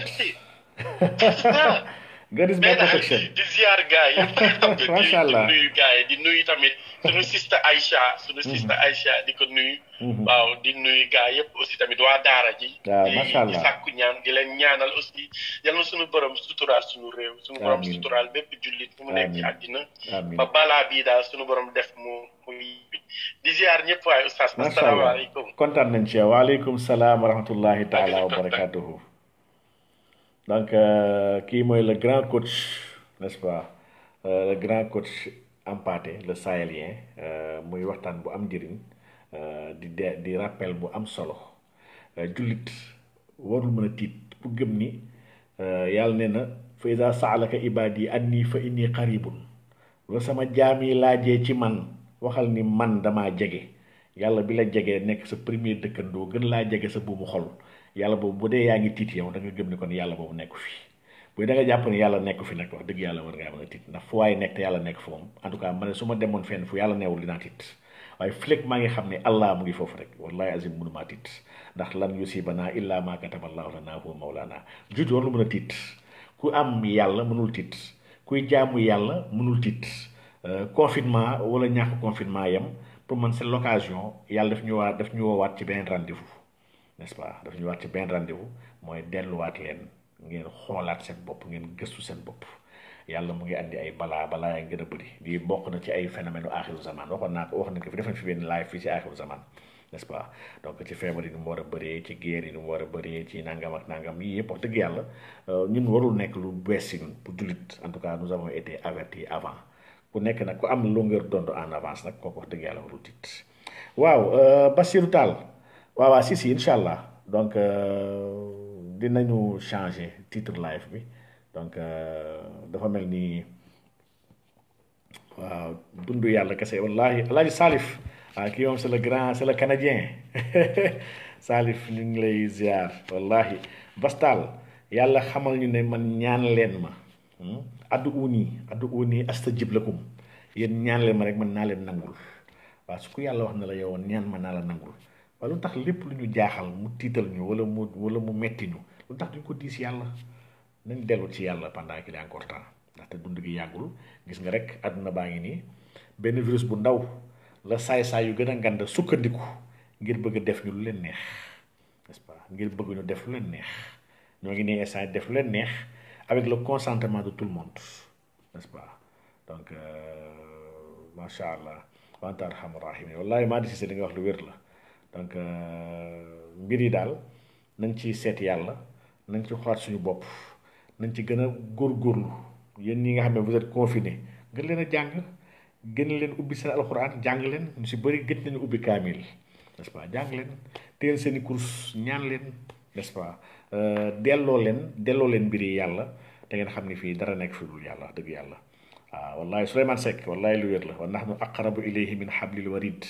A: God's my protection. di ziar gay yëpp [LAUGHS] di nuyu gay
D: di nuyu tamit sunu sister aisha sunu sister mhm. aisha di ko nuyu waaw di nuyu gay yep ya, aussi tamit wa dara ji ya, di sakku ñaan di leen ñaanal aussi yàlla sunu borom suturaal sunu rew sunu borom suturaal
A: bepp julit mu nekk ci adina ba bala bi da sunu borom def mu
D: di ziar ñëpp way oustaz asalaamaaleykum
A: kontaan nañ ci waaleykum salaam wa rahmatullahi taala wa barakatuh Donc, euh, qui est le grand coach, n'est-ce pas, euh, le grand coach ampati, le sahélien, qui euh, waxtaan bu amjiring, njëriñ euh, di di rappel bu am solo euh, jullit warul mën a tiit gëm ni yàlla nee na fa ida saalaka ibadi anni fa inni qaribun wa sama jami yi ci man waxal ni man dama jégué yalla bi la jégué nek sa premier dëkkandoo gën la jégué sa buumu xol yàlla boobu bu dee yaa ngi tiit yow da nga gëm ni kon yàlla boobu nekku fi bu da nga jàpp ni yàlla nekku fi nag wax dëgg yàlla war ngaa a tiit ndax fu waaye nekk nekk fa moom en tout cas ma ne su ma demoon fenn fu yàlla neewul dinaa tiit waaye fleg maa ngi xam ne allah mu ngi foofu rek wallahi azim mënumaa tiit ndax lan yusibana illa ma kataballahu lana huwa mawlana juj war lu mën a tiit ku am yàlla mënul tiit kuy jaamu yàlla mënul tiit euh, confinement wala ñàkk confinement yam pour man c'est l'occasion yàlla daf ñu waa daf ñu woowaat ci beneen rendez-vous n'est-ce pas daf ñu wat ci ben rendez-vous moy delu wat len ngeen xolat seen bop ngeen gëstu seen bop yalla mu ngi andi ay bala bala yaa gën beuri di bok na ci ay phénomène u axiru zaman waxon na wax na ko fi defañ fi ben live fi ci akhir zaman n'est-ce pas donc ci feebar ni mo wara a ci guerre ni mo wara a ci nangam ak nangam yi yëpp wax dëgg yàlla euh, ñun warul nek lu bees pour jullit en tout cas nous avons été avertis avant ku nek nak ku am longueur d'onde en avance nak kooku wax dëgg yàlla warul tiit waaw euh, Bassirou Tall wa wa si si inshallah allah donc euh, dinañu changer titre live bi donc euh, dafa melni ni dundu yalla yàlla wallahi alhaji salif ah kii moom c'est le grand c'est le canadien [LAUGHS] salif ñu ngi lay ziar wallahi bastal yalla xamal ñu ne man ñaan len ma hmm? addu uni addu uni astajib lakum yeen ñaan len ma rek man na len nangul wa su ko yàlla wax na la yow ñaan ma na la nangul wala lu tax lepp lu ñu jaaxal mu tital ñu wala mu wala mu metti ñu lu tax duñ ko diis yàlla nañ delu ci yàlla pendant qu'il est encore temps ndaxte dund gi yàggul gis nga rek aduna baa ngi nii benn virus bu ndaw la saay-saay yu gën a ngand sukkandiku ngir bëgg a def ñu lu leen neex n'est-ce pas ngir bëgg ñu def lu leen neex ñoo ngi nii instant def lu leen neex avec le consentement de tout le monde n'est-ce pas donc euh, macha allah wantaar xam rahim wallahi maa di si nga wax lu wér la donc euh, mbiri dal nañ ci set yalla nañ ci xaar suñu bop nañ ci gën gor góorgóorlu yeen ñi nga xam vous êtes confiné gën leena jang gën leen ubbi sen alquran jang leen ñu ci bari gën nañu ubbi kamil nest ce pas jang leen teel sen course ñaan leen nest ce pas euh, delloo leen delloo leen mbiri yalla ngeen xamni fi dara nek fi dul yalla deug yalla ah wallahi suleyman sek wallahi lu wér la wa nahnu aqrabu ilayhi min hablil warid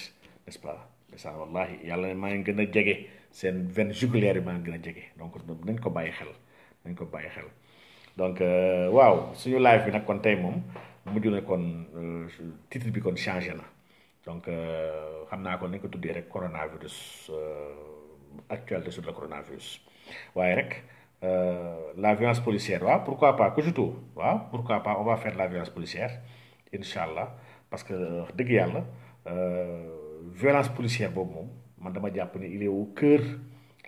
A: nest ce pas ça wallahi yàlla ne maa ngi gën a jege seen veine jugulaire yi maa ngi gën a jege donc nañ ko bàyyi xel nañ ko bàyyi xel donc euh, waaw suñu live bi nag kon tey moom mujj na kon euh, titre bi kon changé na donc euh, xam naa ko nañ ko tuddee rek coronavirus actualité sur le coronavirus waaye rek la violence policière waaw pourquoi pas Kojouto waaw pourquoi pas on va faire la violence policière incha allah parce que dëgg yàlla violence policière bon man dama japp ni il est au cœur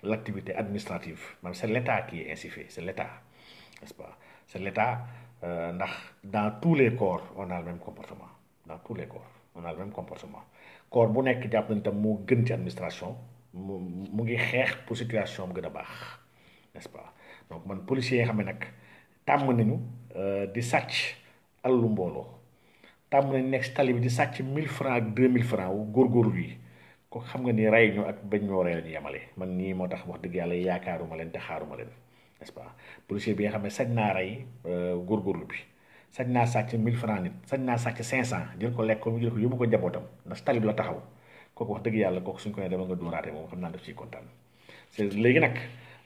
A: l'activité administrative man l'état l'état qui est ainsi fait c'est l'état, nest ce pas C'est l'état, euh, dans tous les corps on a le même comportement dans tous les corps on a le même comportement corps bu nek jàpp nañ tam moo gën ci administration mo ngi pour situation am gën a ce pas donc man policier xamé nak tam nañu euh, di satch alu mbolo tàmm nañ nekk si tali bi di sàcc 1000 francs ak 2000 francs wu góorgóorlu yi ko xam nga ni rey ñu ak bañ ñoo rey lañu yemale man nii moo tax wax dëgg yàlla yaakaaruma leen te xaaruma leen n'est-ce pas policier bi nga xam ne sañ naa rey euh, góorgóorlu bi sañ naa sàcc 1000 francs nit sañ naa sàcc 500 jël ko lekk ko jël ko yóbbu ko njabootam ndax tali bi la taxaw kooku wax dëgg yàlla kooku suñ ko ne dama nga dóoraate moom xam naa daf ciy kontaan c'est léegi nag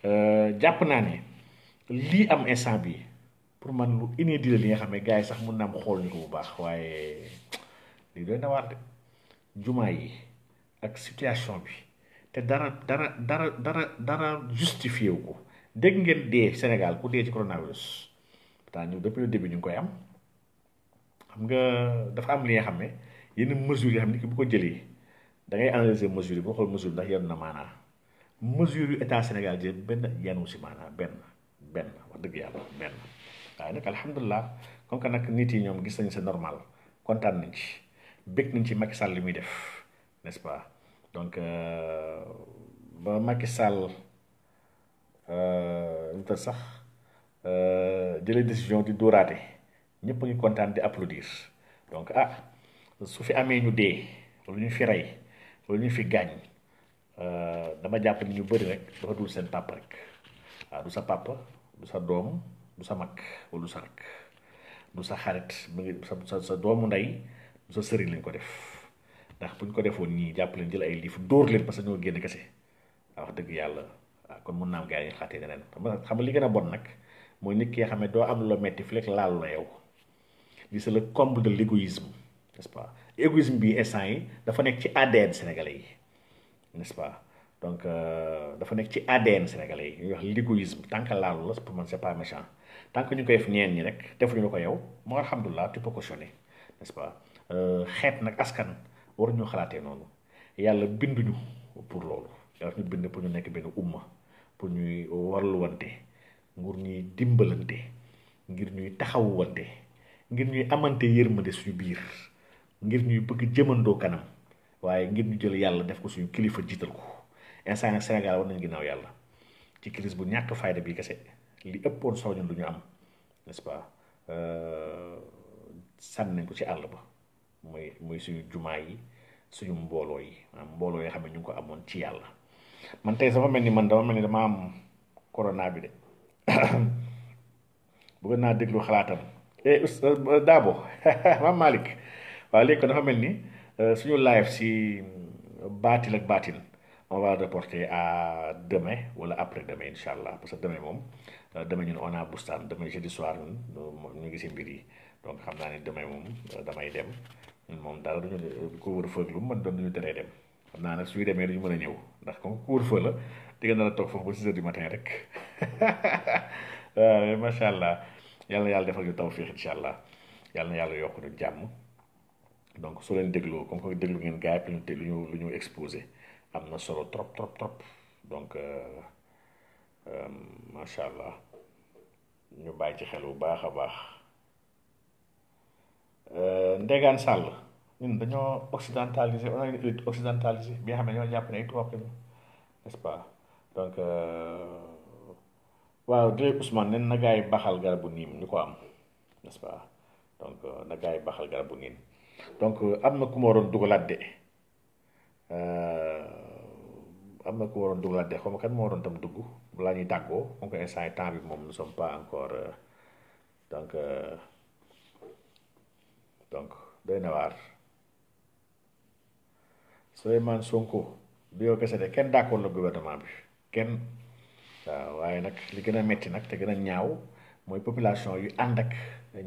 A: euh, jàpp naa ne lii am instant bii pour man lu inédit li nga xamé gaay sax mën am xol ni ko bu baax waye li do na war juma yi ak situation bi té dara dara dara dara dara justifié ko dégg ngeen dé Sénégal ku dé ci coronavirus ta ñu depuis le début ñu koy am xam nga dafa am li nga xamé yene mesure yi xamni ki bu ko jëlé da ngay analyser mesure bu xol mesure ndax yenn na mana mesure état Sénégal jé ben yanu ci mana ben ben wax deug yalla ben waaye nag alhamdulilah comme que nag nit yi ñoom gis nañ normal kontaan nañ ci bég nañ ci Macky Sall li muy def est ce pas donc ba Macky Sall lu eh, tax sax eh, jële décision di dóoraate ñëpp a ngi kontaan di applaudir donc ah su fi amee ñu dee lu ñu fi rey lu eh, ñu fi gaañ dama jàpp ni ñu bëri rek dafa dul seen papa rek waaw ah, du sa papa du sa doom du sa mag oh, wala du sa rak du sa xarit mu ngi sa sa doomu ndey du sa sëriñ lañ ko def ndax buñ ko defoon ñii jàpp leen jël ay liif dóor leen parce que ñoo génn kese wax ah, dëgg yàlla ah, kon mun naa am gars yi xaatee neneen xam nga li gën a bon nag mooy nit ki nga doo am loo metti fi laal la yow li c'est le comble de l'égoïsme n'est-ce pas égoïsme bi instant yi dafa nekk ci ADN sénégalais yi n'est-ce pas donc euh, dafa nekk ci ADN sénégalais yi ñuy wax l'égoïsme tant que laalu la pour man c'est pas méchant tant que ñu koy def ñeen ñi rek defuñu ko yow mo alhamdullah tu peux cautionner n' ce pas xet eh, nak askan waruñu xalaatee noonu yàlla binduñu pour lolu yalla ñu bind pour ñu nekk ben umma pour ñuy wante ngur ñuy dimbalante ngir ñuy wante ngir ñuy amante yërmande suñu biir ngir ñuy bëgg jëmando kanam waaye ngir ñu jël yàlla def ko suñu kilifa jiital ko instant Sénégal war nañ ginnaaw yàlla ci crise bu ñàkk fayda bi kese li ëppoon sawñun lu ñu am n'est-ce pas sànni nañ ko ci àll ba mooy mooy suñu jumaa yi suñu mbooloo yi maanaam mbooloo yoo xam ne ñu ngi ko amoon ci yàlla man tey sama mel ni man dama mel ni dama am corona bi de bëgg naa déglu xalaatam eh oustaz Dabo maam malik waaw léegi kon dafa mel ni suñu live si baatil ak baatin on va reporter à demain wala après demain incha allah parce que demain moom Euh, demain ñun on a Boustane demain jeudi soir ñun ñu ngi si mbir yi donc xam naa ne demain moom euh, damay dem ñun moom dara duñu euh, couvre-feu lu mu lu doon duñu teree dem xam naa nag suy demee duñu mën a ñëw ndax comme couvre-feu la di nga a toog foofu ba six heures du matin rek [LAUGHS] waaw macha allah yal na yàlla defal ñu tawfiix incha allah yal na yàlla yokk ñu jàmm donc su leen dégloo comme que déglu ngeen gars yi lu ñu lu ñu exposé am na solo trop trop trop Euh, macha allah ñu bàyyi ci xel bu baax a baax euh, ndegaan sàll ñun dañoo occidentalisé on a une élite occidentalisé bi xam ne ñoo jàpp ne ay tubaab lañu n'est-ce pas euh, waaw direct Ousmane nen na gars yi baxal garabu niim ñu ko am n'est-ce donc na gars yi baxal garabu niim donc am na ku ma waroon de. amna ko waron dugla de xoma kan mo waron tam dugg balaa ñuy on ko instant temps bi mom nous sommes pas encore donc donc doy na waar Souleymane Sonko bi yow kese de ken d'accord le gouvernement bi ken waaye nak li gëna metti nak te gëna ñaaw moy population yu ànd ak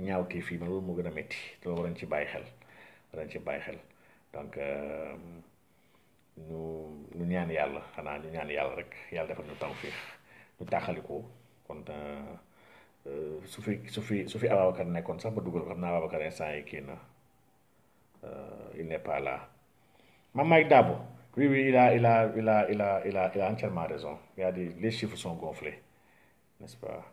A: ñaaw eh, ki fi man loolu moo gën metti do waroon ci bàyyi xel waroon ci bàyyi xel donc euh, Euh, il n'est pas là il a raison les chiffres sont gonflés n'est-ce pas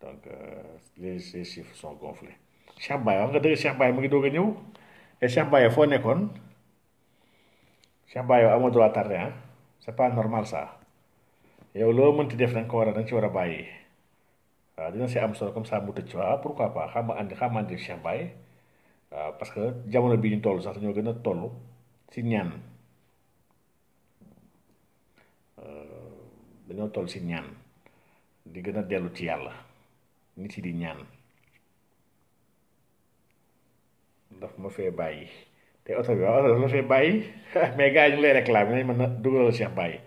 A: donc euh, les chiffres sont gonflés Cheikh on Ya. siapa yow amo droit à rien? c'est pas normal ça yow ulo mënti def da ko war a da nga ci war a bàyyi dina si am solo comme ça mu tëj waaw pourquoi pas xam nga andi xam andi Cheikh Baye waaw parce que jamono bii ñu toll sax dañoo gën a toll si ñaan dañoo toll si ñaan di gën a ci nit yi di ñaan daf ma te oto bi waaw oto la fee bàyyi [LAUGHS] mais gars ñu lay réclamer nañ mën a dugalal Cheikh Baye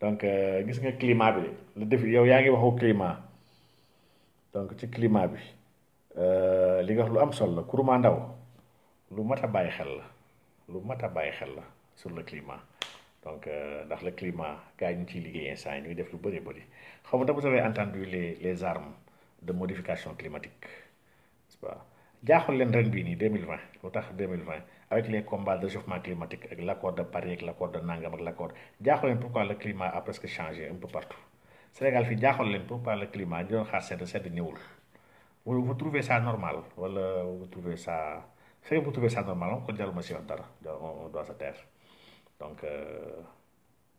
A: donc euh, gis nga climat bi le défi yow yaa ngi waxu climat donc ci climat bi euh li nga wax lu am solo la kuruma ndaw lu mata a xel la lu mata a xel la sur le climat donc euh, ndax le climat gars yi ñu ciy liggéey instant yi ñu def lu bëri bëri xaw ma vous avez entendu les les armes de modification climatique n'est-ce pas jaaxul len ren bi ni 2020 lu 2020 avec les combats de réchauffement climatique, avec l'accord de Paris, avec l'accord de Nangam, avec l'accord. Diakhol, pourquoi le climat a presque changé un peu partout Sénégal, fi diakhol, pourquoi le climat a c'est de niveau vous, vous trouvez ça normal vous trouvez ça. C'est que vous trouvez ça normal, on doit le on doit se taire. Donc,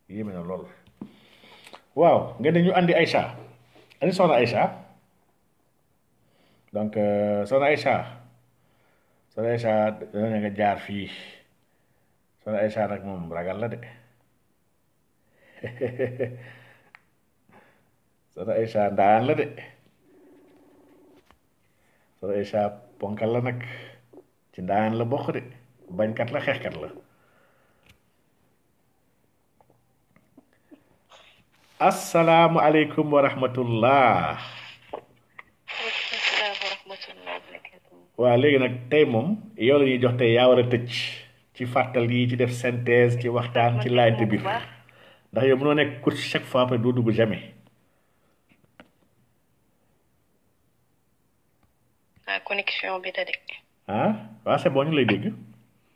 A: il euh, y a lol. Wow, nga dañu andi Aïcha. Ani Sona Aïcha. Donc, euh, soxna Aïcha. Soxna Aïcha dana ne nga jaar fii Soxna Aïcha nag moom ragal la de [LAUGHS] Soxna Aïcha ndaan la de Soxna Aïcha ponkal la nag ci ndaan la bokk de bañkat la xeexkat la asalaamualeykum wa rahmatullah waaw léegi nag tey moom yow la jox tey yaa war a tëj ci fàttal yi ci def synthèse ci waxtaan ci laajte biir ndax yow mënoo nekk coach chaque fois après doo dugg jamais.
E: ah connexion bi da
A: ah, ñu lay dégg.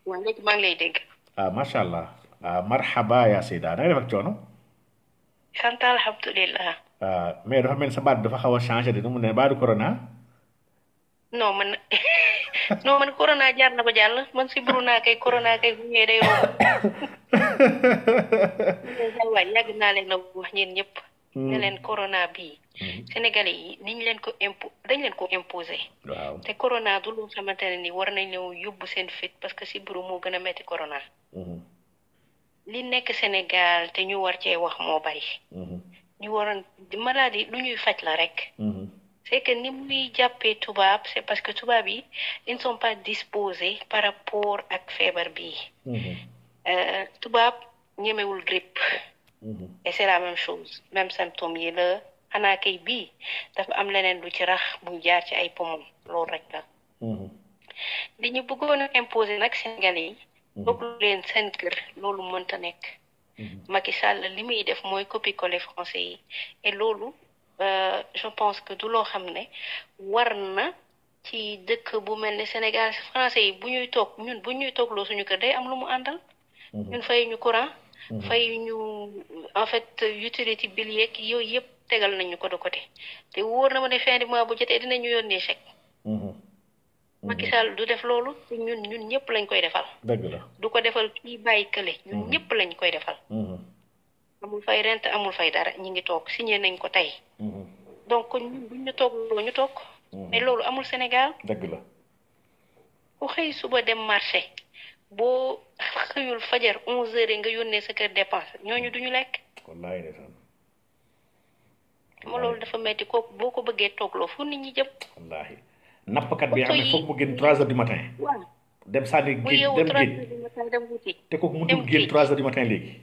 E: waaw léegi maa ngi lay dégg.
A: ah macha allah ah, marhaba yaa Seyda na def ak coono.
E: sant alhamdulilah.
A: ah mais dafa mel sa baat dafa xaw a changé de nu mu ne baatu corona.
E: no man [LAUGHS] no man corona jarna ko jalan? man si bruna kay corona kay bu ñëwee day waay yàgg naa leen nyenyap,
C: wax ñeen ne
E: corona bi. sénégalais hmm. yi niñ leen ko impo dañ leen ko imposé waaw te corona du lu xamante ne ni war nañ ñëw yóbbu seen fit parce que si bru moo gën metti corona li hmm. nekk sénégal te ñu war ci wax mo bari ñu hmm. waroon maladie lu ñuy la rek -hmm. c'est que ni muy jappé tubab c'est parce que tubab yi ils ne sont pas disposés par rapport ak feebar bi mm-hmm. euh, tubab ñemewul grippe mm-hmm. et c'est la même chose même symptôme yi la xanaa kay bi dafa am leneen lu ci rax bu jaar ci ay poumon loolu rek la mm-hmm. li ñu bëggoon a imposer nag Sénégalais yi bokk leen seen kër loolu mënta nekk Macky Sall li muy def mooy copier coller français yi et loolu Euh, je pense que du loo xam ne war na ci dëkk bu mel ni Sénégal français yi bu ñuy toog ñun bu ñuy toogloo suñu kër day am lu mu àndal. Mhm. ñun fay ñu courant. Mhm. fay ñu en fait utility bill yooyu yëpp tegal nañu ko de côté te wóor na ma ne fin de mois bu jotee dinañu yónnee chèque. Mhm. Macky Sall du def loolu ñun ñun ñëpp lañ koy defal. du ko defal kii bàyyi kële. ñun ñëpp lañ koy defal. amul fay rent amul fay dara ñi ngi toog signé nañ ko tey. Mm-hmm. donc ñun buñ ñu toog loo ñu toog. Mm-hmm. mais loolu amul Sénégal. dëgg la. ku xëy suba dem marché boo [LAUGHS] xëyul fajar 11h nga yónnee sa kër dépense ñooñu duñu lekk.
A: wallaay de sax.
E: ma loolu dafa metti kooku boo ko bëggee toogloo fu nit ñi jëm.
A: wallaahi nappkat bi amee foog mu génn 3h du matin. dem sànni génn 3h du matin léegi.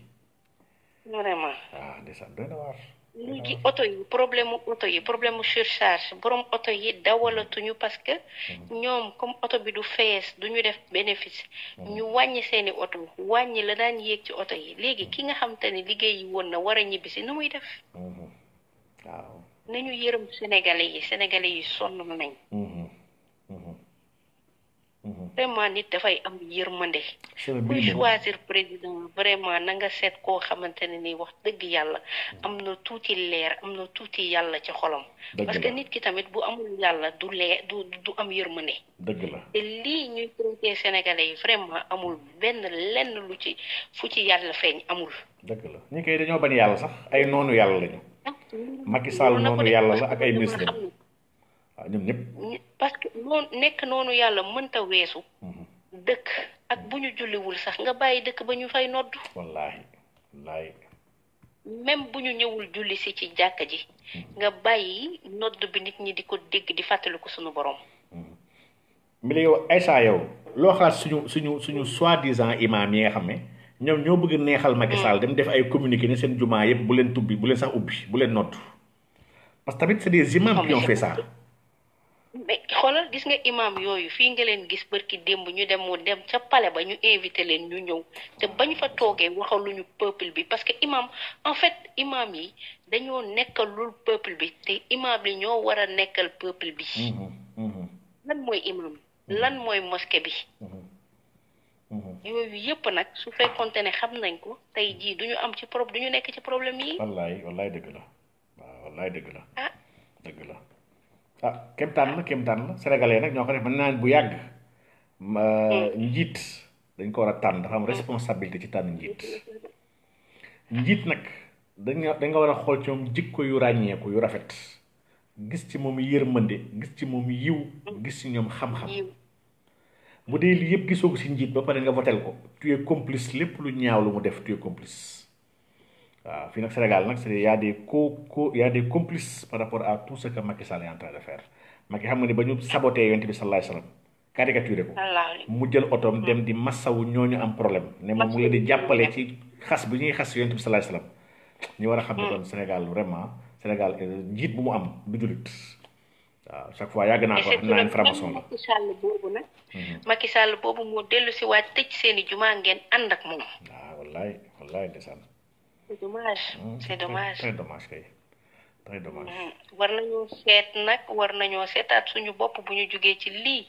A: vraiment ah,
E: léegi oto yi problème mu oto yi problème mu surcharge borom oto yi dawalatuñu parce que mm. ñoom comme oto bi du fees du def bénéfice mm. ñu wàññi seeni oto wàññi la daan yéeg ci oto yi léegi ki nga xam te liggéey yi woon na war a ñibbisi nu muy def. Mm-hmm. nañu yërëm sénégalais yi sénégalais yi sonn nañ.
C: Mm-hmm. Mm-hmm. Mhm.
E: vraiment nit dafay am yërmande. kuy choisir président vraiment na seet koo xamante ne ni wax dëgg yàlla mhm. am na tuuti leer am na tuuti yàlla ci xolam. parce que nit ki tamit bu amul yàlla du leer du du am yërmande. dëgg la te lii ñuy traité sénégalais yi vraiment amul benn lenn lu ci fu ci yàlla feeñ amul.
A: dëgg la ñi koy dañoo bañ yàlla sax ay noonu yàlla lañu.
E: Ah, Macky noonu yàlla la ak ay muslim waaw ñoom que noonu nekk noonu yàlla mënta weesu. Mm-hmm. dëkk ak bu ñu julliwul sax nga bàyyi dëkk ba ñu fay nodd.
A: wallaahi wallaahi.
E: même bu ñu ñëwul julli si ci jàkka ji. Mm-hmm. nga bàyyi nodd bi nit ñi di ko dégg di fàttaliku
C: suñu borom. mi
A: mm-hmm. la yow Aïssa yow loo xalaat suñu suñu suñu soi-disant imam yi nga xam ne ñoom ñoo bëgg neexal Macky Sall mm. dem def ay communiqué ne seen jumaa yëpp bu leen tubbi bu leen sax ubbi bu leen nodd parce tamit c'est des imams qui ont fait ça.
E: mais xoolal gis nga imam yooyu fii nga leen gis barki démb ñu dem mu dem ca pale ba ñu invité leen ñu ñëw te bañ fa toogee waxaluñu peuple bi parce que imam en fait imam yi dañoo nekkalul peuple bi te imam yi ñoo war a nekkal peuple bi. Mhm, mhm. lan mooy imam mhm. lan mooy mosquée bi. yooyu yépp nag su fekkonte ne xam nañ ko tey jii duñu am ci pro ñu nekk ci problème yi.
A: wallaay wallaay dëgg la waaw wallaay dëgg la. ah dëgg la. ah kéemtaan la kéemtaan la sénégalais nak ñoo ko def mën naan bu yàgg hmm. njit dañ ko wara tan dafa am responsabilité ci tan njit njit nak dañ dañ nga wara xol ci mom jikko yu yu rafet gis ci mom yermande gis ci mom yiw gis ci ñom xam-xam bu dee li yëpp gisoko ci njit ba pare nga votel ko tu es complice lepp lu ñaaw lu mu def tu es complice Uh, fii nag Sénégal nag c'est y a des co co y a des complices par rapport à tout ce que Macky Sall est en train de faire Macky xam nga ni ba ñu saboté yonte bi sallallahu alayhi wasallam caricaturé ko mu jël otom dem di massaw ñooñu am problème ne moom mu leen di jàppale ci xas bi ñuy xas yonte bi sallallahu alayhi wasallam ñu war a xam mm. ne kon Sénégal vraiment Sénégal eh, njiit bu mu am du julit waaw ah, chaque fois yàgg naa ko xam naa information la
E: Macky Sall boobu nag mm-hmm. Macky Sall boobu moo dellu si waat tëj seeni jumaa ngeen ànd ak moom
A: waaw ah, wallaay wallaay ndeysaan
E: c'est war nañu seet nag war nañoo seetaat suñu bopp bu ñu jógee ci lii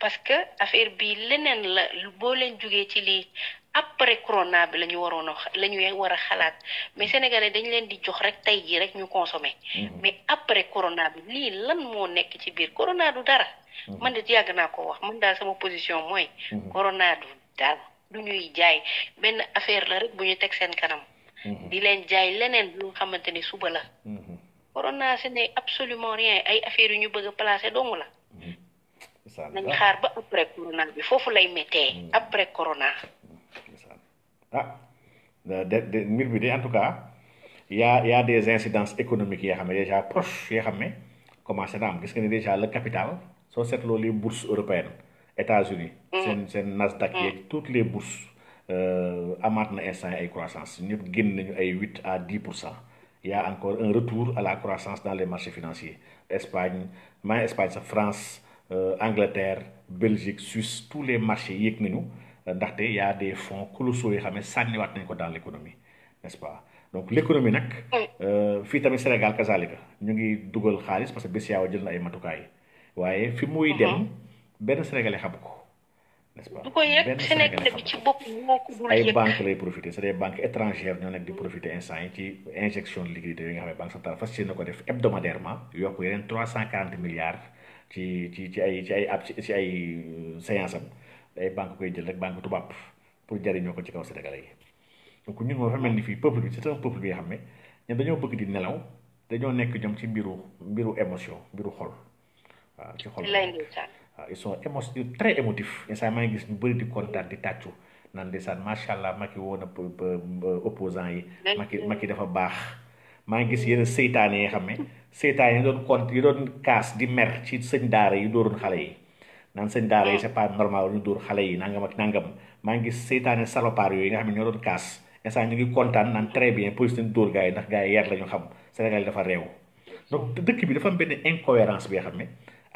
E: parce que affaire bii leneen la boo leen jógee ci lii après corona bi waroon a la war a xalaat mais sénégalais dañ leen di jox rek tey jii rek ñu consommer. Mmh. mais après corona lii lan moo nekk ci biir corona dara. Mmh. man de yàgg naa ko wax mën daal sama position mooy. Mmh. coronadu du dara jaay benn affaire la rek bu ñu teg seen kanam. Mm-hmm. di leen jaay leneen lu xamante ni suba la corona ce n'est absolument rien ay affaires yu ñu bëgg a placer dong la mm-hmm. nañ xaar ba après corona bi foofu lay méttee mm-hmm. après corona
A: ah de de mbir bi de en tout cas yaa yaa des incidences économiques yoo xam ne déjà proche yoo xam ne commencé na am gis nga ni déjà le capital soo seetloo les bourses européennes États-Unis mm. seen seen Nasdaq mm. yeeg toutes les bourses Euh, Amat na instant ay croissance ñëpp génn nañu ay huit à dix pour cent y a encore un retour à la croissance dans les marchés financiers Espagne mais Espagne sax France euh, Angleterre Belgique Suisse tous les marchés yéeg nañu il euh, y a des fonds colossaux yoo xamé sanni sànniwaat nañ ko dans l'économie n'est-ce pas donc l'économie euh fi tammi Sénégal kasaalika ñu ngi duggal xaalis parce que BCEAO jël na ay matukay waaye fi muy uh-huh. dem ben sénégalais xam ko du ko yëg Sénégal bi ci bopp moo ko lay profité c'est des banques étrangères ñoo nekk di profité instant yi ci injection de liquidité yi nga xam ne banque centrale fas yéene ko def hebdomadairement ci ci ci ay ay ab ci ay euh, séance am ay banque koy jël rek tubaab pour jariñoo ko ci kaw Sénégalais yi donc ñun moo fii peuple bi c'est un bi nga xam ne ñoom dañoo bëgg di nelaw dañoo nekk ñoom ci mbiru mbiru émotion mbiru xol waaw ci xol waaw ah, ils sont émo très émotifs yenn saa maa ngi gis ñu bëri di kontaan di tàccu naan ndeysaan macha allah Macky woon na euh, opposant yi. Macky Macky dafa baax. maa ngi gis yenn seytaane yi xam ne seytaane yi doon kont yi doon kaas di ci sëñ daara yi dóoroon xale yi naan sëñ daara yi sa pas normal ñu dóor xale yi nangam ak nangam maa ngi gis seytaane salopard yooyu nga xam ne ñoo doon kaas instant ñu ngi kontaan naan très bien police nañ dóor gars yi ndax gaa yi yar la xam Sénégal yi dafa réew donc dëkk bi dafa am benn incohérence bi a xam ne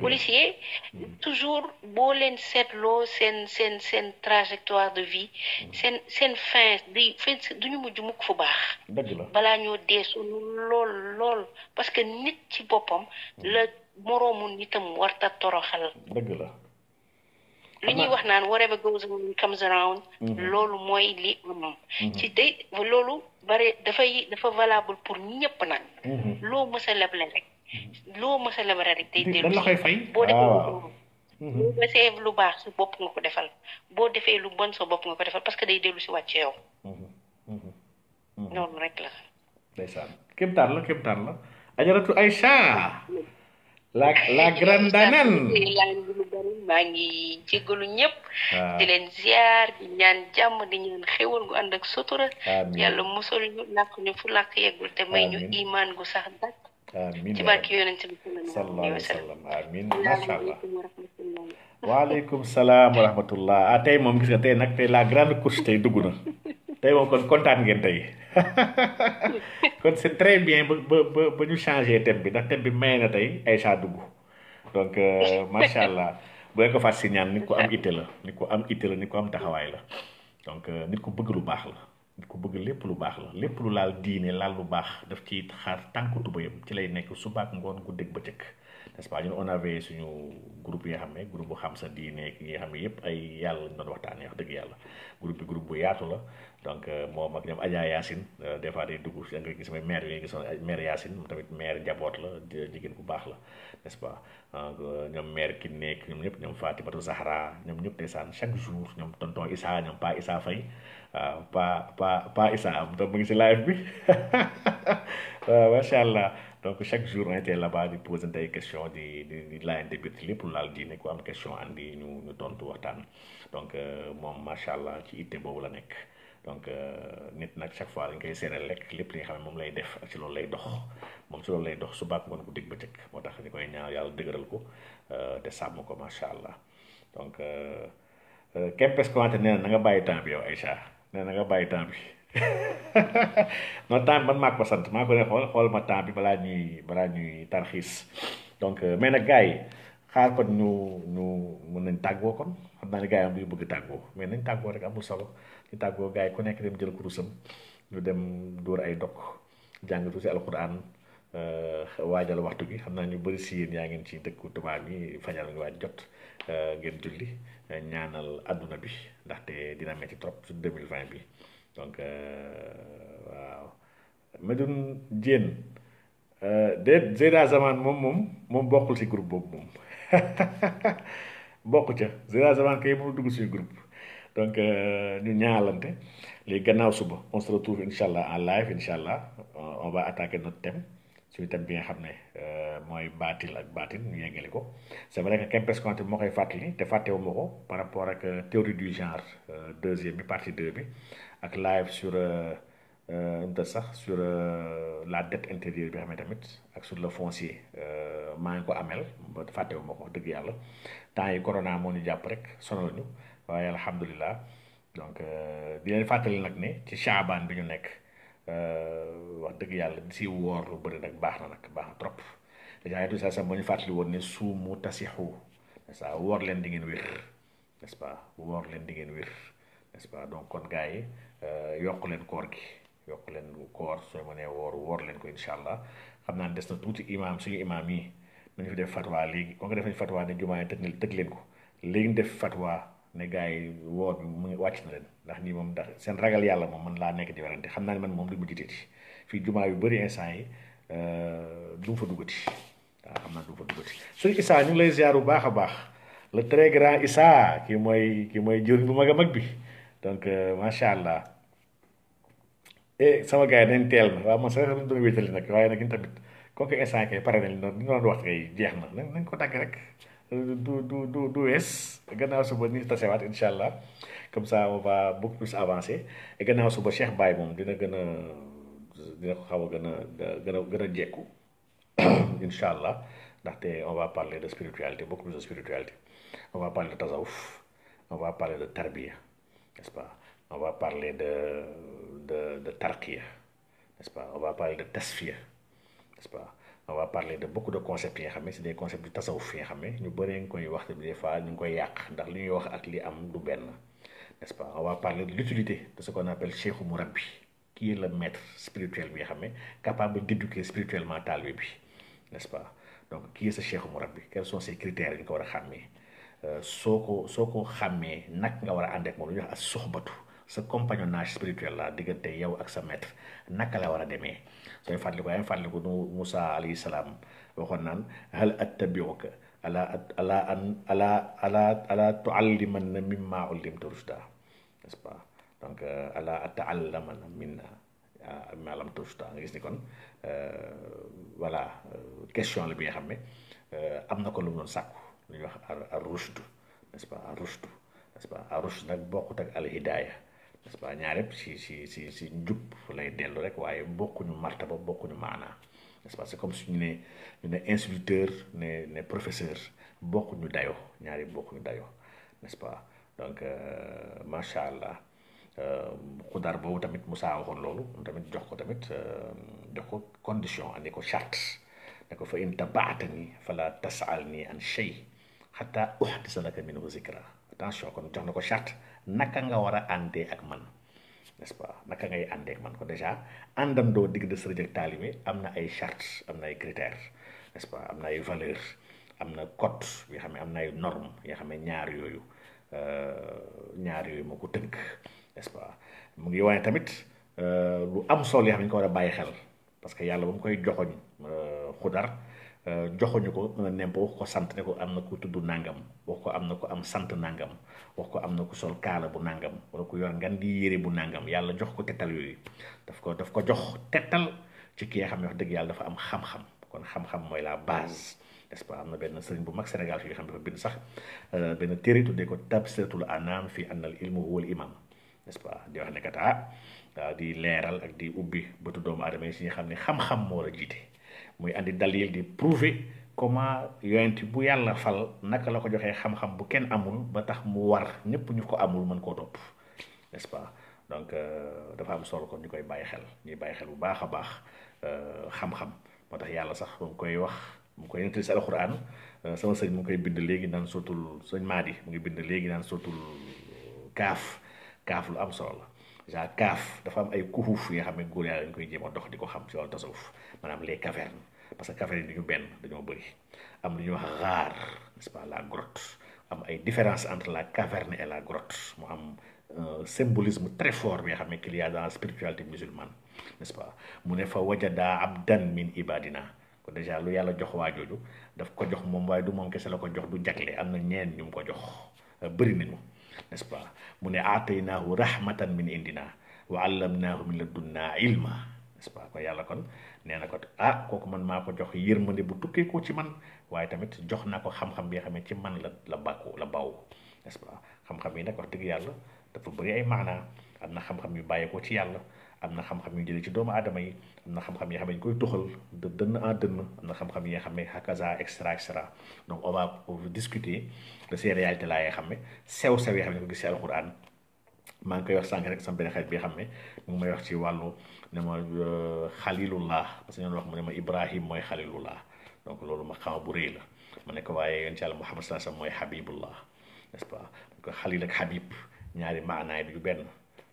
E: policier mm. toujours bo len setlo sen sen sen trajectoire de vie mm. sen sen fin di fin duñu mujj mukk fu bax bala ñoo deesu lool lool parce que nit ci bopam mm. le moroomu nitam warta toroxal dëgg la li ñuy wax naan whatever goes around comes around mm-hmm. loolu moy li am mm-hmm. ci tey loolu bare dafay dafa valable pour ñëpp nag mm-hmm. lo mësa a leble rek loo mos a labara rek tey dellu lan la koy fay boo lu baax sa bopp nga ko defal boo defee lu bon sa bopp nga ko defal parce que day dellu si wàcc yow noonu rek la
A: ndeysaan kéemtaan la kéemtaan la ajaratu Aïcha la la ya grande danan
E: maa ngi jégalu ñëpp di leen ziar di ñaan jàmm di ñaan xéwal gu ànd ak sutura yàlla musal ñu làkk ñu fu yeggul te may ñu iman gu sax dakk
A: amiin ci barke yonent bi sallallahu salaam wa ah, tey moom gis nga tey nag tey la grande course tey dugg na tey moom kon kontaan ngeen tey [LAUGHS] kon très bien ba ba ba ñu changé thème bi ndax thème bi may na tey Aïcha dugg donc euh, [LAUGHS] macha allah bu ko fàtt si ñaan nit ku am [LAUGHS] itte la nit ko am itte la nit ku am taxawaay la donc euh, nit ko bëgg lu baax la. ku bëgg lépp lu baax la lépp lu laal diine laal bu baax daf ci xaar tànk tubayam ci lay nekk subaak ngoon guddeeg bëccëg nest pas ñun on avait suñu groupe yi ya xam ne groupe bu xam sa diine ak yi xam ne ay yalla lañ doon waxtaanee wax dëgg yàlla groupe bi groupe bu yaatu la donc euh, moom ak ñoom Adja Yacine euh, des fois day dugg si nga gis may maire yi gisoon euh, maire Yacine tamit maire njaboot la jigéen bu baax la n'est-ce pas ñoom maire ki nekk ñoom ñëpp Fatimatu Zahra ñoom ñëpp ndeysaan chaque jour ñoom tonton Issa ñoom Pa Issa fay, Pa Pa Pa Issa am tam mu ngi live bi [LAUGHS] donc chaque jour on était là-bas di poser ay question di di di laajante biir ci lépp laal diine ku am question andi ñu ñu tontu waxtaan donc euh, moom macha allah ci itte boobu la nekk donc euh, nit nag chaque fois dañ koy seeral lekk lépp li nga xam moom lay def ak ci loolu lay dox moom ci loolu lay dox suba ngoon ko dégg ba bëccëg moo tax ñu koy ñaan yàlla dëgëral ko euh, te sàmm ko macha allah donc képp est nee na nga bàyyi temps yow ay Aïcha nee na nga bàyyi temps bi. [LAUGHS] notamment man maa mak sant maa ko ne xool xool ma tam bi balaa ñuy balaa ñuy tarxis donc euh, mais nak gars xaar kon ñu ñu mën nañ taggo kon am na ne am yu bëgg taggo mais nañ taggo rek amul solo ci taggo gars ku nekk dem jël kurusam ñu dem door ay dok tu ci alquran euh, wajal waxtu bi xamna ñu bari si yéen yaa ngeen ci dekk tuba yi fajal nga waj jot euh, ngeen julli ñaanal aduna bi ndaxte dina metti trop 2020 bi donc euh, waaw Mais Medoune Dieng euh, déet Zeyda Zaman moom moom moom bokkul si groupe boobu moom [LAUGHS] bokku ca Zeyda Zaman kay moom dugg si groupe donc euh, ñu ñaalante léegi gannaaw suba on se retrouve incha allah en live incha allah on va attaquer notre thème suñu thème bi nga xam ne mooy baatil ak baatin ñu yeggali ko c' est vrai que Kempes Conte moo koy fàttali te fàttewuma ko par rapport ak théorie du genre deuxième bi partie deux bi ak live sur euh euh, sax sur euh, la dette intérieure bi xamé tamit ak sur le foncier euh ma ngi ko amel ba faté wu mako deug yalla temps yi corona mo ñu japp rek sonal ñu waye alhamdullilah donc euh di leen fatali nak né ci chaban bi ñu nek euh wax deug yalla ci wor lu bari nak baxna nak bax trop déjà yatu sa sa mo ñu fatali won né sumu tasihu sa wor len di ngeen wir n'est-ce pas wor len di ngeen wir n'est-ce pas donc kon gaay Euh, yokk leen koor gi yokk leen koor soo mënee woor woor leen ko incha allah xam naa des na tuuti imaam suñu imaam yi nañu fi def fatwa léegi kon nga def nañ fatwa ne jumaa yi tëj tëj leen ko léegi ñu def fatwa ne gars yi woor bi mu wàcc na leen ndax nii moom ndax seen ragal yàlla moom man laa nekk di werante xam naa ne man moom du mu jiiteeti fii jumaa yu bëri instant yi euh, du mu fa duggati waaw xam naa du mu fa duggati suñu Issa ñu ngi lay ziar bu baax a baax le très grand Issa ki mooy ki mooy jëriñ bu mag mag bi donc euh, macha allah et eh, sama gars dañ teel na waaw man sax dañ doon wéetali nag waaye nag ñun tamit comme que instant kay pare nañ noonu li nga doon wax kay jeex na nañ ko dagg rek du du du du wees gannaaw suba ni tasewaat incha allah comme ça on va beaucoup plus avancer et gannaaw suba Cheikh Baye moom dina gën a dina ko xaw a gën a gën a gën a jekku [COUGHS] incha allah ndaxte on va parler de spiritualité beaucoup plus de spiritualité on va parler de tasawuf on va parler de tarbiya n'est-ce pas On va parler de, de, de n'est-ce pas On va parler de Tasfia, n'est-ce pas on va parler de beaucoup de concepts c'est des concepts de tasawuf yi des fois n'est-ce pas on va parler de l'utilité de ce qu'on appelle cheikh Mourabi, qui est le maître spirituel capable d'éduquer spirituellement Talib n'est-ce pas donc qui est ce cheikh Mourabi quels sont ses critères Eh, soo ko soo ko xàmmee nag nga war a ànd ak moom lu ñuy wax ak soxbatu sa compagnonnage spirituel la diggante yow ak sa maître naka la war a demee sooy fàttaliku yaa ngi fàttaliku nu Moussa alayhi salaam waxoon naan hal attabiuka ala ala an ala ala euh, minna ah, ma lam nga gis ni kon euh, voilà euh, question la bi nga xam ne am na ko lu mu doon sàkku lu ñuy wax ar rushdu n'est-ce pas ar rushdu n'est-ce pas ar rushdu nag bokkut ak al hidaaya n'est-ce ñaar yëpp si si si si njub lay dellu rek waaye bokkuñu martaba bokkuñu maanaa n'est-ce pas c'est comme suñu ne ñu ne instituteur ne ne professeur bokkuñu dayoo ñaari bokkuñu dayoo n'est-ce pas donc euh, macha allah euh, xudar boobu tamit Moussa waxoon loolu tamit jox ko tamit euh, jox ko condition andi ko chart ne ko fa in tabaatani fala tasal nii an shay xataa uxdisa laka minhu zikra attention kon jox na ko charte naka nga war a àndee ak man n'est-ce pas naka ngay àndee ak man ko déjà àndandoo diggante sëriñ ak taalibe am na ay charte am na ay critères n'est-ce pas am na ay valeur am na code yoo xam ne am na ay norme yoo xam ne ñaar yooyu euh, ñaar yooyu moo ko tënk n'est-ce pas mu ngi wane tamit euh, lu am solo yoo xam ne ñu ko war a bàyyi xel parce que yàlla ba mu koy joxoñ euh, xudar Euh, joxuñu ko nemp wax ko sant ne ko am na ku tudd nangam wax ko am na ko am sant nangam wax ko am na ku sol kaala bu nangam wala ko yor ngan di yére bu nangam yàlla jox ko tetal yooyu daf ko daf ko jox tettal ci ki nga xam ne wax dëgg yàlla dafa am xam-xam kon xam-xam mooy la base n'est-ce pas am na benn sëriñ bu mag Sénégal fi nga xam dafa bind sax euh, benn téere tuddee ko tabsiratul anam fi annal ilmu huwal imam n'est-ce pas di wax ne ah, di leeral ak di ubbi bëtu doomu aadama yi si nga xam ne xam-xam moo la jiite. muy andi dalil di prouver comment yonent bu yàlla fal naka la ko joxee xam-xam bu kenn amul ba tax mu war ñëpp ñu ko amul mën koo topp n'est-ce pas donc euh, dafa am solo kon ñu koy bàyyi xel ñuy bàyyi xel bu baax a baax euh, xam-xam moo tax yàlla sax mu koy wax mu koy nettali si alxuraan euh, sama sëñ mu koy bind léegi naan sotul sëñ Maadi mu ngi bind léegi naan sotul kaaf kaaf lu am solo la genre kaaf dafa am ay kuxuuf yi nga xam ne góor yàlla dañ koy jéem a dox di ko xam si wàllu tasawuf maanaam les cavernes parce que cavernes yi ñu benn dañoo bëri am lu ñuy wax xaar n'est-ce la grotte am ay différence entre la caverne et la grotte mu am euh, symbolisme très fort bi nga xam ne qu'il y a dans la spiritualité musulmane n'est-ce pas mu ne fa wajada abdan min ibadina ko déjà lu yàlla jox waa jooju daf ko jox moom waaye du moom kese la ko jox du jagle am na ñeen ñu mu ko jox euh, bëri nañu n'est-ce pas mu ne aataynaahu rahmatan min indina wa allamnaahu min ladunnaa ilma n'est-ce pas kon yàlla kon neena ah, ko ah koku man mako jox yërmande bu tukke ko ci man waye tamit jox nako xam-xam bi nga ci man la la bako la baw n'est-ce pas xam-xam yi nak wax deug yalla dafa bari ay maanaa amna xam-xam yu ko ci yalla amna xam-xam yu jeli ci doomu aadama yi xam-xam yi xam koy tukhal de deun en deun amna xam-xam yi nga hakaza extra extra donc on va discuter de ces réalités là yi xam sew-sew yi xam ko gis ci alquran maa koy wax sank rek sam ben xarit bi xam mo may wax ci walu mu ne ma xalilullah parce que ñu wax mané ibrahim moy Khalilullah, donc lolu ma xam bu rëy la mané ko waye yeen ci muhammad sallallahu alayhi wasallam moy habibullah n'est-ce pas ko khalil ak habib ñaari maanaay du ben,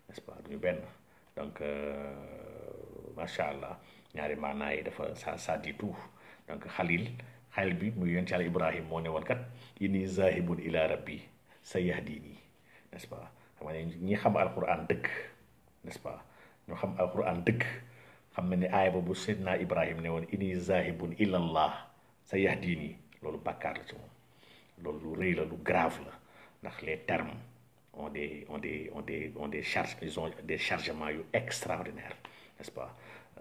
A: n'est-ce pas du ben donc macha allah ñaari maanaay yi dafa ça ça dit tout donc khalil khalil bi yeen ci ibrahim mo ne woon kat inni zahibun ila rabbi sayahdini n'est-ce pas xam ñi xam alquran deug n'est-ce pas ñu xam alquran dëkk xam na ni aaya boobu seydna ibrahim ne woon ini zahibun ilallah sa yahdini loolu bàkkaar la ci moom loolu lu rëy la lu grave la ndax les termes ont des ont des ont des ont des charges ils yu extraordinaires n'est-ce pas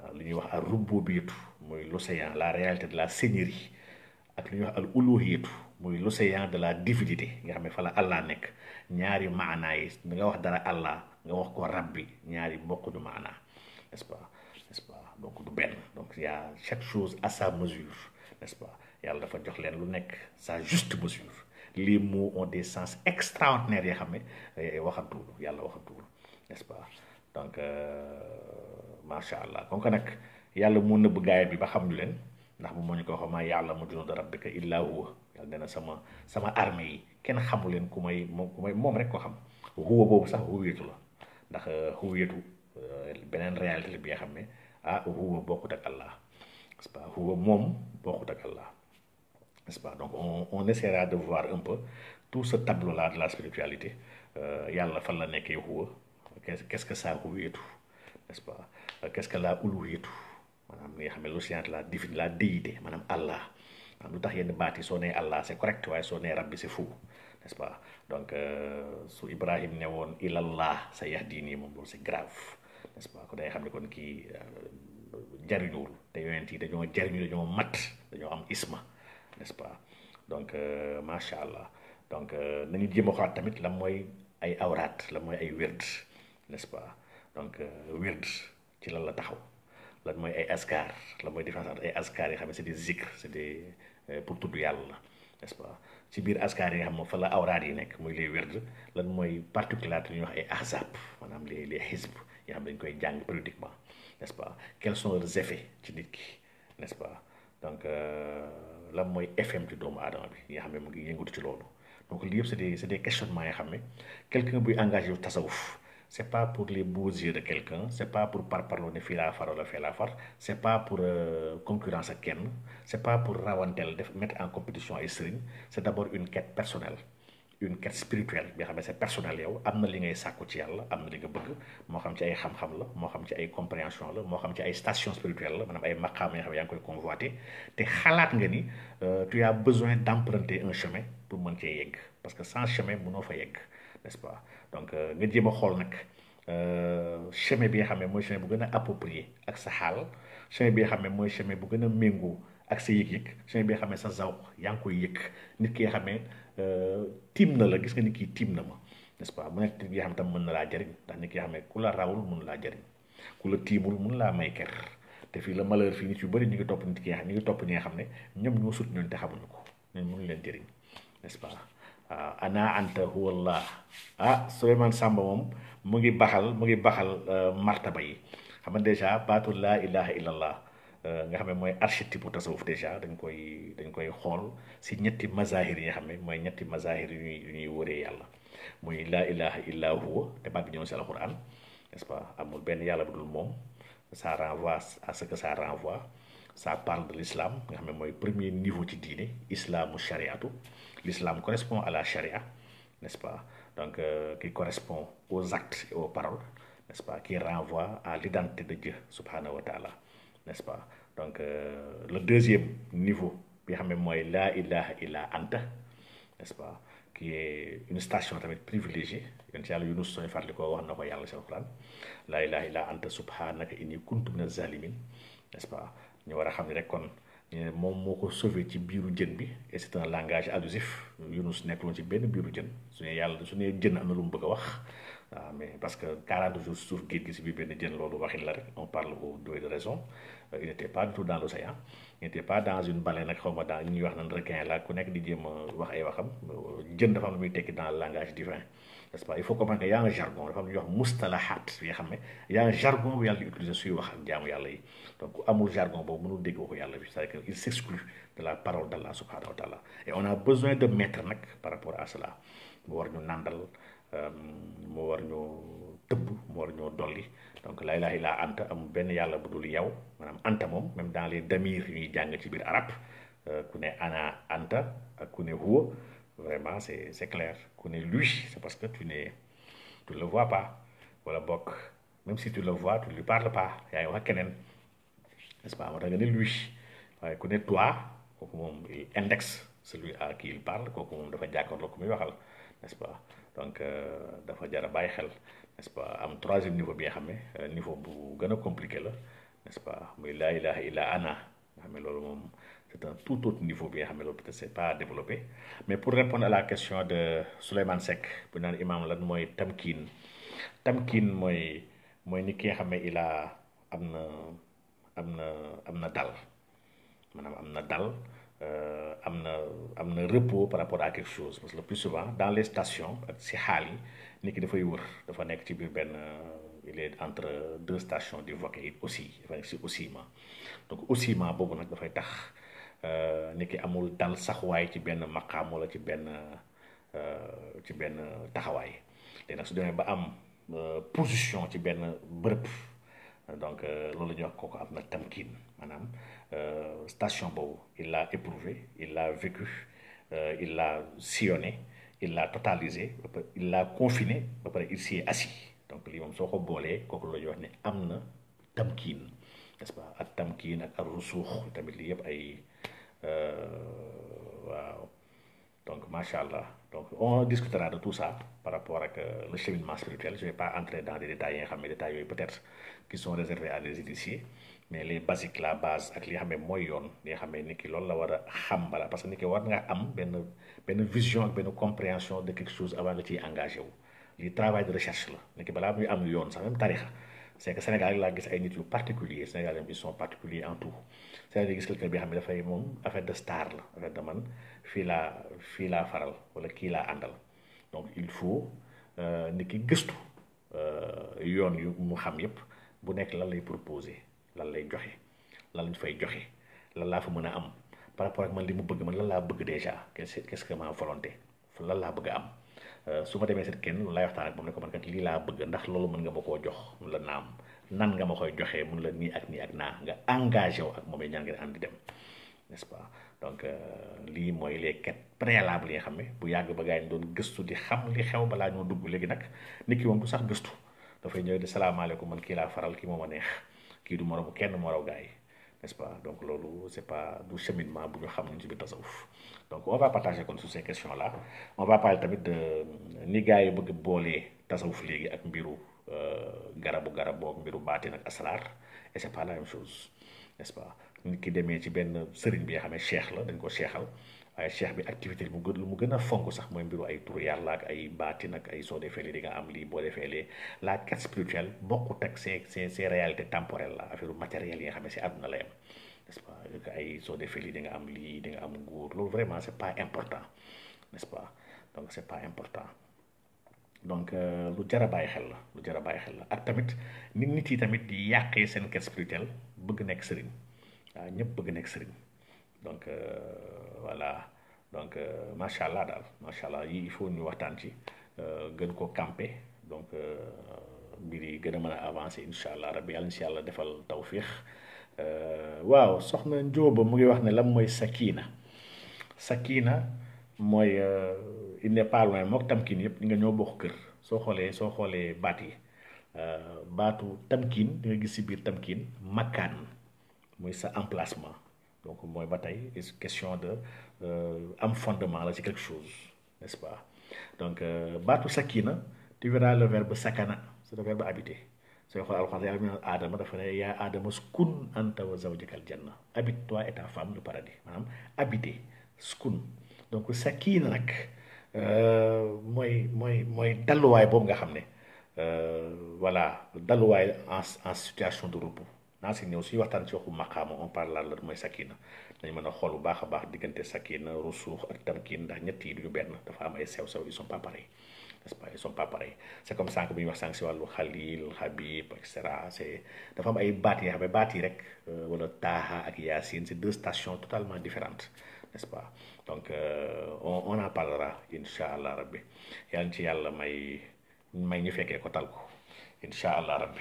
A: euh, li ñuy wax al rububiyyatu mooy l'océan la réalité de la seigneurie ak lu ñuy wax al uluhiyyatu mooy l'océan de la divinité nga xam ne fa la allah nekk ñaari maanaa yi nga wax dara allah nga wax ko rabbi ñaari bokku du mana, n'est-ce pas n'est-ce pas donc du ben, donc il y a chaque chose à sa mesure n'est-ce pas yalla dafa jox len lu nek sa juste mesure les mots ont des sens extraordinaires yoo xam ne eh, waxantuwul yàlla n'est-ce pas donc euh allah kon ko nag yàlla mu nëbb gaay bi ba xam ñu len ndax bu moo ñu ko waxee yalla ya'lamu junuuda rabbika illa huwa yalla nee sama sama armée yi kenn xamu leen kumay mom rek ko xam huwa bobu sax huweetu la ndax huwiyatu euh, euh, beneen réalité la bi nga xam ne ah huwa bokkut ak Allah n'est-ce pas huwa moom bokkut ak Allah n'est-ce pas donc on on essaiera de voir un peu tout ce tableau là de la spiritualité euh, yàlla fan la nekkee huwa qu'est-ce que ça huwiyatu n'est-ce pas qu'est-ce que la uluhiyatu maanaam li nga xam ne lu science la divine la déité maanaam Allah lu tax yenn baat yi soo nee Allah c'est correct waaye soo nee rabbi c'est fou n'est-ce pas donc euh, su Ibrahim ne woon ilallah sa yahdini moom loolu c'est grave n'est-ce pas ko day xam ne kon kii euh, jariñuwul te yonent yi dañoo jariñu dañoo mat dañoo am isma n'est-ce pas donc euh, macha allah donc nañu jéem a xoolaat tamit lan mooy ay awraat lan mooy ay wird n'est-ce pas donc wird ci lan la taxaw lan mooy ay askar lan mooy différence entre ay askar yi xam ne c'est des zikr c'est des pour tudd yàlla n'est-ce pas ci biir askar yi nga xam moom fa la awraad yi nekk muy les werd lan mooy particularités li ñuy wax ay ahzab maanaam les les xisb yi xam dañ koy jàng périodiquement n'est-ce pas quels sont leurs effets ci nit ki n'est-ce pas donc euh, lan mooy FM ci doomu aadama bi yi nga xam ne mu ngi yëngatu ci loolu donc lii yëpp c'est des c'est des questionnements yi xam ne quelqu'un buy engagé wu tasawuf c'est pas pour les beaux yeux de quelqu'un c'est pas pour parparlonner de la far le fii la far c'est pas pour euh, concurrence quelqu'un, ce c'est pas pour Rawantel de mettre en compétition à sëriñ c'est d'abord une quête personnelle une quête spirituelle bi c'est personnel yow y a li ngay qui ci yàlla am na li nga bëgg moo xam ci ay xam-xam la moo xam ci ay compréhension la moo xam ci ay station spirituelle la ay maqam yoo convoitées. Et tu tu as besoin d'emprunter un chemin pour mën cee parce que sans chemin mënoo fa yegg n'est-ce pas donc euh, nga jéem a xool nag euh, chemin bi nga xam ne mooy chemin bu gën a approprié ak sa xaal chemin bi nga xam ne mooy chemin bu gën a méngoo ak sa yëg-yëg chemin bi nga ne sa zaw yaa ngi koy yëg nit ki nga xam ne euh, tiim na la gis nga nit ki tiim na ma n'est-ce pas mu nekk nit ki nga mën na laa jariñ ndax ki nga ne ku la rawul mën laa jariñ ku la tiimul mën laa may ker te fii la malheur fii nit yu bëri ñu ngi topp nit ki nga xam ñu ngi topp ñi nga xam ne ñoom ñoo sut ñooñu te xamuñu ko ñoom mënu leen jëriñ n'est-ce waaw ah, ana anta huwallah ah Souleymane Samba moom mu ngi baxal mu ngi baxal euh, martaba yi xam nga dèjà baatu laa ilaha illallah euh, nga xam ne mooy archétype bu tasawuf dèjà dañ koy dañ koy xool si ñetti mazahir yi nga xam ne mooy ñetti mazahir yu ñuy yu ñuy wëree yàlla muy laa ilaha illa huwa te baat bi ñëw si alquran n'est-ce pas amul benn yàlla bu dul moom ça renvoie à ce que sa renvoie sa parle de l'islam nga xam ne mooy premier niveau ci diine islamu shariatu l'islam correspond à la charia, n'est-ce pas Donc, euh, qui correspond aux actes et aux paroles, n'est-ce pas Qui renvoie à l'identité de Dieu, subhanahu wa ta'ala, n'est-ce pas Donc, euh, le deuxième niveau, la ilaha illa anta, n'est-ce pas qui est une station tamit privilégiée yonent yunus sooy fàttali ko ko yàlla si alquran ilaha illa anta subhanaka inni kuntu min zalimin n'est-ce pas ñu wara xamni rek kon eh, moom moo ko sauvé ci biiru jën bi et c'est un langage allusif Yunus nekkuloon ci ben biiru jën su yalla yàlla su ne lu mu bëgg wax waaw ah, mais parce que 40 jours suuf géej gi si ben benn lolu loolu waxin la rek on parle au doué de raison euh, il n'était pas du tout dans l'océan il n'était pas dans une baleine ak xaw dans ñuy wax naan requin la ku nekk di jéem wax ay waxam euh, jën dafa am lu muy tekki dans le langage divin n'est-ce pas il faut comprendre que y a un jargon dafa am lu wax mustalahat bi xamé il y a un jargon bi yalla di utiliser suy wax ak jaamu yalla yi donc amul jargon boobu mënul dégg waxu yàlla bi c'est-à-dire s'exclut de la parole d'Allah subhanahu wa taala et on a besoin de mettre nak, par rapport à cela mu war ñu nàndal euh, mu war ñu tëbb mu war ñoo dolli donc laa ilaha illa anta amul ben yalla budul yaw, manam anta mom, même dans les damir yu ñuy jàng ci biir arab euh, ku ne ana anta ak ku vraiment c'est c'est clair Kune lui c'est parce que tu ne tu le vois pas wala bok, même si tu le vois tu lui parles pas yaa wa kenen n'est-ce pas moo tax nga ne lui waaye ku toi kooku moom il indexe celui à qui il parle kooku moom dafa jàkkaarloo ku muy waxal n'est-ce pas donc euh, dafa jar a bàyyi xel n'est-ce pas am troisième niveau bi nga euh, niveau bu gën compliqué la n'est-ce pas muy laa ilaha illa ana nga xam ne loolu c'est un tout autre niveau bi nga xam ne loolu peut-être c'est pas développé mais pour répondre à la question de Souleymane Seck bu naan imam lan mooy Tamkin, tamkiin mooy mooy nit ki nga xam ne il a am am na am na dal maanaam am na dal euh, am na am na repos par rapport à quelque chose parce que le plus souvent dans les stations ak si xaal yi nit ki dafay wër dafa nekk ci biir benn euh, il est entre deux stations di voquer it aussi dafa nekk si ma. donc oscillement boobu nag dafay tax euh, nit ki amul dal saxuwaay ci benn maqaam wala ci benn ci benn taxawaay léegi nag su demee ba am position ci benn bërëb donc euh, lolo ñuy wax kooku TAMKIN, na tamkin euh, station boobu il l'a éprouvé il l'a vécu euh, il l'a sillonné il l'a totalisé il l'a confiné ba pare il s'y est assis donc li mom soo ko boolee kooku wax né amna tamkin n'est-ce pas ak tamkin ak ak rusuux tamit li yeb ay euh, waaw donc machallah donc on discutera de tout ça par rapport au euh, le cheminement spirituel je ne vais pas entrer dans les détails hein mais détails peut-être qui sont réservés à des initiés mais les basiques la base c'est que les moyens les mooy parce que nit ki war une vision une compréhension de quelque chose avant de engagé Le travail de recherche là am même tarif c'est que Sénégal laa ay particulier Sénégal ils sont particuliers en tout c'est-à-dire gis quelqu'un bi xam ne dafay moom affaire de star la affaire de man fii laa fii laa faral wala kii laa àndal donc il faut euh, nit ki gëstu euh, yoon yu mu xam yépp bu nekk lan lay proposer lan lay joxe lan lañ fay joxe lan laa fa mën a am par rapport ak man li mu bëgg man lan laa bëgg déjà qu'est-ce que ma volonté lan laa bëgg a am euh, su ma demee seet kenn loolu laay waxtaan ak moom ne ko man kat lii laa bëgg ndax loolu mën nga ma koo jox la am nan nga ma koy joxee mun la ni ak ni ak na nga engagé wu ak momé ñaan ngeen andi dem n'est ce pas donc euh, li moy les quête préalable yi xamé bu yàgg ba gaay doon gëstu di xam li xew bala ñoo dugg légui nak niki ki ko du sax gëstu fay ñëw di salaamaaleykum man ki la faral ki moma neex ki du moro kenn moro gaay n'est ce pas donc lolu c'est pas du cheminement bu ñu xam ci biir tasawuf donc on va partager kon sur ces questions là on va parler tamit de ni gaay yu bëgg bolé tasawuf légui ak mbiru Euh, garabu garab boog mbiru baatin ak asraar et c'est pas la même chose n'est-ce pas nit ki demee ci benn sëriñ bi nga xam ne cheikh la dañ ko seexal waaye cheikh bi activité mu gën lu mu gën a fonk sax mooy mbiru ay turu yàlla ak ay baatin ak ay soo defee lii di nga am lii boo defee la quête spirituelle bokkut ak ses ses ses réalités temporelles affaire matérielle yi nga xam ne si àdduna la yem n'est-ce pas ay soo defee lii di nga am lii di nga am nguur loolu vraiment c'est pas important n'est-ce pas donc c'est pas important donc euh, lu jar a bàyyi xel la lu jar a bàyyi xel la ak tamit nit nit yi tamit di yàqee seen quête spirituelle bëgg nekk sëriñ waaw ah, ñëpp bëgg nekk sëriñ donc euh, voilà donc euh, macha allah daal macha allah yi il faut ñu waxtaan ci gën ko camper donc mbir yi gën a mën a avancé incha allah rabbi yàlla si yàlla defal tawfiix waaw soxna Njóoba mu ngi wax ne lan mooy sakina sakina mooy. il n'est pas loin mook tamkin yëpp di nga ñoo bokk kër soo xoolee soo xoolee baat yi euh, baatu tamkin di nga gis si biir tamkin makaan muy sa emplacement donc mooy ba tey question de euh, am fondement la ci quelque chose n'est-ce pas donc euh, baatu sakina tu verras le verbe sakana c'est le verbe habiter sooy xool alxuraan yàlla mu ne aadama dafa ne yaa aadama skun anta wa zawjaka aljanna habite et ta femme le paradis maanaam habiter skun donc sakina nag Euh, moy moy moy dalluwaay de nga xamné ne euh, voilà en en situation de repos na si situation de waxtan ci waxu on parle la moy sakina dañ mëna a bu baaxa baax sakina ak tamkin ndax duñu dafa am ay sew-sew ils pas nest pas ils sont pas pareils c'est comme sank bi wax c'est dafa am ay rek euh, deux stations totalement différentes n'est-ce pas donc euh, on on en parlera inshallah rabbi yal ci yàlla may may ñu féké ko tal ko inshallah rabbi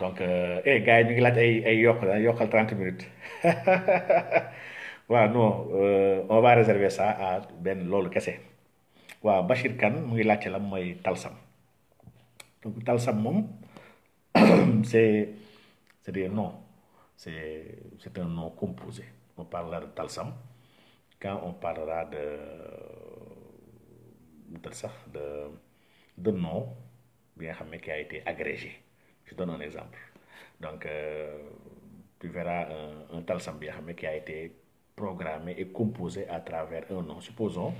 A: donc euh, eh gars yi ñu ngi laaj ay ay yokk yokal 30 minutes [LAUGHS] Wa non euh, on va réserver ça à ben lolu kessé wa Bachir kan mu ngi laajte la moy talsam donc talsam mom [COUGHS] c'est c'est rien non c'est c'est un nom composé on parle de talsam quand on parlera de, de, ça, de, de nom bien qui a été agrégé. Je donne un exemple. Donc, euh, tu verras un, un talsam bien qui a été programmé et composé à travers un nom. Supposons,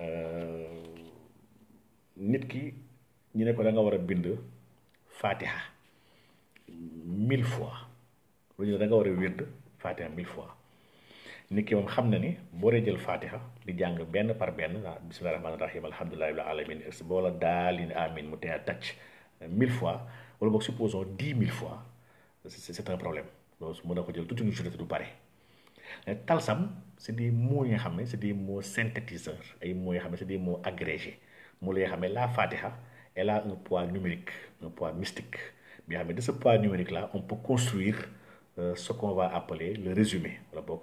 A: euh, nit ki ñu ne ko nga fatiha mille fois lu ñu ne nga war a wird fatiha mille fois nit moom xam na ni boo dee jël fatiha di jàng benn par benn bismillahi rahmaani rahim alhamdulillahi bil alamin boo la daalin amin mu tee a tàcc mille fois wala boog supposons dix mille fois c'est un problème loolu mën na ko jël toute une journée du pare talsam c'est des mots yi nga xam ne c'est des mots synthétiseurs ay mots yi nga xam ne c'est des mots la yoo xam la fatiha elle a un poids numérique un poids mystique bi xam ne de ce poids numérique là on peut construire Euh, ce qu'on va appeler le résumé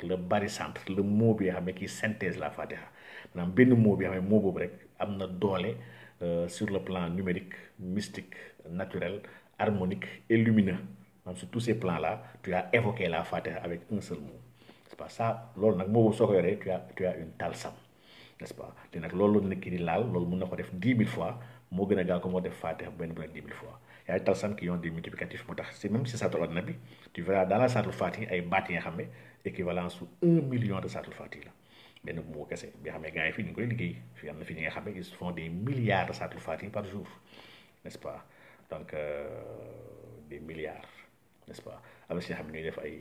A: le barycentre le mot bien, qui synthèse la Fatiha Un benn mot bien, un mot rek am euh, sur le plan numérique mystique naturel harmonique et lumineux sur tous ces plans là tu as évoqué la Fatiha avec un seul mot C'est pas ça lors d'un mot boobu soo tu as tu as une talsam n'est-ce pas te nag loolu la nit ki di laal loolu dix mille fois moo que a gaaw ko moo def Fatiha ben bu mille fois yaay tal sam ki ont des multiplicatifs moo si même si saatul adna tu verras dans la salle de ay baat yi nga xam ne équivalent su un million de saatul de la benn bu mu kese bi xam gars yi ñu koy liggéey fi am fi nga ils font des milliards de saatul fatih par jour n'est-ce pas donc euh, des milliards n'est-ce pas am si nga xam ne ñuy def ay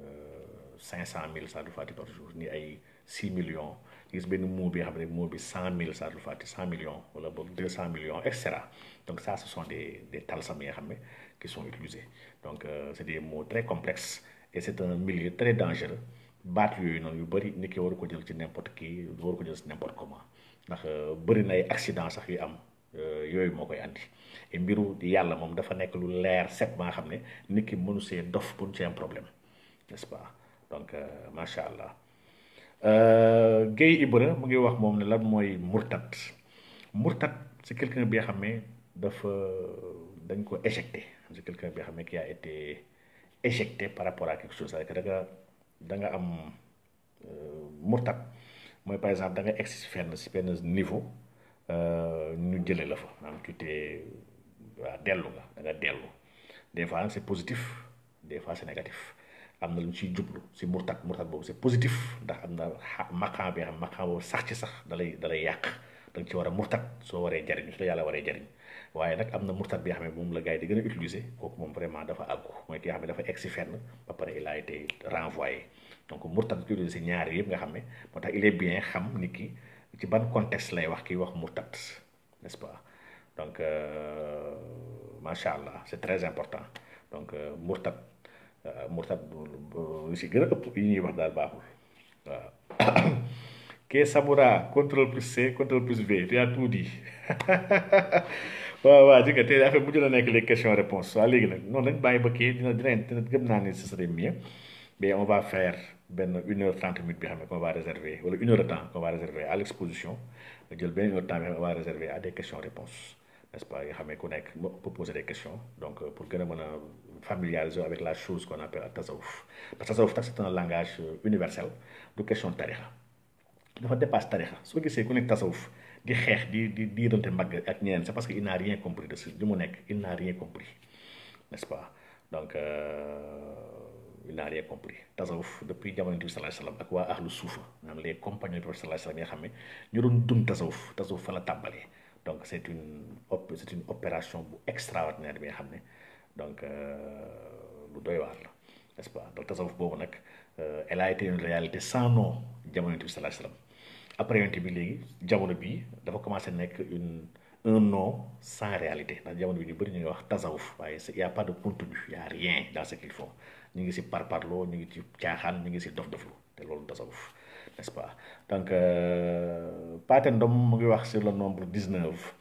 A: euh, cinq cent mille saatul par jour ni ay six millions gis benn mot bi nga xam ne mot bi cent mille Salatul Fatiha cent millions wala boog deux cent millions et cetera donc ça ce sont des des talsam yi nga xam ne qui sont utilisés donc euh, c' est des mots très complexes et c' est un milieu très dangereux baat yooyu noonu yu bëri nit ki waru ko jël ci n'importe qui war ko jël ci n'importe comment ndax euh, bëri na ay accident sax yu am euh, yooyu moo koy andi et mbiru yàlla moom dafa nekk lu leer set ba nga xam ne nit ki mënu see dof bu ñu ci am problème n'est-ce pas donc macha allah. Euh, Guèye Ibra mu ngi wax moom ne lan mooy murtat murtat si quelqu'un bi nga xam ne dafa dañ ko éjecté c'est quelqu'un bi nga xam ne qui a été éjecté par rapport à quelque chose sa à dire danga da nga da nga am euh, murtat mooy par exemple da nga egg si fenn si benn niveau euh, ñu jëlee la fa maanaam tu t'es dellu nga da nga dellu des fois c'est positif des fois c'est négatif am na lu ciy jublu si murtat murtat boobu c'est positif ndax am na maqaam bi nga xam maqaam boobu sax ci sax dalay dalay yàq da ci war a murtat soo waree jariñ su la yàlla waree jariñ waaye nag am na murtat bi xam ne moom la gars yi di gën a utiliser kooku moom vraiment dafa àggu mooy ki nga xam ne dafa egg si fenn ba pare il a été renvoyé donc murtat ci utiliser ñaar yëpp nga xam ne moo tax il bien xam nit ki ci ban contexte lay wax kii wax murtat n'est-ce pas donc euh, macha allah c'est très important donc euh, murtat waaw murtat lu si gën ëpp yi ñuy wax daal baaxul waaw [COUGHS] ke samura contrôle plus c contrôle plus v tu as tout dit [LAUGHS] waaw waaw di nga tey affaire bu jëna nekk les questions réponses waaw léegi nag noonu dañ bàyyi ba kii dina dina dina gëm naa ni ce serait mieux mais on va faire benn une heure trente minutes bi xam ne qu'on va réserver wala une heure de temps qu'on va réserver à l'exposition nga jël benn une heure de temps on va réserver à des questions réponses n'est-ce pas yi nga xam ne ku nekk mu proposer des questions donc pour gën a mën a familiariser avec la chose qu'on appelle la tasawuf. Parce que tasawuf, c'est un langage euh, universel, de question tarixa. dafa dépasse tarixa ce que c'est nekk tasawuf di xeex di di diirante mbagg ak c'est parce qu'il n'a rien compris de ce mu il n'a rien compris n'est-ce pas donc euh, il n'a rien compris tasawuf depuis que bi sallallahu alayhi wa sallam ak waa ahlus souf maanaam les compagnons du prophète sallallahu alayhi wa sallam yi nga xam ne ñu doon la donc c'est une c'est une opération extraordinaire bi donc euh, lu doy waar la n'est-ce pas donc tasawuf boobu nag euh, elle a été une réalité sans nom jamono yonent bi sallallahu alayhi wasallam après yonent bi léegi jamono bii dafa commencé nekk une un nom sans réalité ndax jamono bi ñu bëri ñu ngi wax tasawuf waaye il y a pas de contenu il y a rien dans ce qu'il font ñu ngi si parparloo ñu ngi ci caaxaan ñu ngi si dof-doflu te loolu tasawuf n'est-ce pas donc euh, Patendom mu ngi wax sur le nombre 19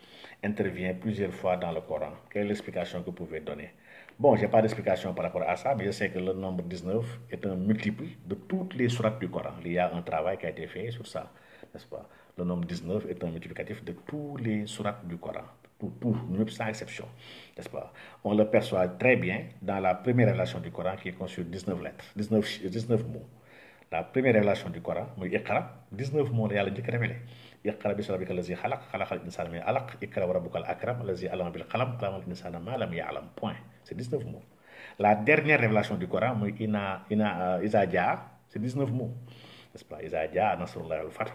A: intervient plusieurs fois dans le Coran quelle explication que vous pouvez donner Bon, je n'ai pas d'explication par rapport à ça, mais je sais que le nombre 19 est un multiple de toutes les sourates du Coran. Il y a un travail qui a été fait sur ça, n'est-ce pas Le nombre 19 est un multiplicatif de toutes les sourates du Coran, tout, tout, même sans exception, n'est-ce pas On le perçoit très bien dans la première révélation du Coran qui est conçue 19 lettres, 19, 19 mots. La première révélation du Coran, 19 mots, il y a اقرا باسم ربك الذي خلق خلق الانسان من علق اقرا وربك الاكرم الذي علم بالقلم علم الانسان ما لم يعلم point c'est 19 mots la dernière révélation du Coran mooy ina ina euh, isadia c'est 19 mots n'est-ce pas isadia nasrullah al fath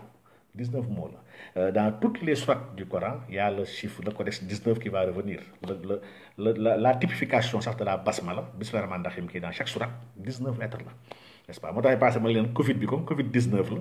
A: 19 mots là euh, dans toutes les sourates du Coran il y a le chiffre le codex 19 qui va revenir le, le, la, la typification sax de la basmala bismillah rahman qui est dans chaque sourate 19 lettres là n'est-ce pas moo tax passé ma leen covid bi comme covid 19 là.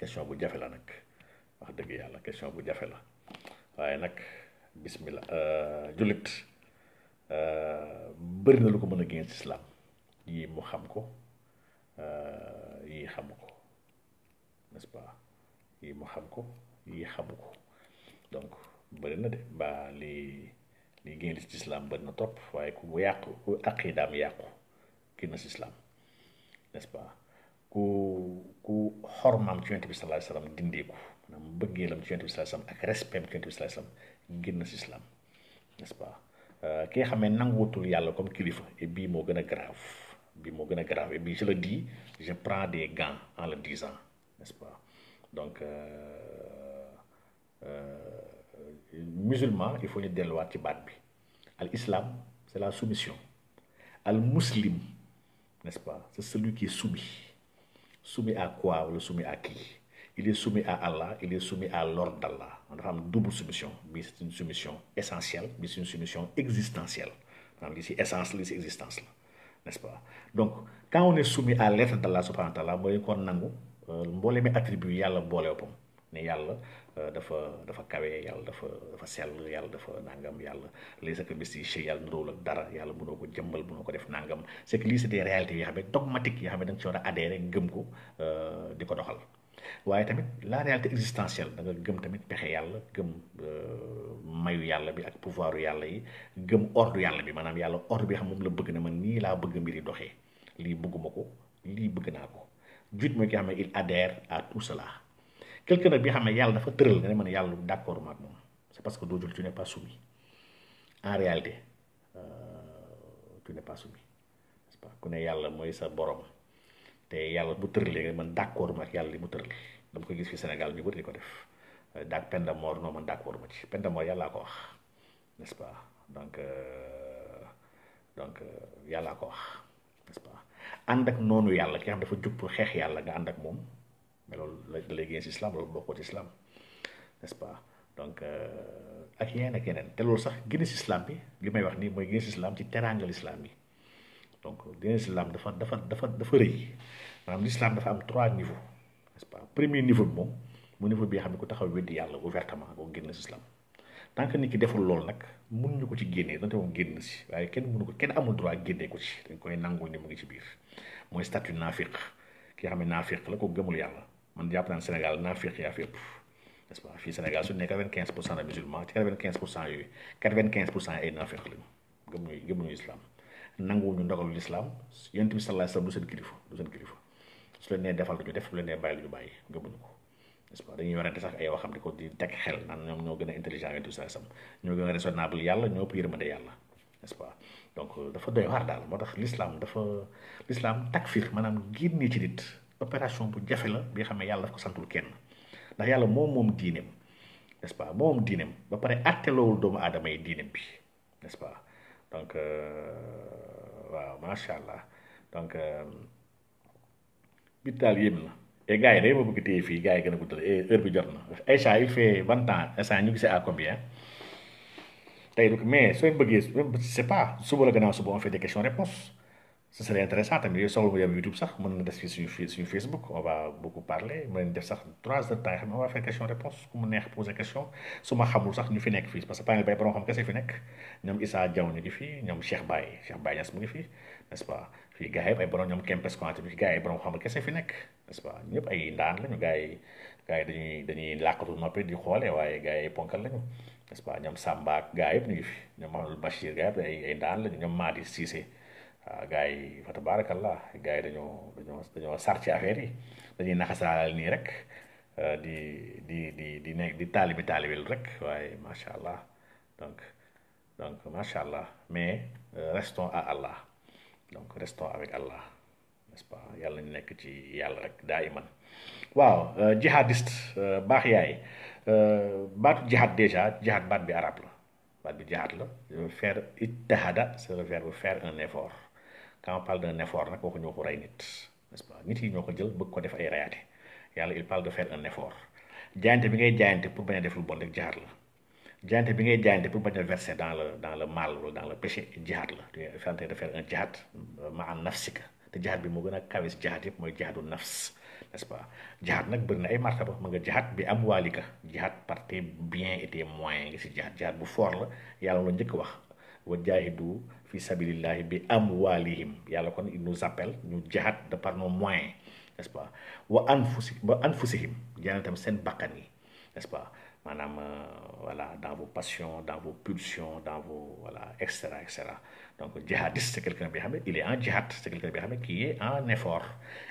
A: question bu jafe la nag wax dëgg yàlla question bu jafe la waaye nag bismillah euh, jullit euh, bëri na lu ko mën a génn ci islam euh, yii mu xam ko yii xamu ko n'est-ce pas mu xam ko yii ko donc bëri na de mbaa lii lii génn ci islam bëri na topp waaye ku yàqu ku aqidaam yàqu génn ci islam n'est-ce pas ku ku xormaam ci yonent bi sallallahu alayhi wasallam dindeeku maanaam mbëggeelam ci yonent bi sallallahu alayhi ak respect ci yonent bi sallallahu alayhi wasallam génn si islam n'est-ce pas euh, ki nga xam ne yàlla comme kilifa et bii moo gën a grave bii moo gën a grave et bii je le dis je prends des gants en le disant n'est-ce pas donc euh, euh, musulman il faut ñu delluwaat ci baat bi al islam c'est la soumission al muslim n'est-ce pas c'est celui qui est soumis soumis à quoi le soumis à qui il est soumis à Allah il est soumis à l'ordre d'Allah On a une double soumission mais c'est une soumission essentielle mais c'est une soumission existentielle Donc ici, essence l'existence n'est-ce pas donc quand on est soumis à l'être d'Allah subhanahu wa taala mooy kon nangu euh, On à attribut à boole d'Allah. Euh, dafa dafa kawe yàlla dafa dafa sell yàlla dafa nangam yàlla les sacrifices yi chey yàlla nuróowul ak dara yàlla bu mënoo ko jëmbal mënoo ko def nangam c'est que lii c'est des réalités yoo xam ne dogmatiques yoo xam ne da nga ci war a adhéré gëm ko euh, di ko doxal waaye tamit la réalité existentielle gëm tamit pexe yàlla gëm euh, mayu yàlla bi ak pouvoiru yàlla yi gëm ordre yàlla bi maanaam yàlla ordre bi moom la bëgg na man nii laa bëgg mbiri doxee lii lii bëgg naa ko jut mooy à tout cela quelqu'un nag bi xam yalla dafa teurel nga ne yalla d'accord mak mom c'est parce que do jul tu n' pas soumis en réalité euh tu n' pas soumis c'est pas ku yalla moy sa borom té yalla bu teurel nga man d'accord mak yalla yàlla li mu tëral dama ko gis fi Sénégal ñu bëri ko def euh, dak penda mor no man d'accord accord ma ci peine de mort ko wax nest ce pas donc euh, donc euh, yalla ko wax nest ce pas ànd ak noonu yàlla ki xam dafa jup xex yalla nga ànd ak moom mais loolu léegi ci islam loolu bokot islam n'est-ce pas donc euh ak yene ak yeneen te loolu sax génne islam bi li may wax ni moy génne islam ci teraanga l'islam bi donc génne islam dafa dafa dafa dafa reuy manam l'islam dafa am trois niveaux n'est-ce pas premier niveau bi moom mu niveau bi nga ko taxaw weddi yalla ouvertement ko génne islam tant que nit ki deful loolu nak mën ñu ko ci génnee donte moom génn ci waye kenn mënu ko kenn amul droit génnee ko ci dañ koy nangul ni mu ngi ci biir moy statut nafiq ki xamé nafiq la ko gëmul yalla man jàpp naa Sénégal naa féq yaa fépp n'est-ce fii Sénégal su ne quatre-vingt-quinze pour cent de musulmans ci quatre-vingt-quinze pour cent yooyu quatre-vingt-quinze pour cent ay naafeq lañu gëmuñu gëmuñu islam nanguwuñu ndogalu lislaam yonent bi sallallahu alayhi wasallam du seen seen kilifa su leen nee defal lu def su leen nee bàyyi lu ñu bàyyi gëmuñu ko nest dañuy warante sax ay waxam di ko di teg xel naan ñoom ñoo gën a intelligent yonent bi sallallahu opération bu jafe la bi nga xam ne yàlla daf ko santul kenn ndax yàlla moom moom diineem n'est-ce pas moom diineem ba pare àtteloowul doomu aadama yi diineem bi n'est-ce pas donc euh, waaw macha allah donc euh, bi daal yéem na et gars yi day ma bëgg téye fii gars yi gën a guddal heure bi jot na Aïcha il fait vingt ans instant ñu gisee à combien tey donc mais soo bëggee c'est suba la gannaaw suba on fait des questions ce serait intéressant tamit yow soxla nga yow YouTube sax mën nga def fii suñu suñu Facebook on beaucoup parler mën nañ sax trois heures xam ne on va question réponse ku mu neex poser question su ma xamul sax ñu fi nekk fii parce que panel bay borom xam kese fi nekk ñoom Issa ñu ngi ay ndaan lañu gars yi gars yi dañuy dañuy làkkatu di xoolee waaye gars yi ay ponkal lañu n'est-ce ñoom Samba ak gars yëpp ñu fi ñoom Mahamadou Bachir gars yëpp ay ay ndaan lañu Ah, gai fa tabarakallah gars dañu dañu dañu dañoo sar ci affaire yi dañuy ni rek ah, di di di di nek di talibi taalibil rek waye machallah allah donc donc machallah allah eh, mais restons à allah donc restons avec allah nest ce pas yalla ñu nek ci yalla rek daiman waaw eh, jihadiste eh, bax yaay bat jihad déjà jihad bat bi arab la bat bi jihad la faire ittahada c'est le verbe faire un effort quand on parle d'un effort nak waxuñu waxu rey nit n' est ce pas nit yi ñoo ko jël bëgg ko def ay reyaate yàlla il parle de faire un effort jaayante bi ngay jaayante pour bañ def lu bon rek la pour bañ verser dans le dans le mal ou dans le péché jihad la tu es en train de faire un jihad euh, ma an nafsika te jihad bi moo gën a si jihad yëpp mooy jihadu nafs n'est ce pas jihad nag bëri ay martaba ma nga jihad bi am waalika jihad par tes biens et tes moyens si jihad jihad bu fort la yàlla la njëkk wax wa fi sabilillahi bi amwalihim ya kon il nous appelle ñu jihad de par nos moyens n'est-ce pas wa anfusih, ba anfusihim jaane tam bakani bakkan n'est-ce pas maanaam euh, voilà dans vos passions dans vos pulsions dans vos voilà etc., etc. donc jihadiste c'est quelqu'un bi xamé il est en jihad c'est quelqu'un bi xamé qui est en effort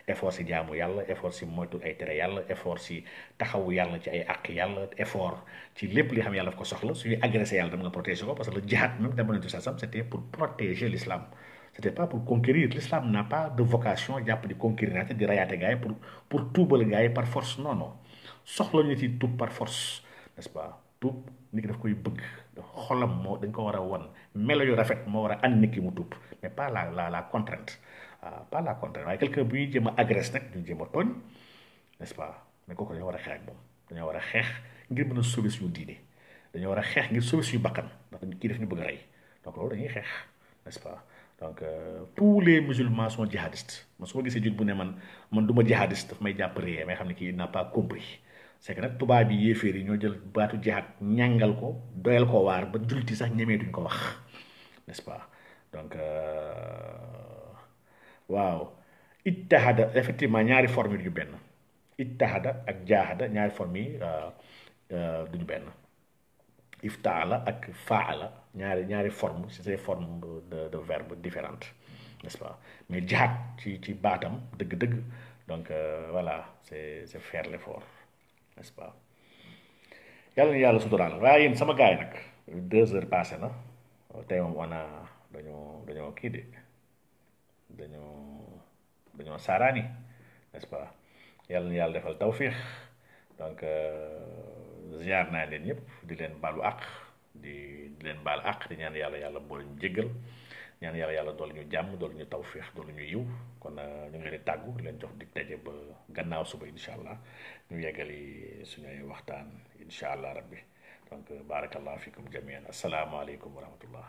A: effort ci jaamu yalla effort ci moytu ay tere yalla effort ci taxawu yalla ci ay ak yalla effort ci lepp li xam yalla ko soxla suñu agresser yalla dama nga protéger ko parce que le jihad même dans le sasam c'était pour protéger l'islam c'était pas pour conquérir l'islam n'a pas de vocation japp di conquérir naate di rayaate gaay pour pour toubal gaay par force non non soxla ñu ci tuub par force n'est-ce pas tuub nit daf koy bëgg xolam mo dañ ko wara a melo yu rafet moo war a ànd nit ki mu tuub mais par la la la contrainte ah la contrainte waaye quelqu'un bu ñuy jéem a agresse nag ñu jéem a tooñ n'est-ce pas mais kooku dañoo war a xeex moom dañoo war a xeex ngir mën a sauver yu diine dañoo war a xeex ngir sauver yu bakkan ndax kii def ñu bëgg a rey donc loolu dañuy xeex n'est-ce pas donc euh, les musulmans sont jihadistes man su ma gisee jul bu ne man man du ma jihadiste daf may jàpp rëyee may xam ne kii n'a pas compris c'est que nak tuba bi yéfer yi ñoo jël baatu jihad ñangal ko doyal ko war ba julti sax duñ ko wax nest ce pas donc euh, waaw ittahada effectivement ñaari formule yu benn ittahada ak jahada ñaari forme yi euh, euh, duñu benn iftaala ak faala ñaari ñaari forme c'est des formes de, de verbe différentes n'est-ce pas mais jihad ci ci batam deug deug donc euh, voilà c'est c'est faire l'effort Vespa. Jadno je jalo sutorano. Ja jem sama gajnak. nak. paseno. Te imam ona, do njo, do kidi. Do njo, do njo sarani. Vespa. Jadno je jalo defal tawfiq. Donc, euh, ziar na leen ñëpp di balu ak Dilen leen baal ak di ñaan yàlla yàlla boole ñaan yàlla yàlla dool ñu jàmm dool ñu taw fiix dool ñu yiw kon ñu ngi leen tàggu di leen jox dig daje ba gannaaw suba insha allah ñu yeggali suñuy waxtaan insha allah rabbi donc baraka allah fikum jamian assalaamualeykum wa rahmatullah